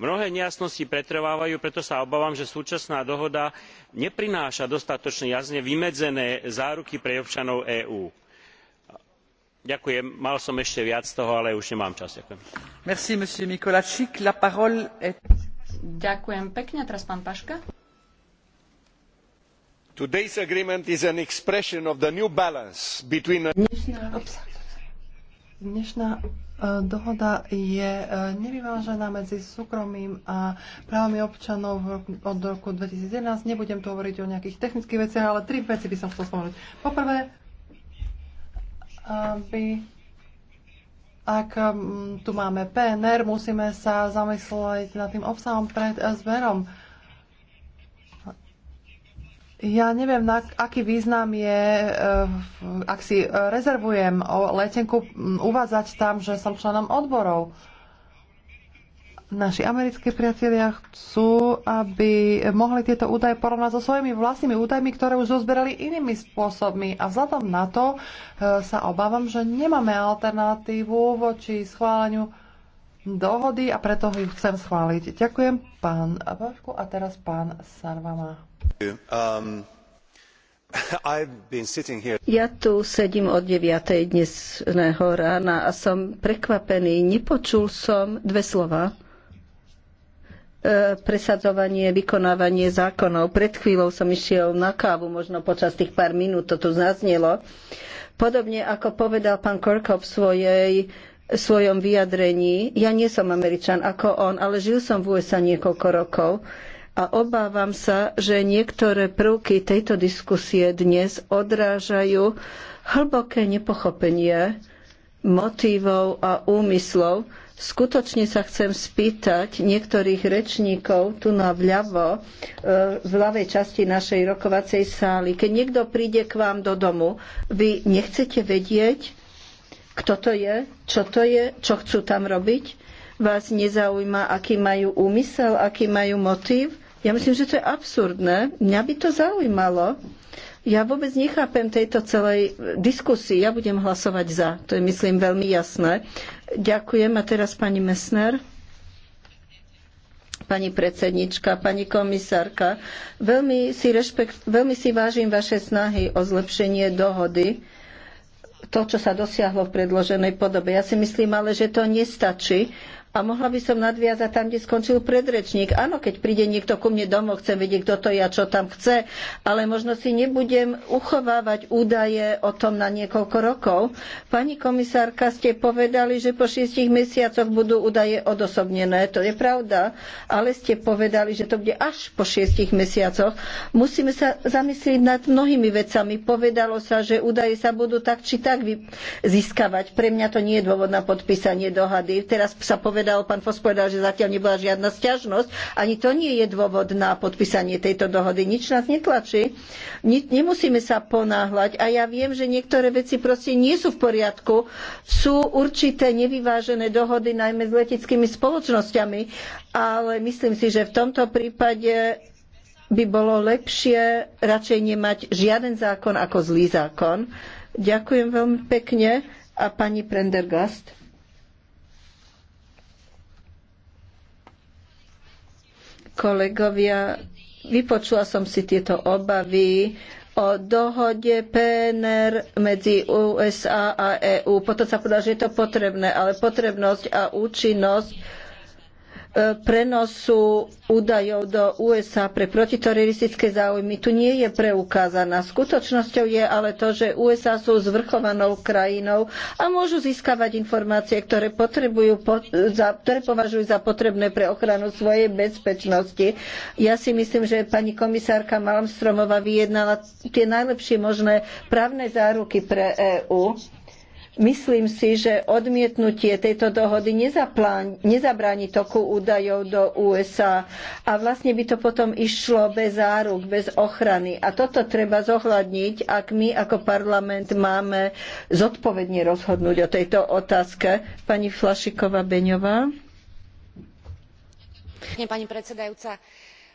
mnohé nejasnosti pretrvávajú preto sa obávam že súčasná dohoda neprináša dostatočne jasne vymedzené záruky pre občanov eú. ďakujem mal som ešte viac toho ale už nemám čas. dnešná E, dohoda je e, nevyvážená medzi súkromím a právami občanov od roku 2011. Nebudem tu hovoriť o nejakých technických veciach, ale tri veci by som chcel spomenúť. Poprvé, aby ak tu máme PNR, musíme sa zamyslieť nad tým obsahom pred e, zberom ja neviem, na aký význam je, eh, ak si eh, rezervujem o letenku, uvádzať tam, že som členom odborov. Naši americkí priatelia chcú, aby mohli tieto údaje porovnať so svojimi vlastnými údajmi, ktoré už zozberali inými spôsobmi. A vzhľadom na to eh, sa obávam, že nemáme alternatívu voči schváleniu dohody a preto ju chcem schváliť. Ďakujem pán Bavku a teraz pán Sarvama. Um, ja tu sedím od 9. dnesného rána a som prekvapený. Nepočul som dve slova. E, presadzovanie, vykonávanie zákonov. Pred chvíľou som išiel na kávu, možno počas tých pár minút to tu zaznelo. Podobne ako povedal pán Korkov v svojej v svojom vyjadrení. Ja nie som Američan ako on, ale žil som v USA niekoľko rokov a obávam sa, že niektoré prvky tejto diskusie dnes odrážajú hlboké nepochopenie motívov a úmyslov. Skutočne sa chcem spýtať niektorých rečníkov tu na vľavo, e, v ľavej časti našej rokovacej sály. Keď niekto príde k vám do domu, vy nechcete vedieť, kto to je, čo to je, čo chcú tam robiť? Vás nezaujíma, aký majú úmysel, aký majú motív? Ja myslím, že to je absurdné. Mňa by to zaujímalo. Ja vôbec nechápem tejto celej diskusii. Ja budem hlasovať za. To je, myslím, veľmi jasné. Ďakujem. A teraz pani Mesner pani predsednička, pani komisárka. Veľmi si, rešpekt, veľmi si vážim vaše snahy o zlepšenie dohody, to, čo sa dosiahlo v predloženej podobe. Ja si myslím ale, že to nestačí a mohla by som nadviazať tam, kde skončil predrečník. Áno, keď príde niekto ku mne domov, chcem vedieť, kto to je a čo tam chce, ale možno si nebudem uchovávať údaje o tom na niekoľko rokov. Pani komisárka, ste povedali, že po šiestich mesiacoch budú údaje odosobnené. To je pravda, ale ste povedali, že to bude až po šiestich mesiacoch. Musíme sa zamyslieť nad mnohými vecami. Povedalo sa, že údaje sa budú tak či tak získavať. Pre mňa to nie je dôvod na podpísanie dohady. Teraz sa povedalo, povedal, pán Fos povedal, že zatiaľ nebola žiadna sťažnosť. Ani to nie je dôvod na podpísanie tejto dohody. Nič nás netlačí. Nemusíme sa ponáhľať. A ja viem, že niektoré veci proste nie sú v poriadku. Sú určité nevyvážené dohody, najmä s leteckými spoločnosťami. Ale myslím si, že v tomto prípade by bolo lepšie radšej nemať žiaden zákon ako zlý zákon. Ďakujem veľmi pekne a pani Prendergast. Kolegovia, vypočula som si tieto obavy o dohode PNR medzi USA a EÚ. Potom sa povedal, že je to potrebné, ale potrebnosť a účinnosť E, prenosu údajov do USA pre protiteroristické záujmy tu nie je preukázaná. Skutočnosťou je ale to, že USA sú zvrchovanou krajinou a môžu získavať informácie, ktoré, potrebujú, ktoré považujú za potrebné pre ochranu svojej bezpečnosti. Ja si myslím, že pani komisárka Malmstromová vyjednala tie najlepšie možné právne záruky pre EÚ Myslím si, že odmietnutie tejto dohody nezabráni toku údajov do USA a vlastne by to potom išlo bez záruk, bez ochrany. A toto treba zohľadniť, ak my ako parlament máme zodpovedne rozhodnúť o tejto otázke. Pani Flašiková Beňová. Pani predsedajúca,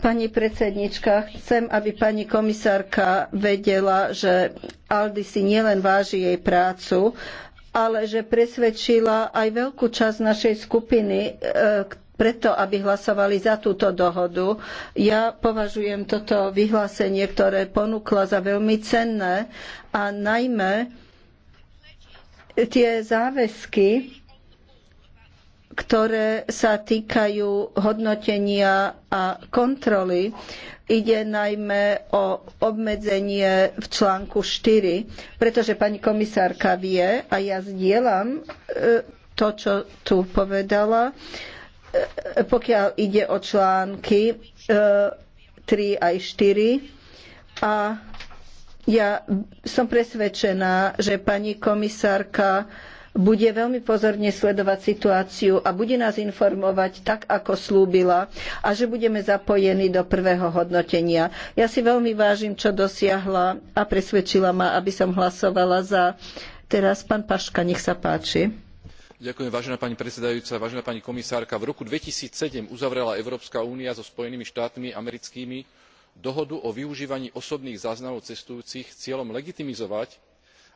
Pani predsednička, chcem, aby pani komisárka vedela, že Aldi si nielen váži jej prácu, ale že presvedčila aj veľkú časť našej skupiny e, preto, aby hlasovali za túto dohodu. Ja považujem toto vyhlásenie, ktoré ponúkla za veľmi cenné a najmä tie záväzky, ktoré sa týkajú hodnotenia a kontroly. Ide najmä o obmedzenie v článku 4, pretože pani komisárka vie a ja zdieľam e, to, čo tu povedala, e, pokiaľ ide o články 3 e, aj 4 a ja som presvedčená, že pani komisárka bude veľmi pozorne sledovať situáciu a bude nás informovať tak, ako slúbila a že budeme zapojení do prvého hodnotenia. Ja si veľmi vážim, čo dosiahla a presvedčila ma, aby som hlasovala za. Teraz pán Paška, nech sa páči. Ďakujem, vážená pani predsedajúca, vážená pani komisárka. V roku 2007 uzavrela Európska únia so Spojenými štátmi americkými dohodu o využívaní osobných záznamov cestujúcich s cieľom legitimizovať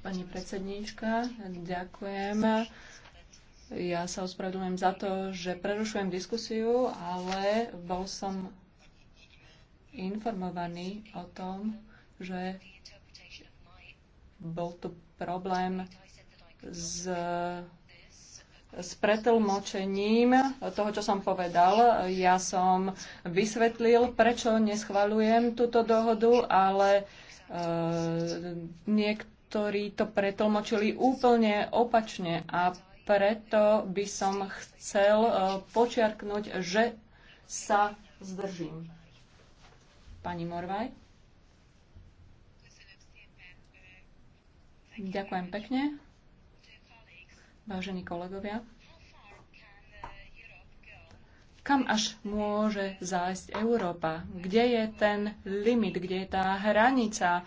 Pani predsedníčka, ďakujem. Ja sa ospravedlňujem za to, že prerušujem diskusiu, ale bol som informovaný o tom, že bol tu problém s s pretlmočením toho, čo som povedal. Ja som vysvetlil, prečo neschvaľujem túto dohodu, ale e, niektorí to pretlmočili úplne opačne a preto by som chcel e, počiarknúť, že sa zdržím. Pani Morvaj. Ďakujem pekne vážení kolegovia, kam až môže zájsť Európa? Kde je ten limit, kde je tá hranica,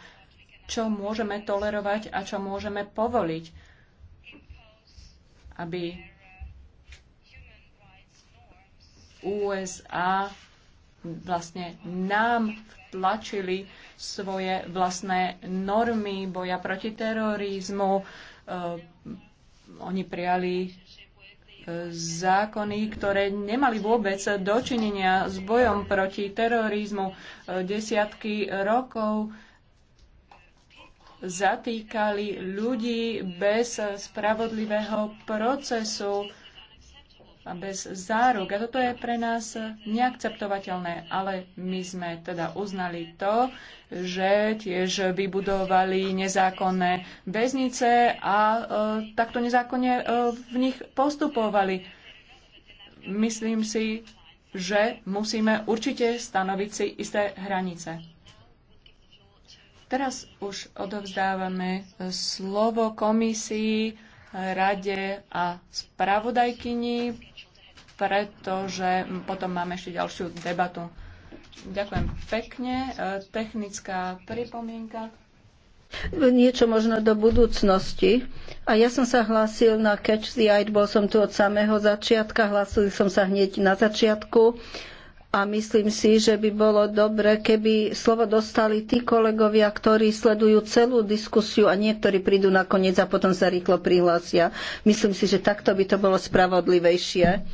čo môžeme tolerovať a čo môžeme povoliť, aby USA vlastne nám vtlačili svoje vlastné normy boja proti terorizmu, oni prijali e, zákony, ktoré nemali vôbec dočinenia s bojom proti terorizmu. E, desiatky rokov zatýkali ľudí bez spravodlivého procesu bez záruk. A toto je pre nás neakceptovateľné, ale my sme teda uznali to, že tiež vybudovali nezákonné väznice a e, takto nezákonne e, v nich postupovali. Myslím si, že musíme určite stanoviť si isté hranice. Teraz už odovzdávame slovo komisii, rade a spravodajkyni pretože potom máme ešte ďalšiu debatu. Ďakujem pekne. E, technická pripomienka. Niečo možno do budúcnosti. A ja som sa hlásil na Catch the Eye, bol som tu od samého začiatka, hlásil som sa hneď na začiatku a myslím si, že by bolo dobre, keby slovo dostali tí kolegovia, ktorí sledujú celú diskusiu a niektorí prídu nakoniec a potom sa rýchlo prihlásia. Myslím si, že takto by to bolo spravodlivejšie.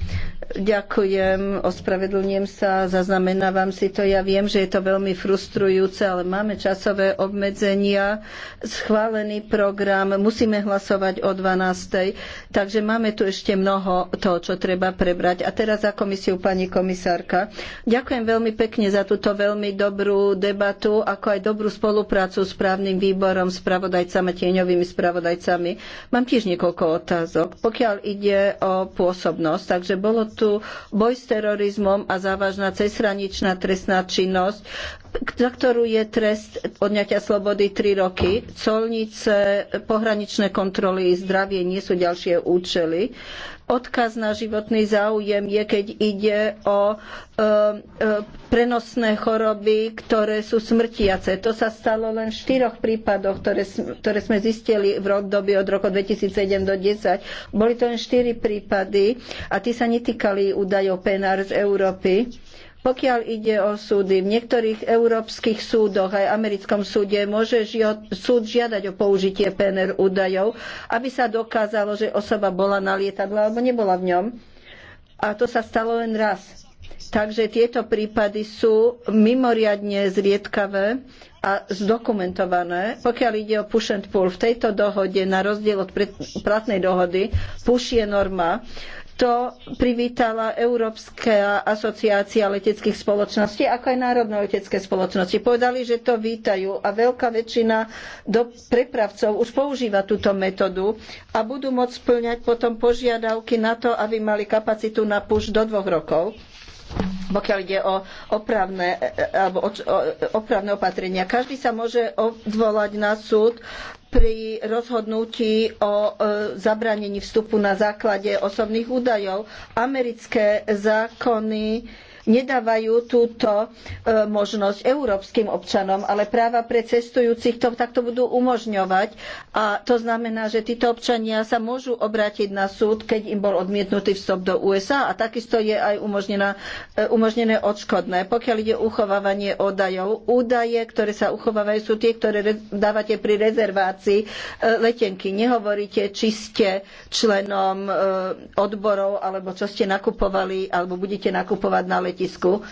Ďakujem, ospravedlňujem sa, zaznamenávam si to. Ja viem, že je to veľmi frustrujúce, ale máme časové obmedzenia, schválený program, musíme hlasovať o 12. Takže máme tu ešte mnoho toho, čo treba prebrať. A teraz za komisiu pani komisárka. Ďakujem veľmi pekne za túto veľmi dobrú debatu, ako aj dobrú spoluprácu s právnym výborom, spravodajcami, tieňovými spravodajcami. Mám tiež niekoľko otázok. Pokiaľ ide o pôsobnosť, takže bolo tu boj s terorizmom a závažná cezhraničná trestná činnosť, za ktorú je trest odňatia slobody 3 roky. Colnice, pohraničné kontroly, zdravie nie sú ďalšie účely. Odkaz na životný záujem je, keď ide o e, e, prenosné choroby, ktoré sú smrtiace. To sa stalo len v štyroch prípadoch, ktoré, ktoré sme zistili v období od roku 2007 do 2010. Boli to len štyri prípady a tí sa netýkali údajov PNR z Európy pokiaľ ide o súdy, v niektorých európskych súdoch aj americkom súde môže súd žiadať o použitie PNR údajov, aby sa dokázalo, že osoba bola na lietadle alebo nebola v ňom. A to sa stalo len raz. Takže tieto prípady sú mimoriadne zriedkavé a zdokumentované. Pokiaľ ide o push and pull, v tejto dohode, na rozdiel od platnej dohody, push je norma to privítala Európska asociácia leteckých spoločností, ako aj Národné letecké spoločnosti. Povedali, že to vítajú a veľká väčšina do prepravcov už používa túto metódu a budú môcť splňať potom požiadavky na to, aby mali kapacitu na push do dvoch rokov pokiaľ ide o opravné, alebo o, o, opravné opatrenia. Každý sa môže odvolať na súd pri rozhodnutí o e, zabranení vstupu na základe osobných údajov. Americké zákony nedávajú túto e, možnosť európskym občanom, ale práva pre cestujúcich to takto budú umožňovať. A to znamená, že títo občania sa môžu obrátiť na súd, keď im bol odmietnutý vstup do USA a takisto je aj umožnená, e, umožnené odškodné. Pokiaľ ide uchovávanie údajov, údaje, ktoré sa uchovávajú, sú tie, ktoré dávate pri rezervácii e, letenky. Nehovoríte, či ste členom odborov alebo čo ste nakupovali alebo budete nakupovať na letenky letisku.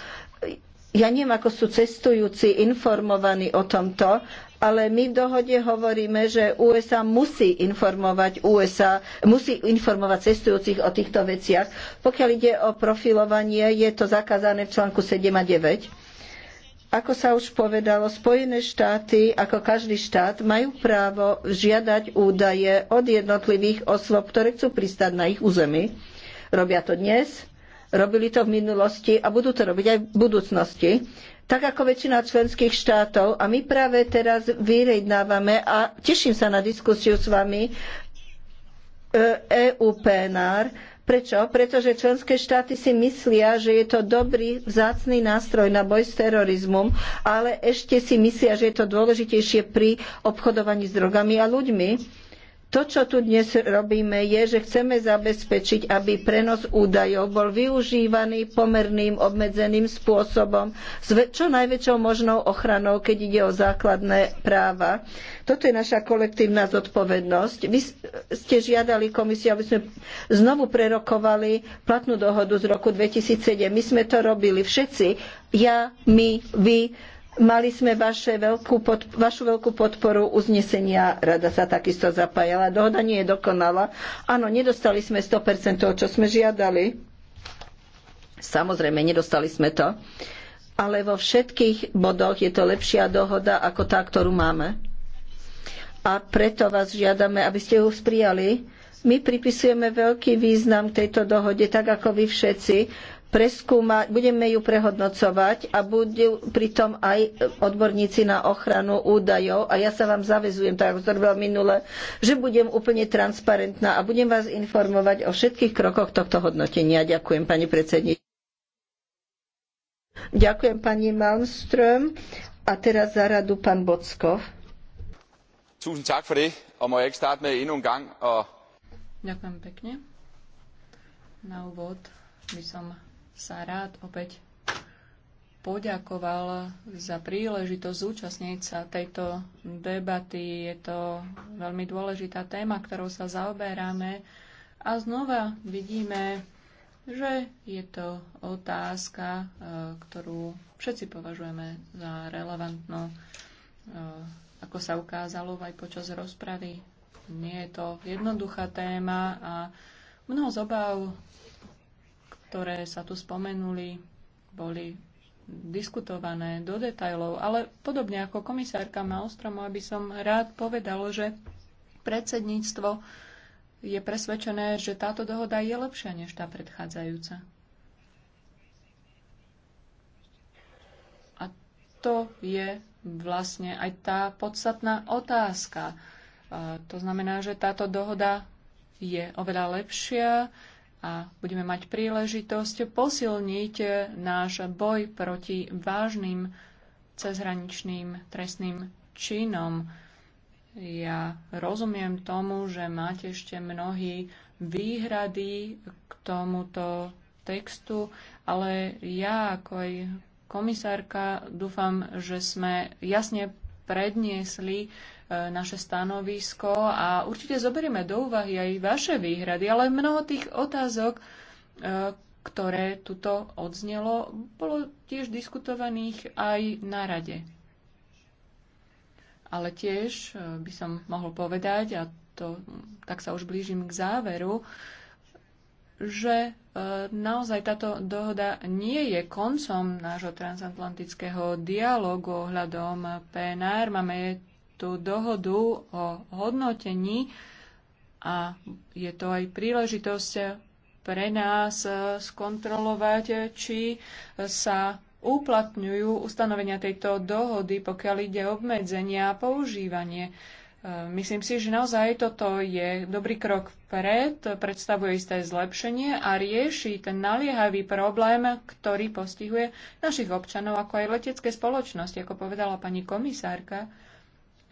Ja neviem, ako sú cestujúci informovaní o tomto, ale my v dohode hovoríme, že USA musí informovať USA, musí informovať cestujúcich o týchto veciach. Pokiaľ ide o profilovanie, je to zakázané v článku 7 a 9. Ako sa už povedalo, Spojené štáty, ako každý štát, majú právo žiadať údaje od jednotlivých osôb, ktoré chcú pristať na ich území. Robia to dnes, Robili to v minulosti a budú to robiť aj v budúcnosti tak ako väčšina členských štátov. A my práve teraz vyjednávame a teším sa na diskusiu s vami EU e PNR. Prečo? Pretože členské štáty si myslia, že je to dobrý, vzácný nástroj na boj s terorizmom, ale ešte si myslia, že je to dôležitejšie pri obchodovaní s drogami a ľuďmi. To, čo tu dnes robíme, je, že chceme zabezpečiť, aby prenos údajov bol využívaný pomerným, obmedzeným spôsobom s čo najväčšou možnou ochranou, keď ide o základné práva. Toto je naša kolektívna zodpovednosť. Vy ste žiadali komisiu, aby sme znovu prerokovali platnú dohodu z roku 2007. My sme to robili všetci. Ja, my, vy, Mali sme vaše veľkú pod, vašu veľkú podporu uznesenia, rada sa takisto zapájala, dohoda nie je dokonala. Áno, nedostali sme 100% toho, čo sme žiadali. Samozrejme, nedostali sme to. Ale vo všetkých bodoch je to lepšia dohoda ako tá, ktorú máme. A preto vás žiadame, aby ste ju sprijali. My pripisujeme veľký význam tejto dohode, tak ako vy všetci preskúmať, budeme ju prehodnocovať a budú pritom aj odborníci na ochranu údajov a ja sa vám zavezujem, tak ako to robila minule, že budem úplne transparentná a budem vás informovať o všetkých krokoch tohto hodnotenia. Ďakujem, pani predsedníčka. Ďakujem, pani Malmström. A teraz za radu pán Bockov. Tusind tak for det, og må jeg ikke starte med endnu en gang. Og... Ďakujem pekne. Na úvod by som sa rád opäť poďakoval za príležitosť zúčastniť sa tejto debaty. Je to veľmi dôležitá téma, ktorou sa zaoberáme. A znova vidíme, že je to otázka, e, ktorú všetci považujeme za relevantnú. E, ako sa ukázalo aj počas rozpravy, nie je to jednoduchá téma a mnoho z obav ktoré sa tu spomenuli, boli diskutované do detajlov, ale podobne ako komisárka Malstromová aby som rád povedal, že predsedníctvo je presvedčené, že táto dohoda je lepšia než tá predchádzajúca. A to je vlastne aj tá podstatná otázka. To znamená, že táto dohoda je oveľa lepšia, a budeme mať príležitosť posilniť náš boj proti vážnym cezhraničným trestným činom. Ja rozumiem tomu, že máte ešte mnohí výhrady k tomuto textu, ale ja ako aj komisárka dúfam, že sme jasne predniesli E, naše stanovisko a určite zoberieme do úvahy aj vaše výhrady, ale mnoho tých otázok, e, ktoré tuto odznelo, bolo tiež diskutovaných aj na rade. Ale tiež e, by som mohol povedať, a to, tak sa už blížim k záveru, že naozaj táto dohoda nie je koncom nášho transatlantického dialogu ohľadom PNR. Máme tú dohodu o hodnotení a je to aj príležitosť pre nás eh, skontrolovať, eh, či eh, sa uplatňujú ustanovenia tejto dohody, pokiaľ ide obmedzenia a používanie. Myslím si, že naozaj toto je dobrý krok vpred, predstavuje isté zlepšenie a rieši ten naliehavý problém, ktorý postihuje našich občanov, ako aj letecké spoločnosti, ako povedala pani komisárka.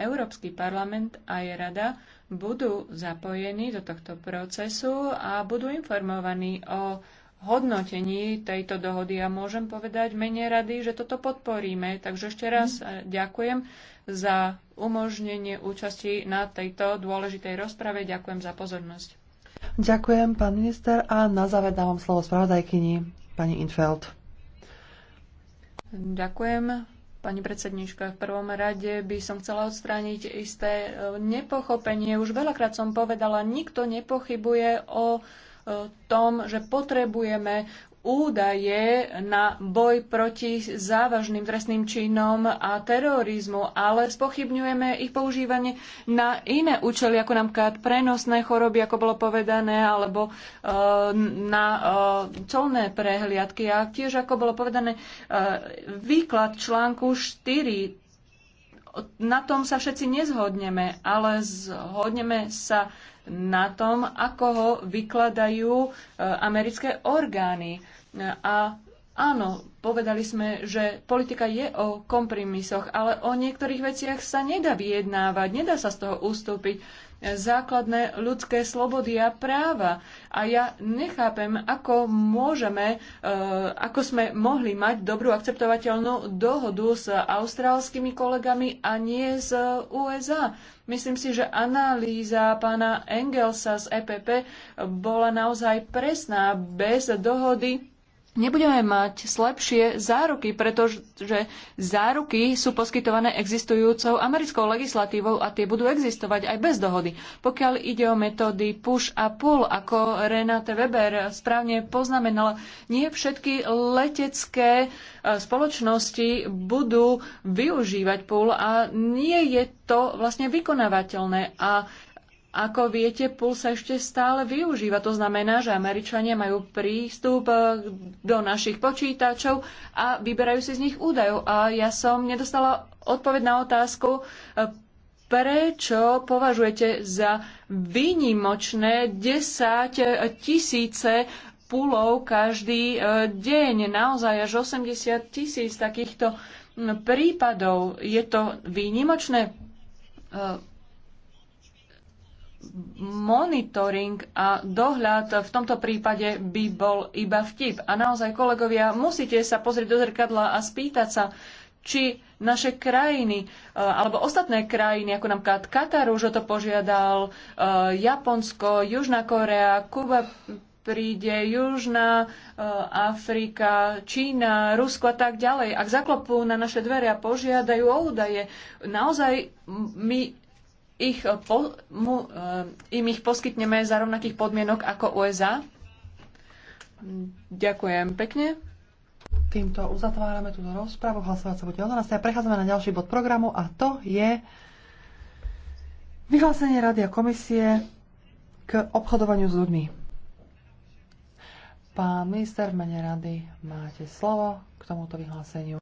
Európsky parlament a aj rada budú zapojení do tohto procesu a budú informovaní o hodnotení tejto dohody a môžem povedať menej rady, že toto podporíme. Takže ešte raz mhm. ďakujem za umožnenie účasti na tejto dôležitej rozprave. Ďakujem za pozornosť. Ďakujem, pán minister, a na záver dávam slovo spravodajkyni, pani Infeld. Ďakujem. Pani predsedníčka, v prvom rade by som chcela odstrániť isté e, nepochopenie. Už veľakrát som povedala, nikto nepochybuje o e, tom, že potrebujeme údaje na boj proti závažným trestným činom a terorizmu, ale spochybňujeme ich používanie na iné účely, ako napríklad prenosné choroby, ako bolo povedané, alebo e, na e, colné prehliadky. A tiež, ako bolo povedané, e, výklad článku 4 na tom sa všetci nezhodneme, ale zhodneme sa na tom, ako ho vykladajú e, americké orgány. E, a áno, povedali sme, že politika je o kompromisoch, ale o niektorých veciach sa nedá vyjednávať, nedá sa z toho ustúpiť e, základné ľudské slobody a práva. A ja nechápem, ako môžeme, ako sme mohli mať dobrú akceptovateľnú dohodu s austrálskymi kolegami a nie z USA. Myslím si, že analýza pána Engelsa z EPP bola naozaj presná. Bez dohody nebudeme mať slabšie záruky, pretože záruky sú poskytované existujúcou americkou legislatívou a tie budú existovať aj bez dohody. Pokiaľ ide o metódy push a pull, ako Renate Weber správne poznamenala, nie všetky letecké e, spoločnosti budú využívať pull a nie je to vlastne vykonávateľné. A ako viete, púl sa ešte stále využíva. To znamená, že Američania majú prístup e, do našich počítačov a vyberajú si z nich údajov. A ja som nedostala odpoveď na otázku, e, prečo považujete za výnimočné 10 tisíce pulov každý e, deň, naozaj až 80 tisíc takýchto prípadov. Je to výnimočné? monitoring a dohľad v tomto prípade by bol iba vtip. A naozaj, kolegovia, musíte sa pozrieť do zrkadla a spýtať sa, či naše krajiny e, alebo ostatné krajiny, ako napríklad Katar už o to požiadal, e, Japonsko, Južná Korea, Kuba príde, Južná e, Afrika, Čína, Rusko a tak ďalej. Ak zaklopú na naše dvere a požiadajú o údaje, naozaj my ich eh, po, mu, eh, im ich poskytneme za rovnakých podmienok ako USA. Ďakujem pekne. Týmto uzatvárame túto rozpravu. Hlasovať sa bude o 12. A prechádzame na ďalší bod programu a to je vyhlásenie Rady a komisie k obchodovaniu s ľuďmi. Pán minister, mene rady, máte slovo k tomuto vyhláseniu.